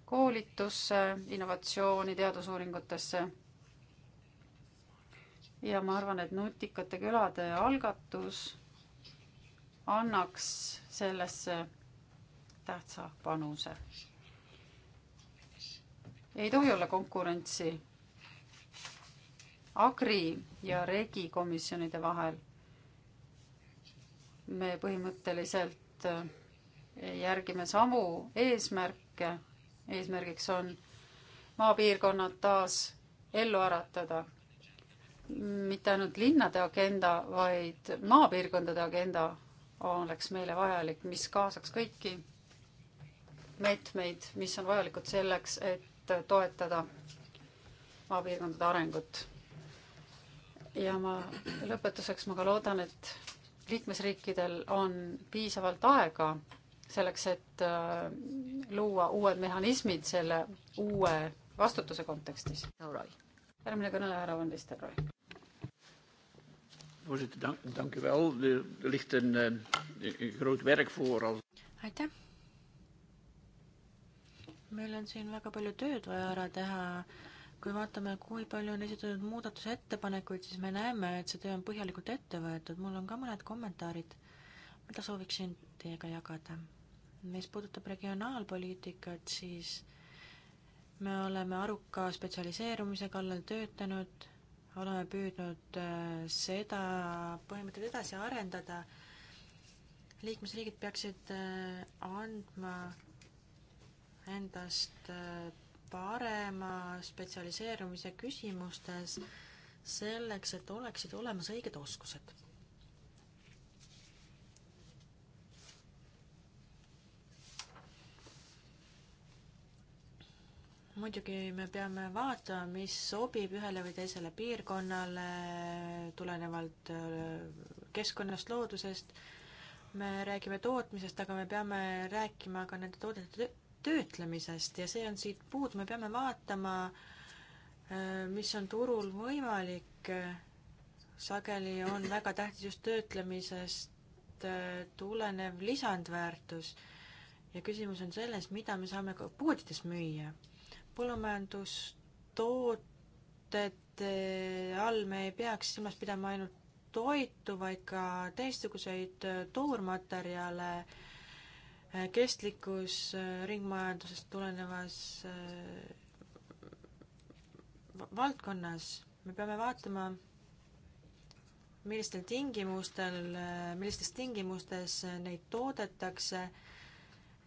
koolitusse, innovatsiooni, teadusuuringutesse. ja ma arvan, et nutikate külade algatus annaks sellesse tähtsa panuse. ei tohi olla konkurentsi Agri ja Regi komisjonide vahel. me põhimõtteliselt eh, järgime samu eesmärke, eesmärgiks on maapiirkonnad taas ellu äratada. mitte ainult linnade agenda, vaid maapiirkondade agenda oleks meile vajalik, mis kaasaks kõiki meetmeid, mis on vajalikud selleks, et toetada maapiirkondade arengut ja ma lõpetuseks ma ka loodan, et liikmesriikidel on piisavalt aega selleks, et äh, luua uued mehhanismid selle uue vastutuse kontekstis. järgmine kõneleja, härra Van Nistelrooy. Er eh, aitäh. meil on siin väga palju tööd vaja ära teha kui vaatame, kui palju on esitatud muudatusettepanekuid, siis me näeme, et see töö on põhjalikult ette võetud. mul on ka mõned kommentaarid, mida sooviksin teiega jagada. mis puudutab regionaalpoliitikat, siis me oleme aruka spetsialiseerumise kallal töötanud, oleme püüdnud äh, seda põhimõtet edasi arendada. liikmesriigid peaksid äh, andma endast äh, parema spetsialiseerumise küsimustes selleks, et oleksid olemas õiged oskused. muidugi me peame vaatama, mis sobib ühele või teisele piirkonnale tulenevalt äh, keskkonnast, loodusest. me räägime tootmisest, aga me peame rääkima ka nende toodete töötlemisest ja see on siit puudu, me peame vaatama, äh, mis on turul võimalik. sageli on väga tähtis just töötlemisest äh, tulenev lisandväärtus ja küsimus on selles, mida me saame ka poodides müüa. põllumajandustootete äh, all me ei peaks silmas pidama ainult toitu, vaid ka teistsuguseid toormaterjale äh,, Äh, kestlikkus äh, ringmajandusest tulenevas äh, valdkonnas, me peame vaatama, millistel tingimustel, millistes tingimustes neid toodetakse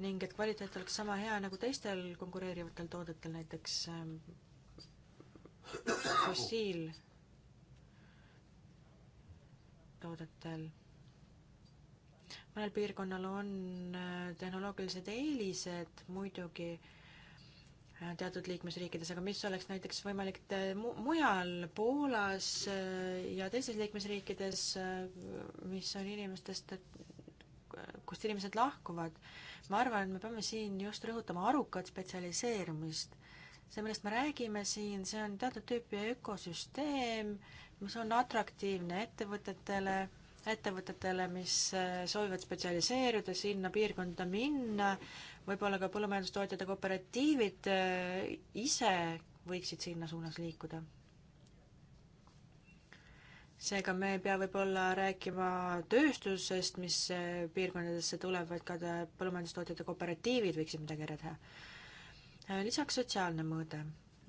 ning et kvaliteet oleks sama hea nagu teistel konkureerivatel toodetel, näiteks fossiiltoodetel mõnel piirkonnal on äh, tehnoloogilised eelised muidugi äh, teatud liikmesriikides, aga mis oleks näiteks võimalik mu-, mujal, Poolas äh, ja teistes liikmesriikides, mis on inimestest, et kust inimesed lahkuvad, ma arvan, et me peame siin just rõhutama arukat spetsialiseerumist. see, millest me räägime siin, see on teatud tüüpi ökosüsteem, mis on atraktiivne ettevõtetele, ettevõtetele, mis äh, soovivad spetsialiseeruda, sinna piirkonda minna, võib-olla ka põllumajandustootjate kooperatiivid äh, ise võiksid sinna suunas liikuda. seega me ei pea võib-olla rääkima tööstusest, mis äh, piirkondadesse tuleb, vaid ka põllumajandustootjate kooperatiivid võiksid midagi ära teha. lisaks sotsiaalne mõõde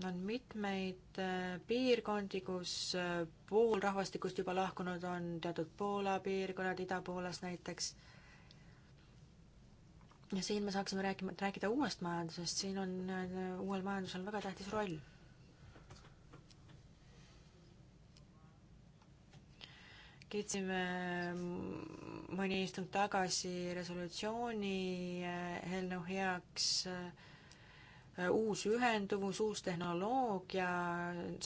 on mitmeid äh, piirkondi, kus äh, pool rahvastikust juba lahkunud on, teatud Poola piirkonnad ida Poolas näiteks. ja siin me saaksime rääkima, rääkida uuest majandusest, siin on äh, uuel majandusel väga tähtis roll. kiitsime mõni istung tagasi resolutsiooni eelnõu heaks äh, Äh, uus ühenduvus, uus tehnoloogia,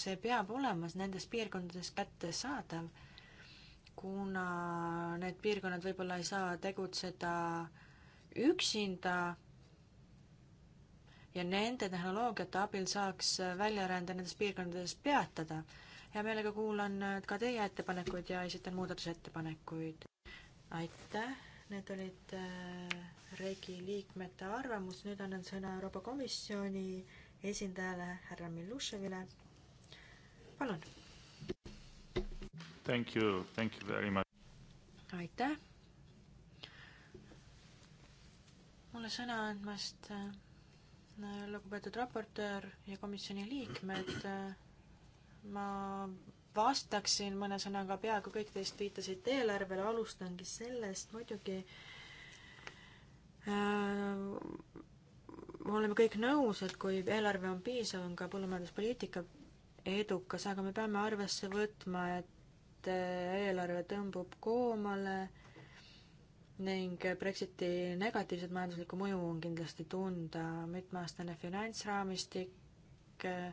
see peab olema nendes piirkondades kättesaadav, kuna need piirkonnad võib-olla ei saa tegutseda üksinda ja nende tehnoloogiate abil saaks väljarände nendes piirkondades peatada. hea meelega kuulan äh, ka teie ettepanekuid ja esitan muudatusettepanekuid. aitäh! Need olid äh, Regi liikmete arvamus, nüüd annan sõna Euroopa Komisjoni esindajale härra Miluševile. palun. Thank you, thank you very much. aitäh mulle sõna andmast, äh, lugupeetud raportöör ja komisjoni liikmed. Äh, ma vastaksin mõne sõnaga, peaaegu kõik teist viitasite eelarvele, alustangi sellest muidugi äh, oleme kõik nõus, et kui eelarve on piisav, on ka põllumajanduspoliitika edukas, aga me peame arvesse võtma, et äh, eelarve tõmbub koomale ning Brexiti negatiivset majanduslikku mõju on kindlasti tunda. mitmeaastane finantsraamistik äh,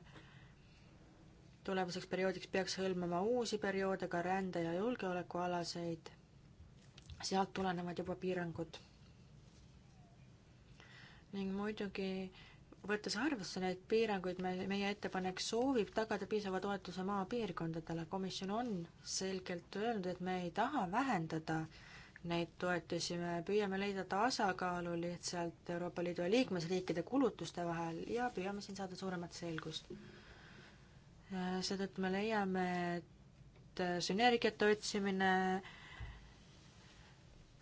tulevaseks perioodiks peaks hõlmama uusi perioode, ka rände- ja julgeolekualaseid, sealt tulenevad juba piirangud. ning muidugi võttes arvesse neid piiranguid, me, meie ettepanek soovib tagada piisava toetuse maapiirkondadele. komisjon on selgelt öelnud, et me ei taha vähendada neid toetusi, me püüame leida tasakaalu lihtsalt Euroopa Liidu ja liikmesriikide kulutuste vahel ja püüame siin saada suuremat selgust mm. -hmm seetõttu me leiame, et äh, sünergiate otsimine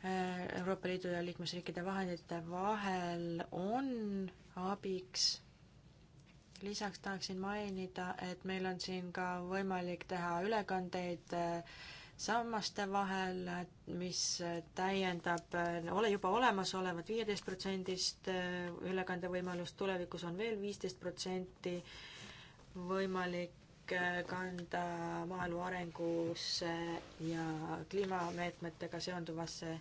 äh, Euroopa Liidu ja liikmesriikide vahendite vahel on abiks lisaks tahaksin mainida, et meil on siin ka võimalik teha ülekandeid äh, sammaste vahel, mis täiendab ole juba olemasolevat viieteist protsendist ülekandevõimalust, tulevikus on veel viisteist protsenti võimalik kanda maaelu arengusse ja kliimameetmetega seonduvasse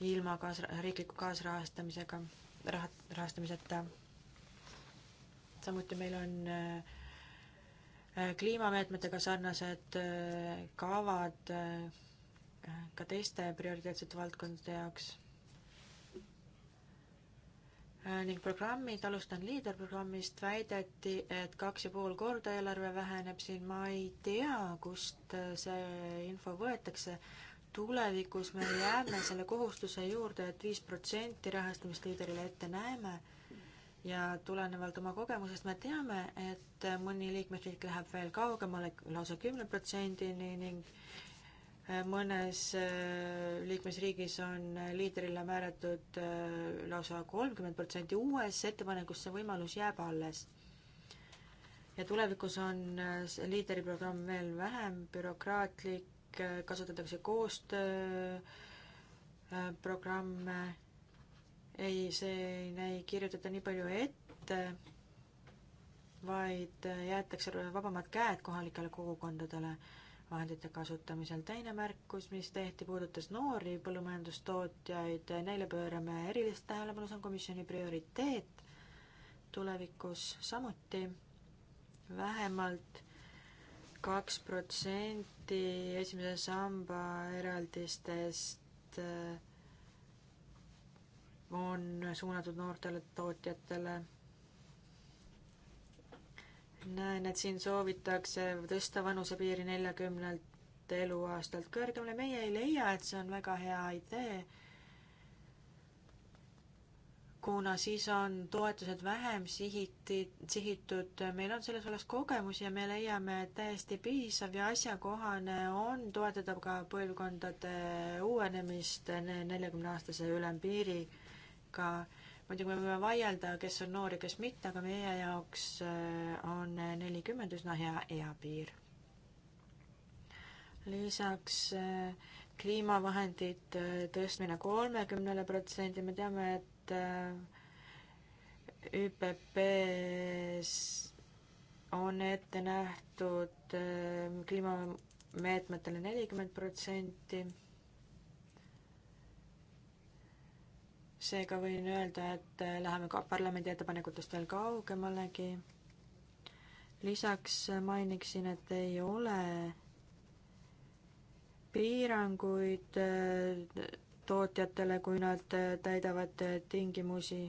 ilma kaas-, riikliku kaasrahastamisega, raha, rahastamiseta. samuti meil on äh, kliimameetmetega sarnased äh, kavad äh, ka teiste prioriteetsete valdkondade jaoks Äh, ning programmid, alustan liiderprogrammist, väideti, et kaks ja pool korda eelarve väheneb siin, ma ei tea, kust äh, see info võetakse. tulevikus me jääme selle kohustuse juurde, et viis protsenti rahastamist liiderile ette näeme ja tulenevalt oma kogemusest me teame, et äh, mõni liikmesriik läheb veel kaugemale, lausa kümne protsendini ning mõnes äh, liikmesriigis on liidrile määratud äh, lausa kolmkümmend protsenti, uues ettepanekus see võimalus jääb alles. ja tulevikus on äh, liideri programm veel vähem bürokraatlik, kasutatakse koostööprogramme, ei, sinna ei kirjutata nii palju ette, vaid jäetakse vabamad käed kohalikele kogukondadele vahendite kasutamisel. teine märkus, mis tehti, puudutas noori põllumajandustootjaid, neile pöörame erilist tähelepanu, see on komisjoni prioriteet tulevikus samuti vähemalt kaks protsenti esimese samba eraldistest äh, on suunatud noortele tootjatele näen, et siin soovitakse tõsta vanusepiiri neljakümnelt eluaastalt kõrgemale. meie ei leia, et see on väga hea idee, kuna siis on toetused vähem sihiti, sihitud. meil on selles vallas kogemusi ja me leiame, et täiesti piisav ja asjakohane on toetada ka põlvkondade uuenemist neljakümne aastase ülempiiriga muidugi me võime vaielda, kes on noor ja kes mitte, aga meie jaoks äh, on nelikümmend üsna hea eapiir. lisaks äh, kliimavahendid äh, tõstmine kolmekümnele protsendi, me teame, et ÜPP-s on ette nähtud kliimameetmetele nelikümmend protsenti seega võin öelda, et äh, läheme ka parlamendi ettepanekutest veel kaugemalegi. lisaks mainiksin, et ei ole piiranguid äh, tootjatele, kui nad äh, täidavad tingimusi.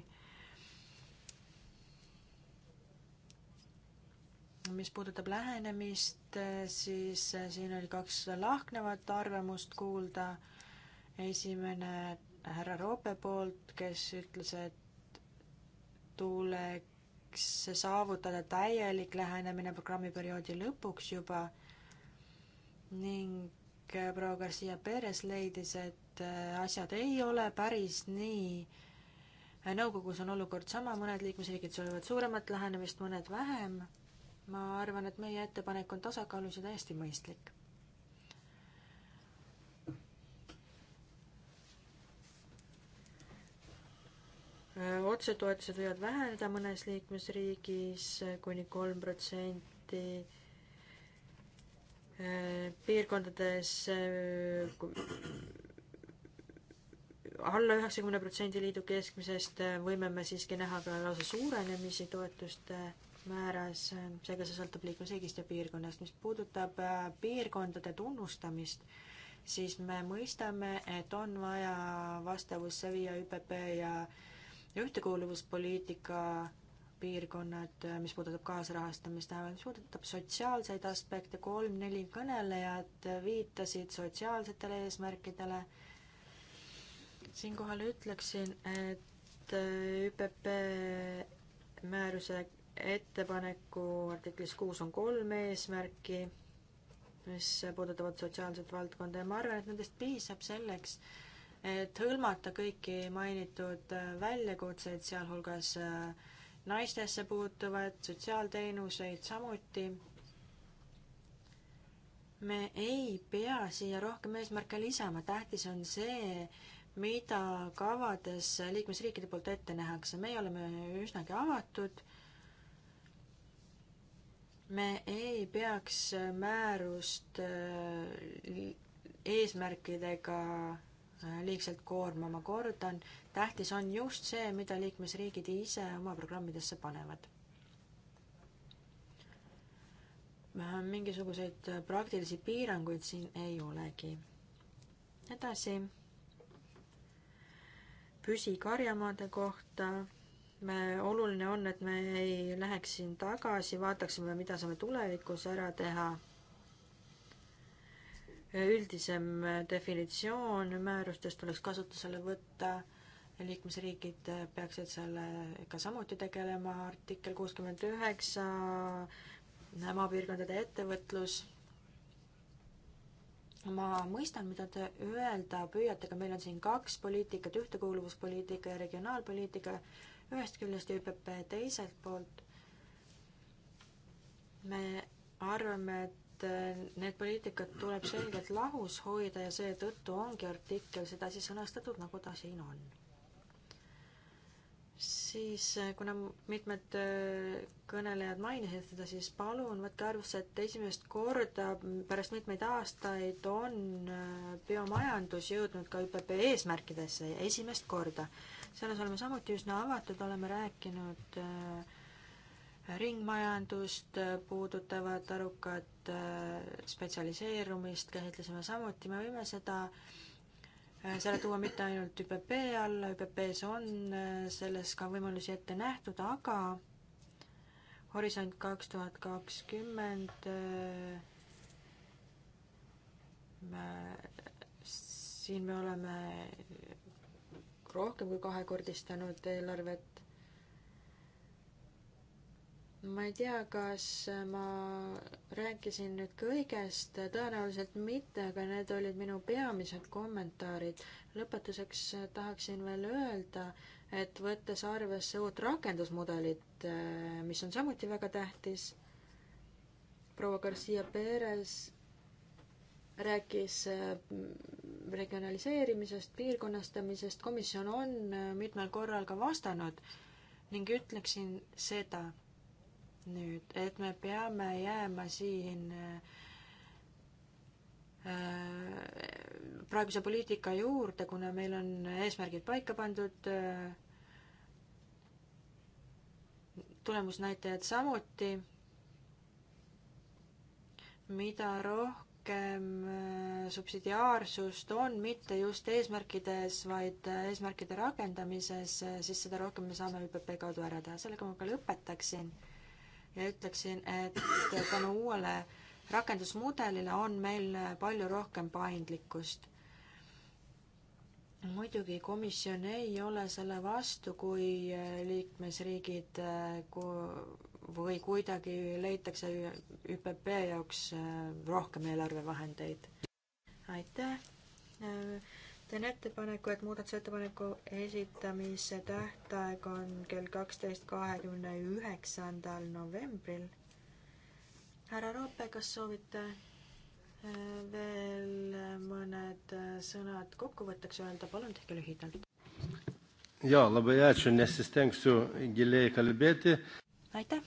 mis puudutab lähenemist, siis siin oli kaks lahknevat arvamust kuulda. esimene härra Roope poolt, kes ütles, et tuleks saavutada täielik lähenemine programmiperioodi lõpuks juba ning proua Garcia Perez leidis, et asjad ei ole päris nii. nõukogus on olukord sama, mõned liikmesriigid soovivad suuremat lähenemist, mõned vähem. ma arvan, et meie ettepanek on tasakaalus ja täiesti mõistlik Äh, otsetoetused võivad väheneda mõnes liikmesriigis äh, kuni kolm protsenti äh, piirkondades alla üheksakümne protsendi liidu keskmisest võime me siiski näha ka lausa suurenemisi toetuste määras, seega see sõltub liikmesriigist ja piirkonnast. mis puudutab piirkondade tunnustamist, siis me mõistame, et on vaja vastavusse viia ÜPP ja äh, ja ühtekuuluvuspoliitika piirkonnad, mis puudutab kaasrahastamist, mis puudutab sotsiaalseid aspekte, kolm-neli kõnelejat viitasid sotsiaalsetele eesmärkidele. siinkohal ütleksin, et äh, ÜPP määruse ettepaneku artiklis kuus on kolm eesmärki, mis puudutavad sotsiaalset valdkonda ja ma arvan, et nendest piisab selleks, et hõlmata kõiki mainitud äh, väljakutseid, sealhulgas äh, naistesse puutuvad, sotsiaalteenuseid samuti. me ei pea siia rohkem eesmärke lisama, tähtis on see, mida kavades liikmesriikide poolt ette nähakse, meie oleme üsnagi avatud me ei peaks äh, määrust eesmärkidega Äh, liigselt koormama. kordan, tähtis on just see, mida liikmesriigid ise oma programmidesse panevad. Äh, mingisuguseid äh, praktilisi piiranguid siin ei olegi. edasi, püsikarjamaade kohta me, oluline on, et me ei läheks siin tagasi, vaataksime, mida saame tulevikus ära teha üldisem definitsioon määrustest tuleks kasutusele võtta, liikmesriigid peaksid sellega samuti tegelema, artikkel kuuskümmend üheksa, maapiirkondade ettevõtlus, ma mõistan, mida te öelda püüate, aga meil on siin kaks poliitikat, ühtekuuluvuspoliitika ja regionaalpoliitika, ühest küljest ÜPP, teiselt poolt me arvame, et Äh, need poliitikad tuleb selgelt lahus hoida ja seetõttu ongi artikkel sedasi sõnastatud, nagu ta siin on. siis, äh, kuna mitmed äh, kõnelejad mainisid seda, siis palun võtke arvesse, et esimest korda pärast mitmeid aastaid on biomajandus jõudnud ka ÜPP eesmärkidesse, esimest korda. selles oleme samuti üsna avatud, oleme rääkinud äh, ringmajandust puudutavad arukad äh, spetsialiseerumist käsitlesime samuti, me võime seda, äh, selle tuua mitte ainult ÜPP alla, ÜPP-s on äh, selles ka võimalusi ette nähtud, aga Horisont kaks tuhat kakskümmend siin me oleme rohkem kui kahekordistanud eelarvet ma ei tea, kas ma rääkisin nüüd kõigest, tõenäoliselt mitte, aga need olid minu peamised kommentaarid. lõpetuseks tahaksin veel öelda, et võttes arvesse uut rakendusmudelit, mis on samuti väga tähtis, proua Garcia Perez rääkis mm, regionaliseerimisest, piirkonnastamisest, komisjon on mitmel korral ka vastanud ning ütleksin seda nüüd, et me peame jääma siin äh, praeguse poliitika juurde, kuna meil on eesmärgid paika pandud, äh, tulemusnäitajad samuti, mida rohkem äh, subsidiaarsust on, mitte just eesmärkides, vaid eesmärkide rakendamises, siis seda rohkem me saame ÜPP kaudu ära teha. sellega ma ka lõpetaksin ja ütleksin, et tänu uuele rakendusmudelile on meil palju rohkem paindlikkust. muidugi komisjon ei ole selle vastu, kui liikmesriigid või kuidagi leitakse ÜPP jaoks rohkem eelarvevahendeid. aitäh teen ettepaneku, et muudatusettepaneku esitamise tähtaeg on kell kaksteist kahekümne üheksandal novembril. härra Roope, kas soovite äh, veel mõned äh, sõnad kokkuvõtteks öelda, palun tehke lühidalt. ja, labai ačiū, nesistengsiu giliai kalbėti. aitäh.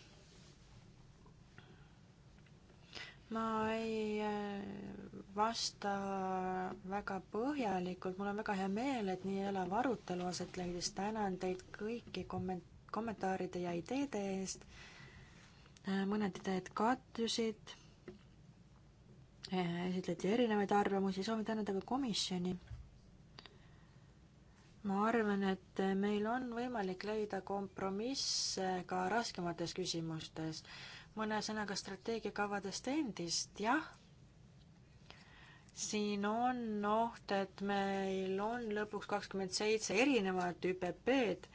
ma ei äh, vasta väga põhjalikult, mul on väga hea meel, et nii elav arutelu aset leidis, tänan teid kõiki komment-, kommentaaride ja ideede eest, mõned ideed kattusid, esitleti erinevaid arvamusi, soovin tänada ka komisjoni. ma arvan, et meil on võimalik leida kompromisse ka raskemates küsimustes. mõne sõnaga strateegiakavadest endist, jah siin on oht, et meil on lõpuks kakskümmend seitse erinevat ÜPP-d,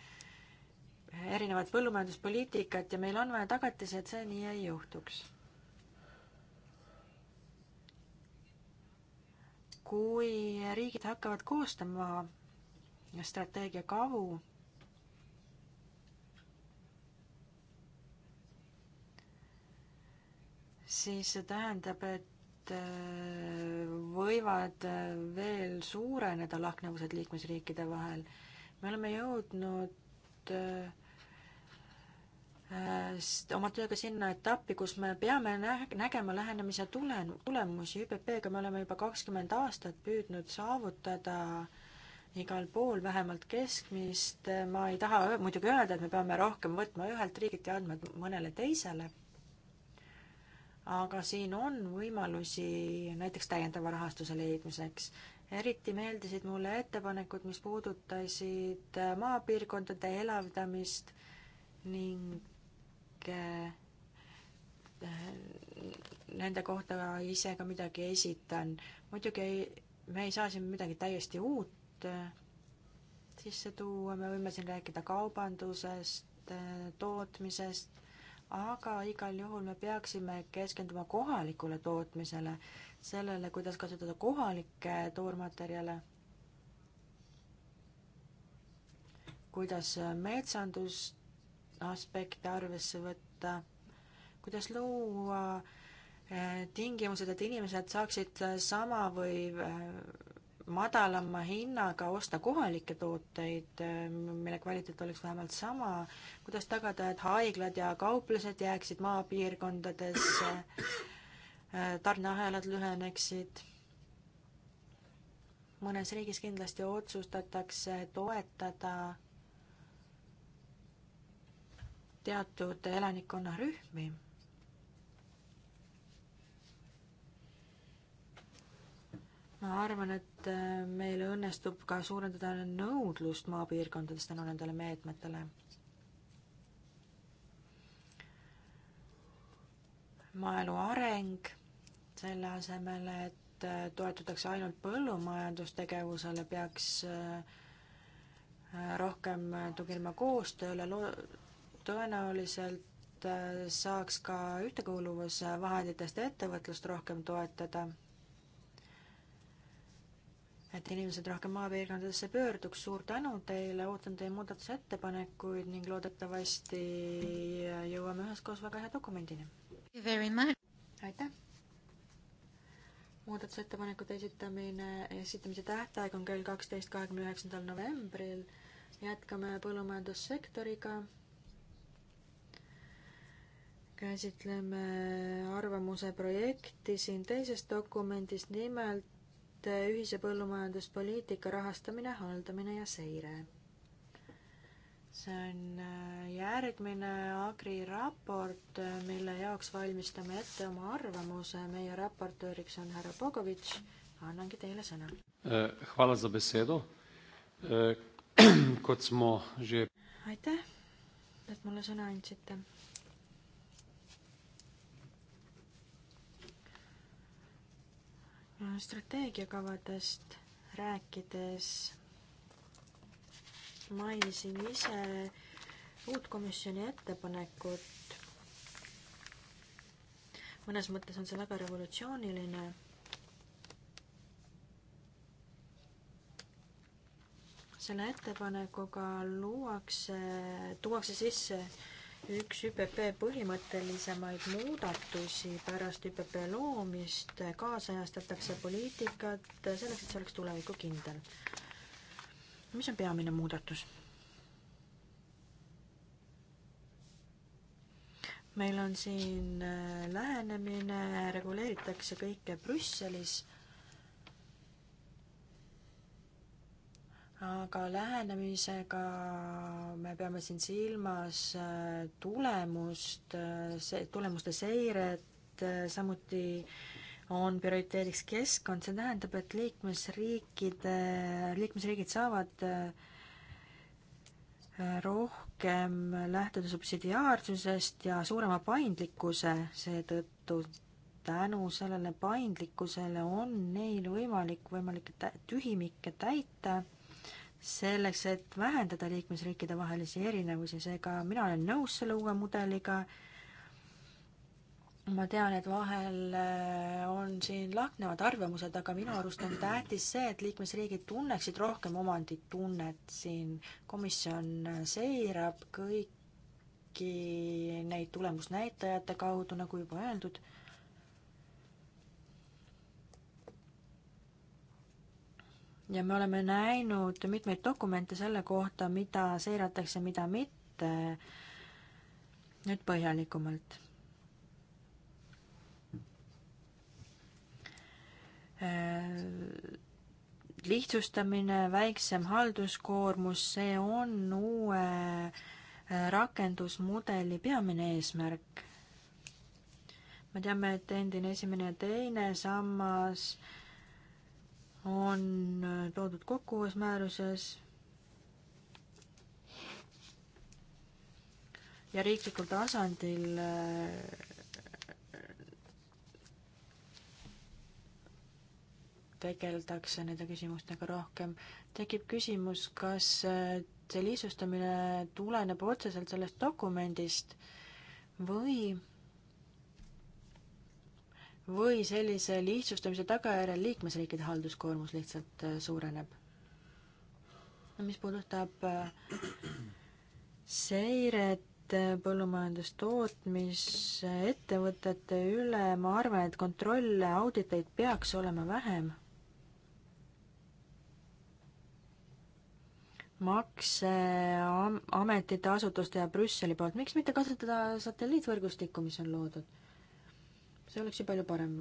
erinevat põllumajanduspoliitikat ja meil on vaja tagatisi, et see nii ei juhtuks. kui riigid hakkavad koostama strateegiakavu, siis see tähendab, et Äh, võivad äh, veel suureneda lahknevused liikmesriikide vahel. me oleme jõudnud äh, oma tööga sinna etappi, kus me peame nägema lähenemise tule, tulemusi. ÜPP-ga me oleme juba kakskümmend aastat püüdnud saavutada igal pool vähemalt keskmist. ma ei taha muidugi öelda, et me peame rohkem võtma ühelt riigilt ja andma mõnele teisele aga siin on võimalusi näiteks täiendava rahastuse leidmiseks. eriti meeldisid mulle ettepanekud, mis puudutasid maapiirkondade elavdamist ning eh, nende kohta ise ka midagi esitan. muidugi ei, me ei saa siin midagi täiesti uut eh, sisse tuua, me võime siin rääkida kaubandusest, eh, tootmisest, aga igal juhul me peaksime keskenduma kohalikule tootmisele, sellele, kuidas kasutada kohalikke toormaterjale kuidas metsandusaspekte arvesse võtta, kuidas luua eh, tingimused, et inimesed saaksid sama või eh, madalama hinnaga osta kohalikke tooteid, mille kvaliteet oleks vähemalt sama, kuidas tagada, et haiglad ja kauplused jääksid maapiirkondadesse, äh, tarneahelad lüheneksid? mõnes riigis kindlasti otsustatakse toetada teatud elanikkonnarühmi ma arvan, et äh, meil õnnestub ka suurendada nõudlust maapiirkondades tänu nendele meetmetele. maaelu areng, selle asemel, et äh, toetutakse ainult põllumajandustegevusele, peaks äh, rohkem tuginema koostööle, tõenäoliselt saaks ka ühtekuuluvusvahenditest ettevõtlust rohkem toetada et inimesed rohkem maapiirkondadesse pöörduks. suur tänu teile, ootan teie muudatusettepanekuid ning loodetavasti jõuame üheskoos väga hea dokumendini. aitäh! muudatusettepanekute esitamine, esitamise tähtaeg on kell kaksteist kahekümne üheksandal novembril. jätkame põllumajandussektoriga käsitleme arvamuse projekti siin teises dokumendis, nimelt et ühise põllumajanduspoliitika rahastamine, haldamine ja seire. see on äh, järgmine Agri raport, äh, mille jaoks valmistame ette oma arvamuse. meie raportööriks on härra Bogovitš. annangi teile sõna. Äh, hvala za besedo. Kot smo že aitäh, et mulle sõna andsite strateegiakavadest rääkides mainisin ise uut komisjoni ettepanekut. mõnes mõttes on see väga revolutsiooniline. selle ettepanekuga luuakse, tuuakse sisse üks ÜPP põhimõttelisemaid muudatusi pärast ÜPP loomist, kaasajastatakse poliitikat selleks, et see oleks tulevikukindel. mis on peamine muudatus? meil on siin äh, lähenemine, reguleeritakse kõike Brüsselis aga lähenemisega me peame siin silmas äh, tulemust, äh, see, tulemuste seiret, äh, samuti on prioriteediks keskkond, see tähendab, et liikmesriikide, liikmesriigid saavad rohkem lähtuda subsidiaarsusest ja suurema paindlikkuse seetõttu tänu sellele paindlikkusele on neil võimalik võimalikke tühimikke täita selleks, et vähendada liikmesriikide vahelisi erinevusi, seega mina olen nõus selle uue mudeliga. ma tean, et vahel äh, on siin lahknevad arvamused, aga minu arust on tähtis see, et liikmesriigid tunneksid rohkem omanditunnet siin. komisjon äh, seirab kõiki neid tulemusnäitajate kaudu, nagu juba öeldud ja me oleme näinud mitmeid dokumente selle kohta, mida seiratakse, mida mitte, nüüd põhjalikumalt. Äh, lihtsustamine, väiksem halduskoormus, see on uue äh, rakendusmudeli peamine eesmärk. me teame, et endine esimene ja teine sammas äh, on toodud kokku uues määruses ja riiklikul tasandil äh, tegeldakse nende küsimustega rohkem. tekib küsimus, kas äh, see lihtsustamine tuleneb otseselt sellest dokumendist või või sellise lihtsustamise tagajärjel liikmesriikide halduskoormus lihtsalt äh, suureneb. mis puudutab äh, seiret äh, põllumajandustootmisettevõtete üle, ma arvan, et kontrolle, auditeid peaks olema vähem. makse am-, ametite, asutuste ja Brüsseli poolt, miks mitte kasutada satelliitvõrgustikku, mis on loodud see oleks ju palju parem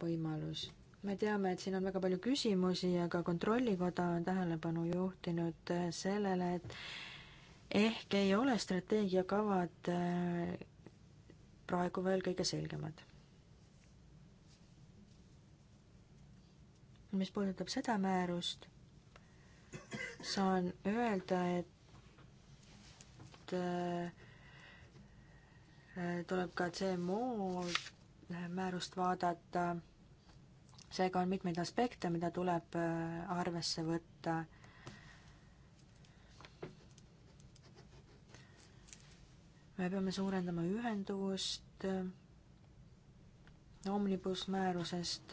võimalus. me teame, et siin on väga palju küsimusi ja ka Kontrollikoda on tähelepanu juhtinud eh, sellele, et ehk ei ole strateegiakavad eh, praegu veel kõige selgemad. mis puudutab seda määrust, saan öelda, et äh, Äh, tuleb ka GMO määrust vaadata, seega on mitmeid aspekte, mida tuleb äh, arvesse võtta. me peame suurendama ühenduvust äh, omnibus määrusest,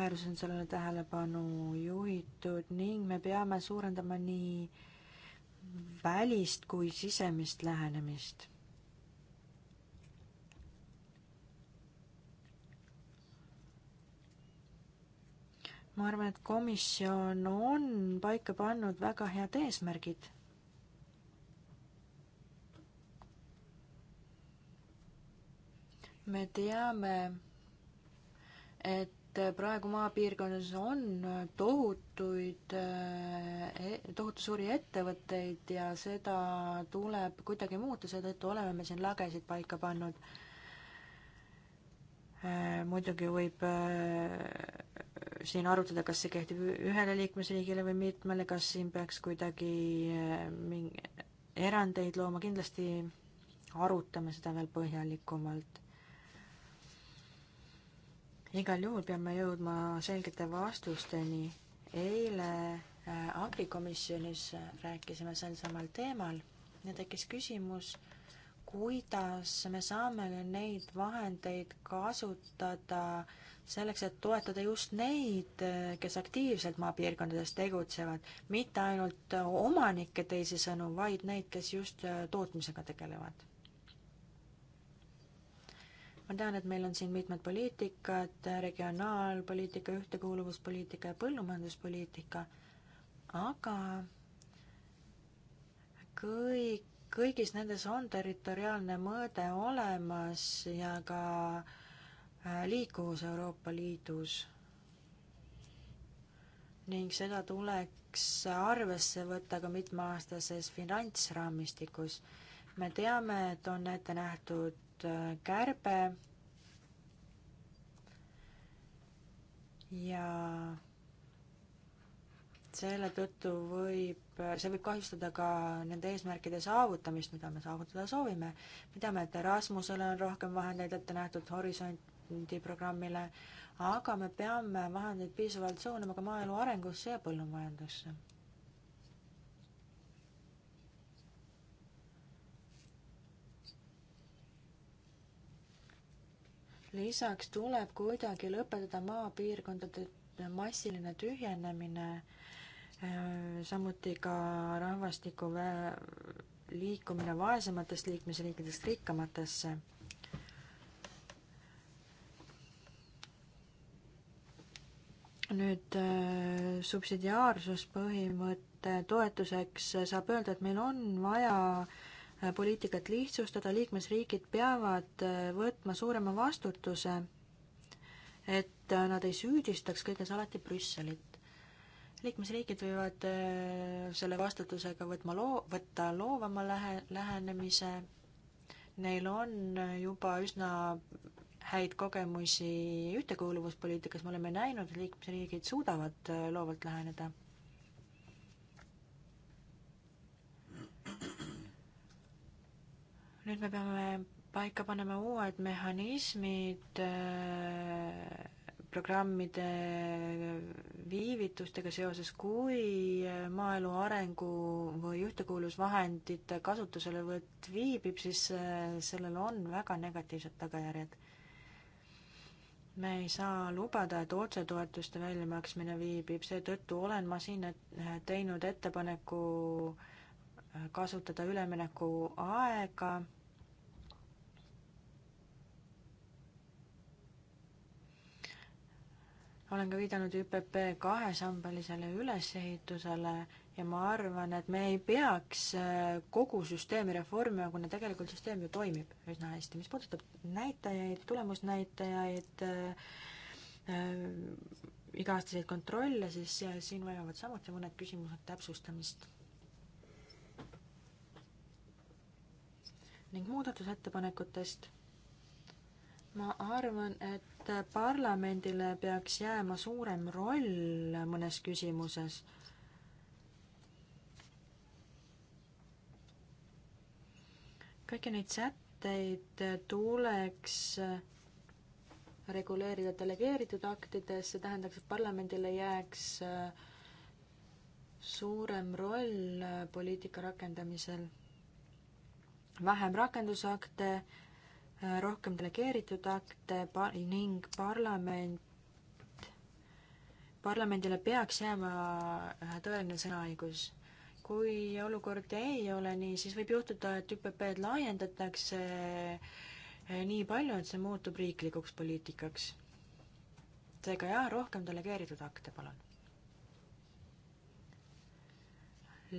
määruses on sellele tähelepanu juhitud ning me peame suurendama nii välist kui sisemist lähenemist ma arvan, et komisjon on paika pannud väga head eesmärgid. me teame, et praegu maapiirkonnas on tohutuid, e, tohutu suuri ettevõtteid ja seda tuleb kuidagi muuta, seetõttu oleme me siin lagesid paika pannud. E, muidugi võib e, siin arutada, kas see kehtib ühele liikmesriigile või mitmele, kas siin peaks kuidagi äh, mingi erandeid looma, kindlasti arutame seda veel põhjalikumalt. igal juhul peame jõudma selgete vastusteni. eile äh, agrikomisjonis rääkisime sel samal teemal ja tekkis küsimus, kuidas me saame neid vahendeid kasutada selleks, et toetada just neid, kes aktiivselt maapiirkondades tegutsevad, mitte ainult omanikke teisisõnu, vaid neid, kes just äh, tootmisega tegelevad. ma tean, et meil on siin mitmed poliitikad, regionaalpoliitika, ühtekuuluvuspoliitika ja põllumajanduspoliitika, aga kõik, kõigis nendes on territoriaalne mõõde olemas ja ka äh, Äh, liikuvus Euroopa Liidus ning seda tuleks arvesse võtta ka mitmeaastases finantsraamistikus. me teame, et on ette nähtud äh, kärbe ja selle tõttu võib, äh, see võib kahjustada ka nende eesmärkide saavutamist, mida me saavutada soovime. me teame, et Erasmusele on rohkem vahendeid ette nähtud, Horisont garantiiprogrammile, aga me peame vahendeid piisavalt suunama ka maaelu arengusse ja põllumajandusse. lisaks tuleb kuidagi lõpetada maapiirkondade massiline tühjenemine, äh, samuti ka rahvastiku liikumine vaesematest liikmesriikidest rikkamatesse nüüd äh, subsidiaarsuspõhimõtte toetuseks äh, saab öelda, et meil on vaja äh, poliitikat lihtsustada, liikmesriigid peavad võtma suurema vastutuse, et nad ei süüdistaks kõiges alati Brüsselit. liikmesriigid võivad selle vastutusega võtma loo, võtta loovama lähe, lähenemise, neil on juba üsna häid kogemusi ühtekuuluvuspoliitikas, me oleme näinud, et liikmesriigid suudavad äh, loovalt läheneda. nüüd me peame paika panema uued mehhanismid äh, programmide viivitustega seoses, kui äh, maaelu arengu või ühtekuuluvusvahendite kasutuselevõtt viibib, siis sellel on väga negatiivsed tagajärjed me ei saa lubada, et otsetoetuste väljamaksmine viibib, seetõttu olen ma siin et eh, teinud ettepaneku eh, kasutada üleminekuaega olen ka viidanud ÜPP kahesambalisele ülesehitusele ja ma arvan, et me ei peaks äh, kogu süsteemi reformima, kuna tegelikult süsteem ju toimib üsna hästi. mis puudutab näitajaid, tulemusnäitajaid äh,, äh, iga-aastaseid kontrolle, siis äh, siin vajavad samuti mõned küsimused täpsustamist. ning muudatusettepanekutest ma arvan, et parlamendile peaks jääma suurem roll mõnes küsimuses. kõiki neid sätteid tuleks reguleerida delegeeritud aktides, see tähendaks, et parlamendile jääks suurem roll poliitika rakendamisel. vähem rakendusakte Äh, rohkem delegeeritud akte par-, ning parlament, parlamendile peaks jääma äh, tõeline sõnaõigus. kui olukord ei ole nii, siis võib juhtuda, et ÜPP-d laiendatakse äh, nii palju, et see muutub riiklikuks poliitikaks. seega jaa, rohkem delegeeritud akte, palun.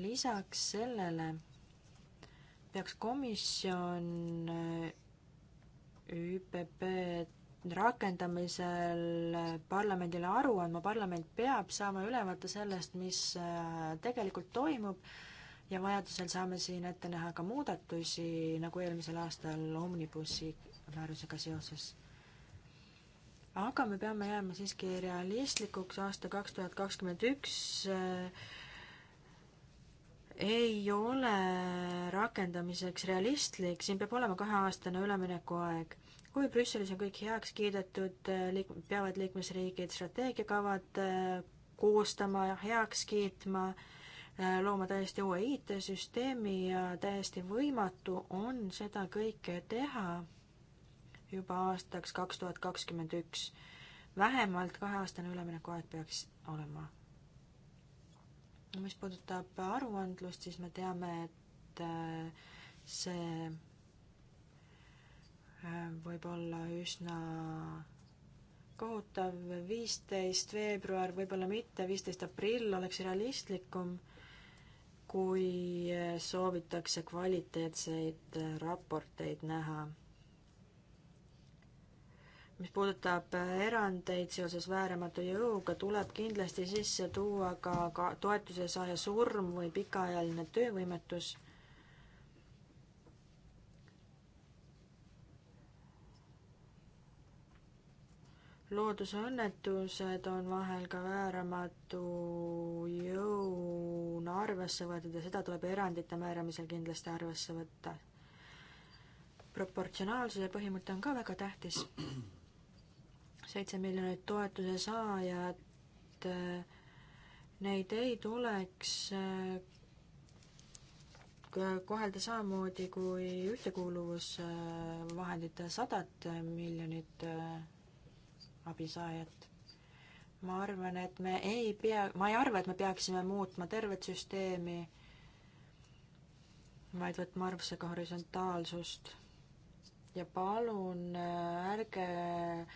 lisaks sellele peaks komisjon ÜPP rakendamisel parlamendile aru andma, parlament peab saama ülevaate sellest, mis äh, tegelikult toimub ja vajadusel saame siin ette näha ka muudatusi, nagu eelmisel aastal Omnibussi määrusega seoses. aga me peame jääma siiski realistlikuks, aasta kaks tuhat kakskümmend üks äh, ei ole rakendamiseks realistlik, siin peab olema kaheaastane üleminekuaeg. kui Brüsselis on kõik heaks kiidetud, eh, liik-, peavad liikmesriigid strateegiakavad eh, koostama, heaks kiitma, eh, looma täiesti uue IT-süsteemi ja täiesti võimatu on seda kõike teha juba aastaks kaks tuhat kakskümmend üks. vähemalt kaheaastane üleminekuaeg peaks olema mis puudutab aruandlust, siis me teame, et äh, see äh, võib olla üsna kohutav, viisteist veebruar, võib-olla mitte, viisteist aprill oleks realistlikum, kui äh, soovitakse kvaliteetseid raporteid näha mis puudutab äh, erandeid seoses vääramatu jõuga, tuleb kindlasti sisse tuua ka, ka toetuse saaja surm või pikaajaline töövõimetus. loodusõnnetused on vahel ka vääramatu jõuna arvesse võetud ja seda tuleb erandite määramisel kindlasti arvesse võtta. proportsionaalsuse põhimõte on ka väga tähtis seitse miljonit toetuse saajat, neid ei tuleks äh, kohelda samamoodi kui ühtekuuluvusvahendite sadat miljonit äh, abisaajat. ma arvan, et me ei pea, ma ei arva, et me peaksime muutma tervet süsteemi, vaid võtma arvesse ka horisontaalsust. ja palun äh, ärge äh,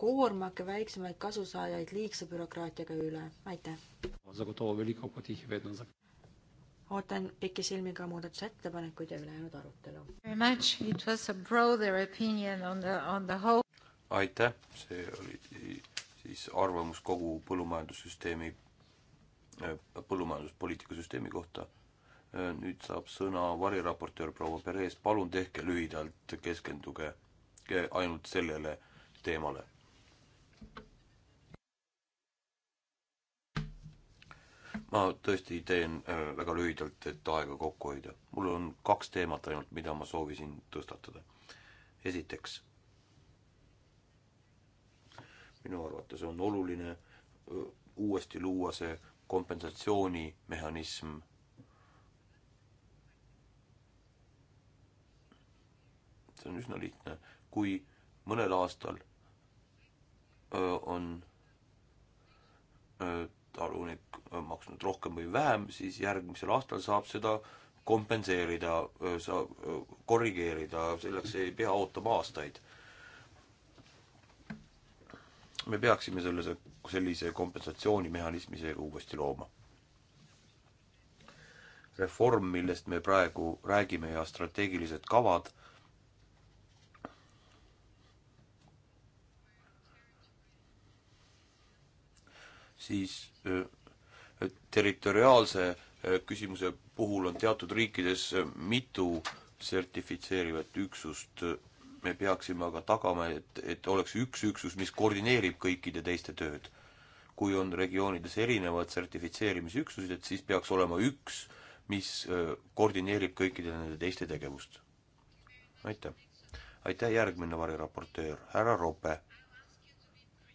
koormake väiksemaid kasusaajaid liigse bürokraatiaga üle, aitäh! ootan pikisilmi ka muudatusettepanekuid ja ülejäänud arutelu. aitäh, see oli siis arvamus kogu põllumajandussüsteemi, äh, põllumajanduspoliitika süsteemi kohta. Äh, nüüd saab sõna variraportöör proua Perez, palun tehke lühidalt, keskenduge ainult sellele teemale ma tõesti teen äh, väga lühidalt, et aega kokku hoida. mul on kaks teemat ainult, mida ma soovisin tõstatada. esiteks, minu arvates on oluline äh, uuesti luua see kompensatsioonimehhanism. see on üsna lihtne, kui mõnel aastal äh, on öö, talunik maksnud rohkem või vähem, siis järgmisel aastal saab seda kompenseerida, saab korrigeerida, selleks ei pea ootama aastaid. me peaksime selles, sellise kompensatsioonimehhanismi seega uuesti looma. reform, millest me praegu räägime ja strateegilised kavad siis äh, territoriaalse äh, küsimuse puhul on teatud riikides äh, mitu sertifitseerivat üksust, me peaksime aga tagama, et, et oleks üks üksus, mis koordineerib kõikide teiste tööd. kui on regioonides erinevad sertifitseerimisüksused, et siis peaks olema üks, mis koordineerib kõikide nende teiste tegevust. aitäh. aitäh, järgmine variraportöör, härra Rope.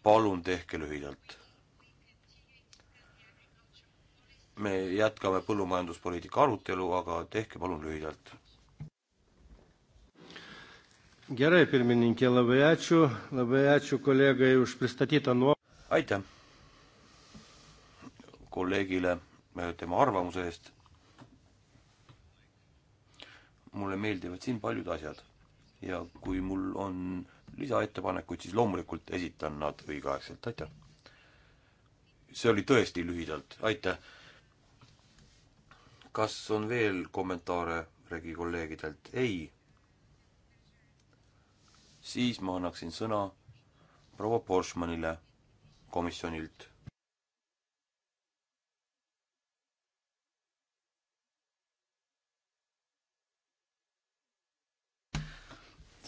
palun tehke lühidalt me jätkame põllumajanduspoliitika arutelu, aga tehke palun lühidalt. Gerai, pirmininkė, labai ačiū, labai ačiū kollegai už pristatytą nuo-. aitäh kolleegile äh, tema arvamuse eest. mulle meeldivad siin paljud asjad ja kui mul on lisaettepanekuid, siis loomulikult esitan nad õigeaegselt, aitäh. see oli tõesti lühidalt, aitäh kas on veel kommentaare regi kolleegidelt? ei. siis ma annaksin sõna proua Porschmanile komisjonilt.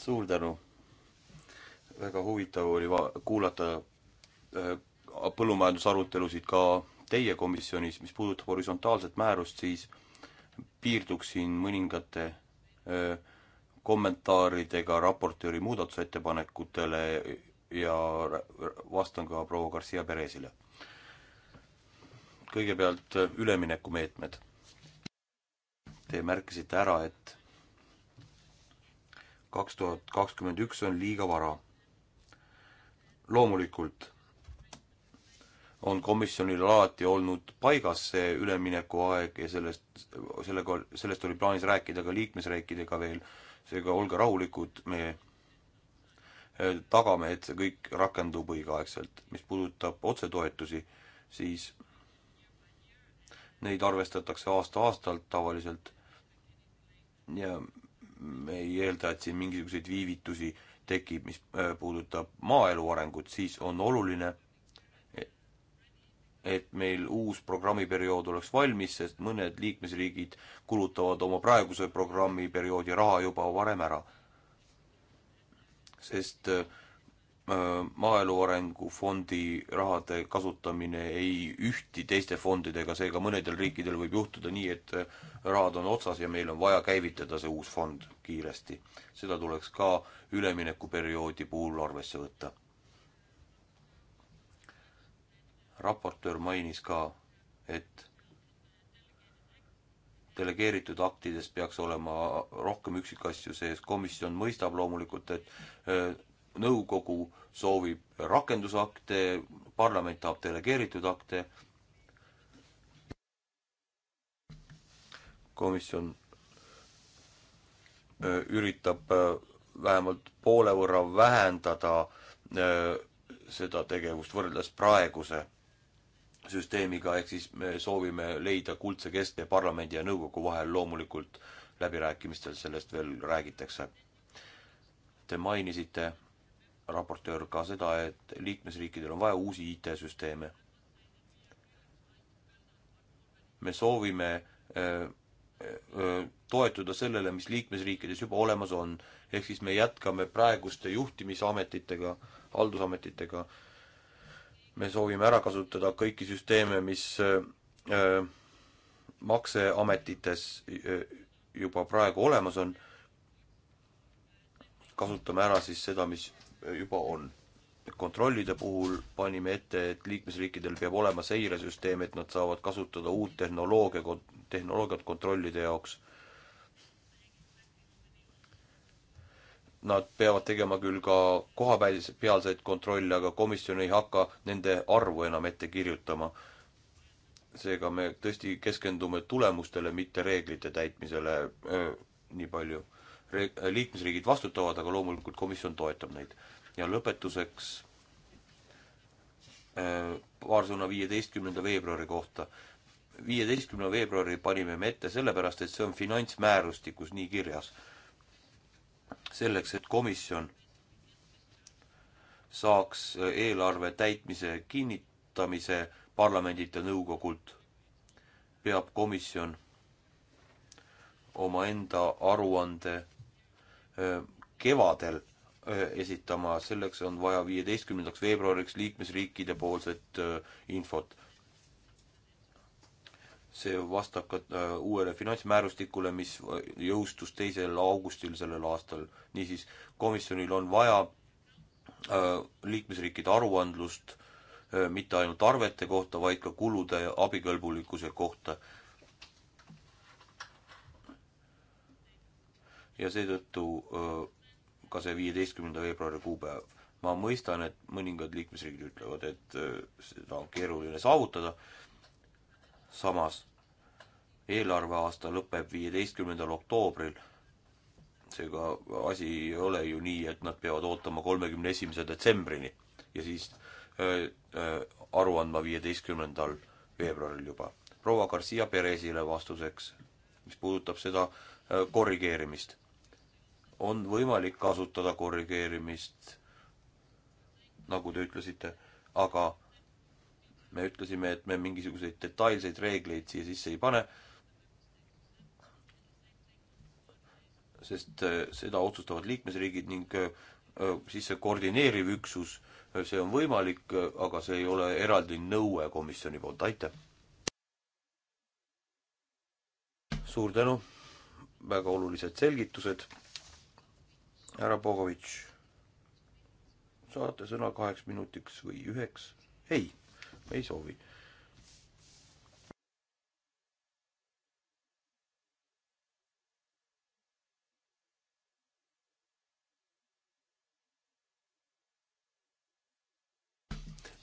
suur tänu. väga huvitav oli kuulata äh, põllumajandusarutelusid ka teie komisjonis, mis puudutab horisontaalset määrust, siis piirduksin mõningate öö, kommentaaridega raportööri muudatusettepanekutele ja vastan ka proua Garcia Perezile. kõigepealt üleminekumeetmed. Te märkisite ära, et kaks tuhat kakskümmend üks on liiga vara. loomulikult on komisjonil alati olnud paigas see üleminekuaeg ja sellest, sellega, sellest oli plaanis rääkida ka liikmesriikidega veel, seega olge rahulikud, me äh, tagame, et see kõik rakendub õigeaegselt. mis puudutab otsetoetusi, siis neid arvestatakse aasta-aastalt tavaliselt ja me ei eelda, et siin mingisuguseid viivitusi tekib, mis äh, puudutab maaelu arengut, siis on oluline et meil uus programmiperiood oleks valmis, sest mõned liikmesriigid kulutavad oma praeguse programmiperioodi raha juba varem ära. sest äh, maaelu arengufondi rahade kasutamine ei ühti teiste fondidega, seega mõnedel riikidel võib juhtuda nii, et äh, rahad on otsas ja meil on vaja käivitada see uus fond kiiresti. seda tuleks ka üleminekuperioodi puhul arvesse võtta. raportöör mainis ka, et delegeeritud aktides peaks olema rohkem üksikasju sees, komisjon mõistab loomulikult, et äh, nõukogu soovib rakendusakte, parlament tahab delegeeritud akte, komisjon äh, üritab äh, vähemalt poole võrra vähendada seda tegevust võrreldes praeguse süsteemiga, ehk siis me soovime leida kuldse kesktee parlamendi ja nõukogu vahel, loomulikult läbirääkimistel sellest veel räägitakse. Te mainisite, raportöör, ka seda, et liikmesriikidel on vaja uusi IT-süsteeme. me soovime öö, äh, öö, äh, toetuda sellele, mis liikmesriikides juba olemas on, ehk siis me jätkame praeguste juhtimisametitega, haldusametitega äh, me soovime ära kasutada kõiki süsteeme, mis äh, äh, makseametites äh, juba praegu olemas on, kasutame ära siis seda, mis juba on. kontrollide puhul panime ette, et liikmesriikidel peab olema seiresüsteem, et nad saavad kasutada uut tehnoloogia, tehnoloogiat kontrollide jaoks Nad peavad tegema küll ka kohapealseid kontrolle, aga komisjon ei hakka nende arvu enam ette kirjutama. seega me tõesti keskendume tulemustele, mitte reeglite täitmisele öö, nii palju Re. liikmesriigid vastutavad, aga loomulikult komisjon toetab neid. ja lõpetuseks öö, paar sõna viieteistkümnenda veebruari kohta. viieteistkümnenda veebruari panime me ette sellepärast, et see on finantsmäärustikus nii kirjas selleks, et komisjon saaks eelarve täitmise kinnitamise parlamendilt ja nõukogult, peab komisjon omaenda aruande kevadel esitama, selleks on vaja viieteistkümnendaks veebruariks liikmesriikide poolset infot see vastab ka äh, uuele finantsmäärustikule, mis äh, jõustus teisel augustil sellel aastal. niisiis, komisjonil on vaja äh, liikmesriikide aruandlust mitte ainult arvete kohta, vaid ka kulude abikõlbulikkuse kohta. ja seetõttu ka see viieteistkümnenda veebruari kuupäev. ma mõistan, et mõningad liikmesriigid ütlevad, et seda on keeruline saavutada samas eelarveaasta lõpeb viieteistkümnendal oktoobril, seega asi ei ole ju nii, et nad peavad ootama kolmekümne esimese detsembrini ja siis äh, äh, aru andma viieteistkümnendal veebruaril juba. proua Garcia Perezile vastuseks, mis puudutab seda äh, korrigeerimist, on võimalik kasutada korrigeerimist, nagu te ütlesite, aga me ütlesime, et me mingisuguseid detailseid reegleid siia sisse ei pane, sest äh, seda otsustavad liikmesriigid ning äh, äh, siis see koordineeriv üksus, see on võimalik, aga see ei ole eraldi nõue komisjoni poolt, aitäh! suur tänu, väga olulised selgitused, härra Bogovitš, saate sõna kaheks minutiks või üheks? ei me ei soovi.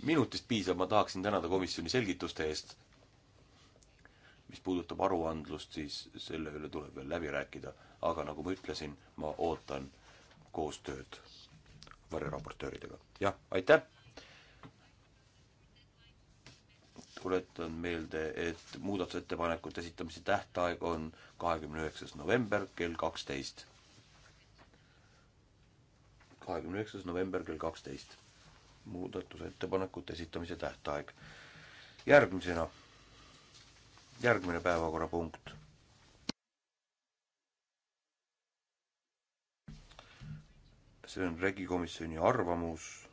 minutist piisab, ma tahaksin tänada komisjoni selgituste eest. mis puudutab aruandlust, siis selle üle tuleb veel läbi rääkida, aga nagu ma ütlesin, ma ootan koostööd varjeraportööridega. jah, aitäh! tuletan meelde, et muudatusettepanekute esitamise tähtaeg on kahekümne üheksas november kell kaksteist. kahekümne üheksas november kell kaksteist. muudatusettepanekute esitamise tähtaeg. järgmisena, järgmine päevakorrapunkt. see on regikomisjoni arvamus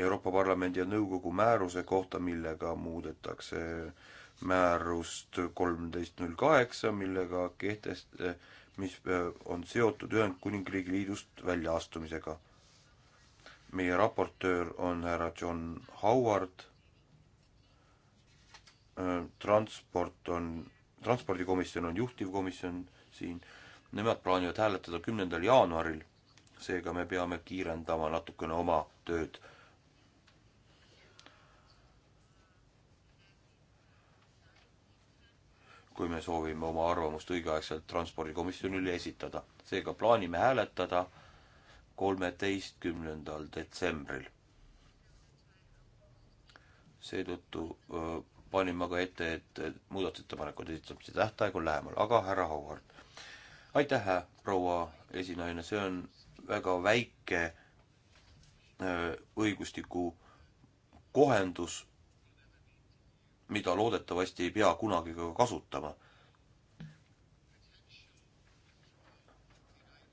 Euroopa Parlamendi ja nõukogu määruse kohta, millega muudetakse määrust kolmteist null kaheksa, millega kehtest-, mis äh, on seotud Ühendkuningriigi Liidust väljaastumisega. meie raportöör on härra John Howard, äh, transport on, transpordikomisjon on juhtivkomisjon siin, nemad plaanivad hääletada kümnendal jaanuaril, seega me peame kiirendama natukene oma tööd kui me soovime oma arvamust õigeaegselt transpordikomisjonile esitada. seega plaanime hääletada kolmeteistkümnendal detsembril. seetõttu panin ma ka ette, et muudatusettepanekute esitamise tähtaeg on lähemal, aga härra Howard, aitäh, proua esinaine, see on väga väike öö, õigustiku kohendus mida loodetavasti ei pea kunagi ka kasutama.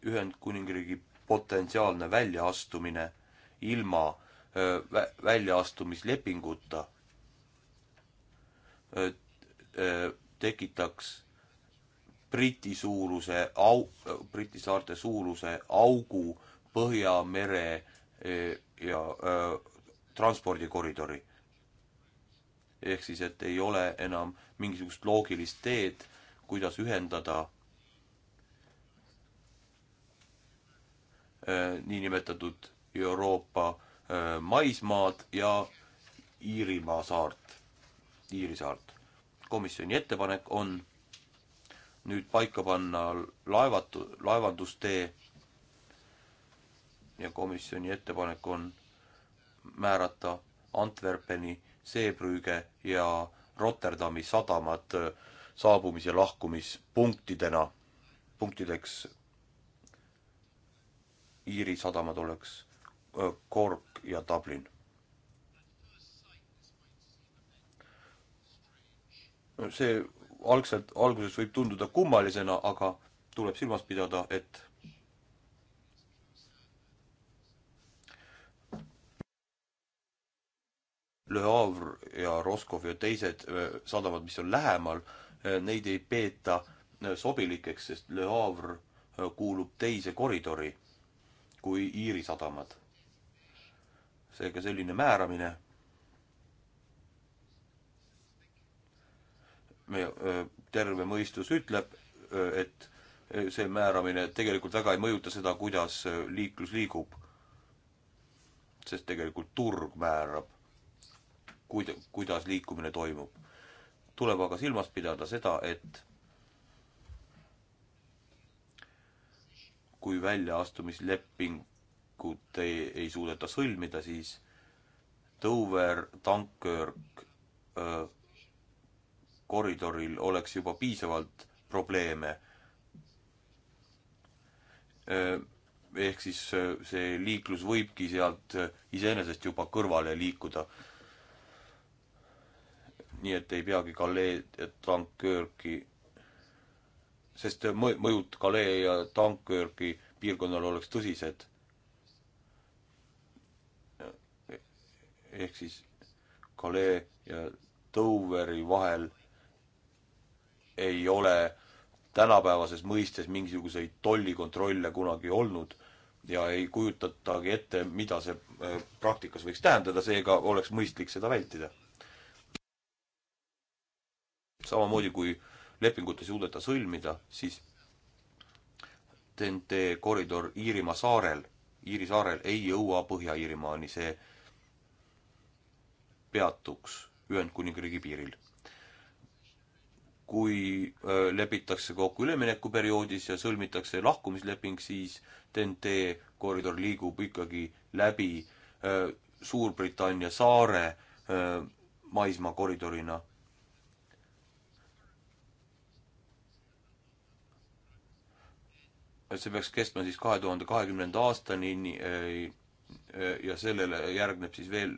Ühendkuningriigi potentsiaalne väljaastumine ilma vä-, väljaastumislepinguta tekitaks Briti suuruse au, Briti saarte suuruse augu Põhjamere ja, ja transpordikoridori ehk siis, et ei ole enam mingisugust loogilist teed, kuidas ühendada äh, niinimetatud Euroopa äh, maismaad ja Iirimaa saart, Iiri saart. komisjoni ettepanek on nüüd paika panna laevatu, laevandustee ja komisjoni ettepanek on määrata Antwerpeni Zeebrüge ja Rotterdami sadamad äh, saabumis- ja lahkumispunktidena, punktideks Iiri sadamad oleks äh, Cork ja Dublin. see algselt, alguses võib tunduda kummalisena, aga tuleb silmas pidada, et Le Havre ja Roscoff ja teised äh, sadamad, mis on lähemal, äh, neid ei peeta äh, sobilikeks, sest Le Havre kuulub teise koridori kui Iiri sadamad. seega selline määramine me, terve mõistus ütleb, et see määramine tegelikult väga ei mõjuta seda, kuidas liiklus liigub. sest tegelikult turg määrab kuid-, kuidas liikumine toimub. tuleb aga silmas pidada seda, et kui väljaastumislepingut ei, ei suudeta sõlmida, siis Dover, Dunkirk öö, äh, koridoril oleks juba piisavalt probleeme. Äh, ehk siis äh, see liiklus võibki sealt iseenesest juba kõrvale liikuda nii et ei peagi Calais Dunkirki, sest mõjud Calais ja Dunkirki piirkonnal oleks tõsised. ehk siis Calais ja Doveri vahel ei ole tänapäevases mõistes mingisuguseid tollikontrolle kunagi olnud ja ei kujutatagi ette, mida see äh, praktikas võiks tähendada, seega oleks mõistlik seda vältida samamoodi kui lepingut ei suudeta sõlmida, siis TNT koridor Iirimaa saarel, Iiri saarel ei jõua Põhja-Iirimaani, see peatuks Ühendkuningriigi piiril. kui äh, lepitakse kokku üleminekuperioodis ja sõlmitakse lahkumisleping, siis TNT koridor liigub ikkagi läbi äh, Suurbritannia saare äh, maismaakoridorina see peaks kestma siis kahe tuhande kahekümnenda aastani ja sellele järgneb siis veel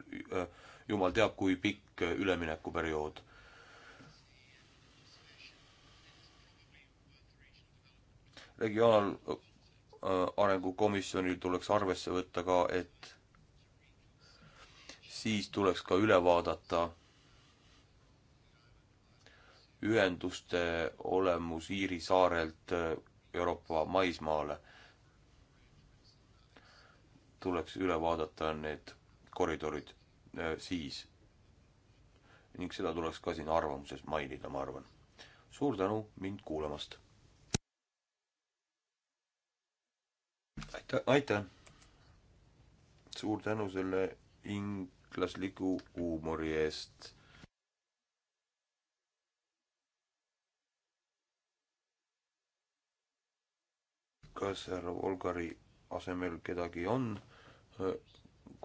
jumal teab kui pikk üleminekuperiood. regionaalarengu komisjonil tuleks arvesse võtta ka, et siis tuleks ka üle vaadata ühenduste olemus Iiri saarelt Euroopa maismaale, tuleks üle vaadata need koridorid äh, siis. ning seda tuleks ka siin arvamuses mainida, ma arvan. suur tänu mind kuulamast! aitäh, aitäh! suur tänu selle inglasliku huumori eest kas härra Volgari asemel kedagi on äh,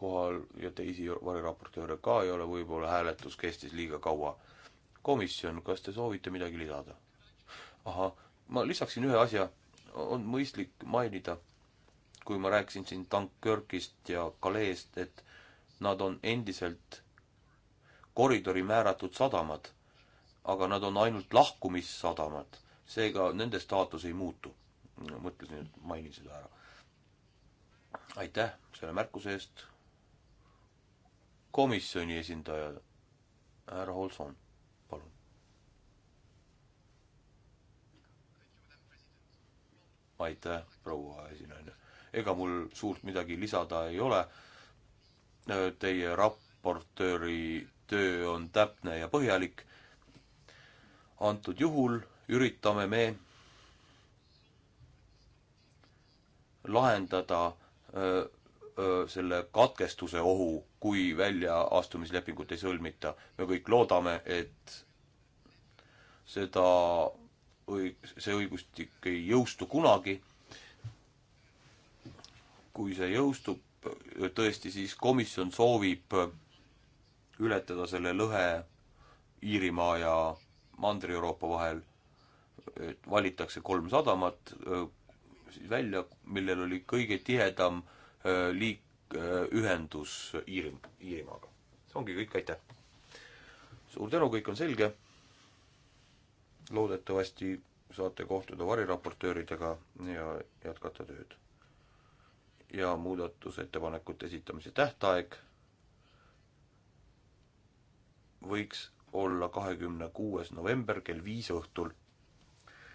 kohal ja teisi variraportööre ka ei ole, võib-olla hääletus kestis liiga kaua. komisjon, kas te soovite midagi lisada? ahah, ma lisaksin ühe asja, on mõistlik mainida, kui ma rääkisin siin Dunkirkist ja Kaleest, et nad on endiselt koridori määratud sadamad, aga nad on ainult lahkumissadamad, seega nende staatus ei muutu mõtlesin, et mainin seda ära. aitäh selle märkuse eest. komisjoni esindaja härra Holson, palun. aitäh, proua esinaine. ega mul suurt midagi lisada ei ole. Teie raportööri töö on täpne ja põhjalik. antud juhul üritame me lahendada öö, öö, selle katkestuse ohu, kui väljaastumislepingut ei sõlmita. me kõik loodame, et seda õig-, see õigustik ei jõustu kunagi. kui see jõustub, tõesti, siis komisjon soovib ületada selle lõhe Iirimaa ja Mandri-Euroopa vahel, et valitakse kolm sadamat, välja, millel oli kõige tihedam liik, ühendus Iirim-, Iirimaaga. see ongi kõik, aitäh! suur tänu, kõik on selge, loodetavasti saate kohtuda variraportööridega ja jätkata tööd. ja muudatusettepanekute esitamise tähtaeg võiks olla kahekümne kuues november kell viis õhtul,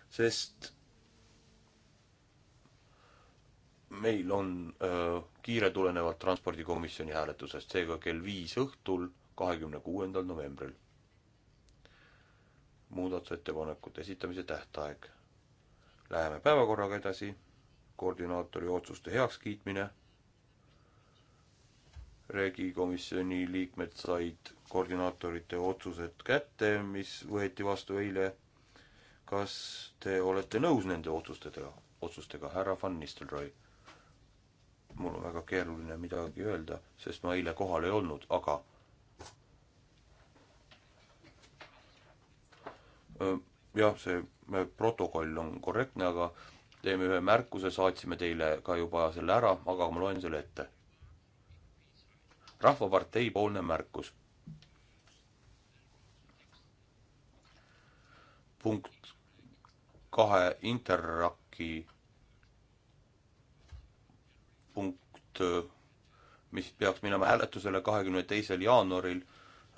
sest meil on öö, kiire tulenevalt Transpordikomisjoni hääletusest, seega kell viis õhtul, kahekümne kuuendal novembril. muudatusettepanekute esitamise tähtaeg. Läheme päevakorraga edasi, koordinaatori otsuste heakskiitmine. regikomisjoni liikmed said koordinaatorite otsused kätte, mis võeti vastu eile. kas te olete nõus nende otsustega, otsustega, härra Van Nistelrooy? mul on väga keeruline midagi öelda, sest ma eile kohal ei olnud, aga jah, see protokoll on korrektne, aga teeme ühe märkuse, saatsime teile ka juba selle ära, aga ma loen selle ette. rahvapartei poolne märkus. punkt kahe Interraki punkt, äh, mis peaks minema hääletusele kahekümne teisel jaanuaril.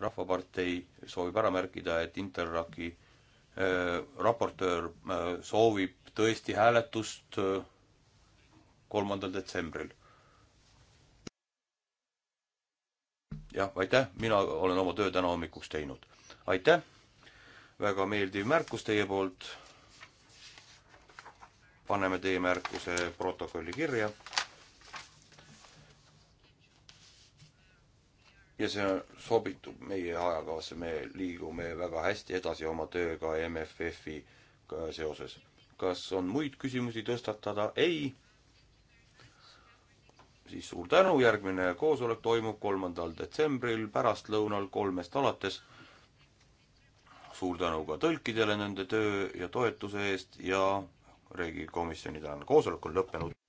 rahvapartei soovib ära märkida, et Interraki äh, raportöör äh, soovib tõesti hääletust äh, kolmandal äh, detsembril. jah, aitäh, mina olen oma töö täna hommikuks teinud. aitäh, väga meeldiv märkus teie poolt paneme teie märkuse protokolli kirja. ja see sobitub meie ajakavasse, me liigume väga hästi edasi oma tööga MFF-iga seoses. kas on muid küsimusi tõstatada? ei. siis suur tänu, järgmine koosolek toimub kolmandal detsembril pärastlõunal kolmest alates. suur tänu ka tõlkidele nende töö ja toetuse eest ja riigikomisjoni tänane koosolek on lõppenud.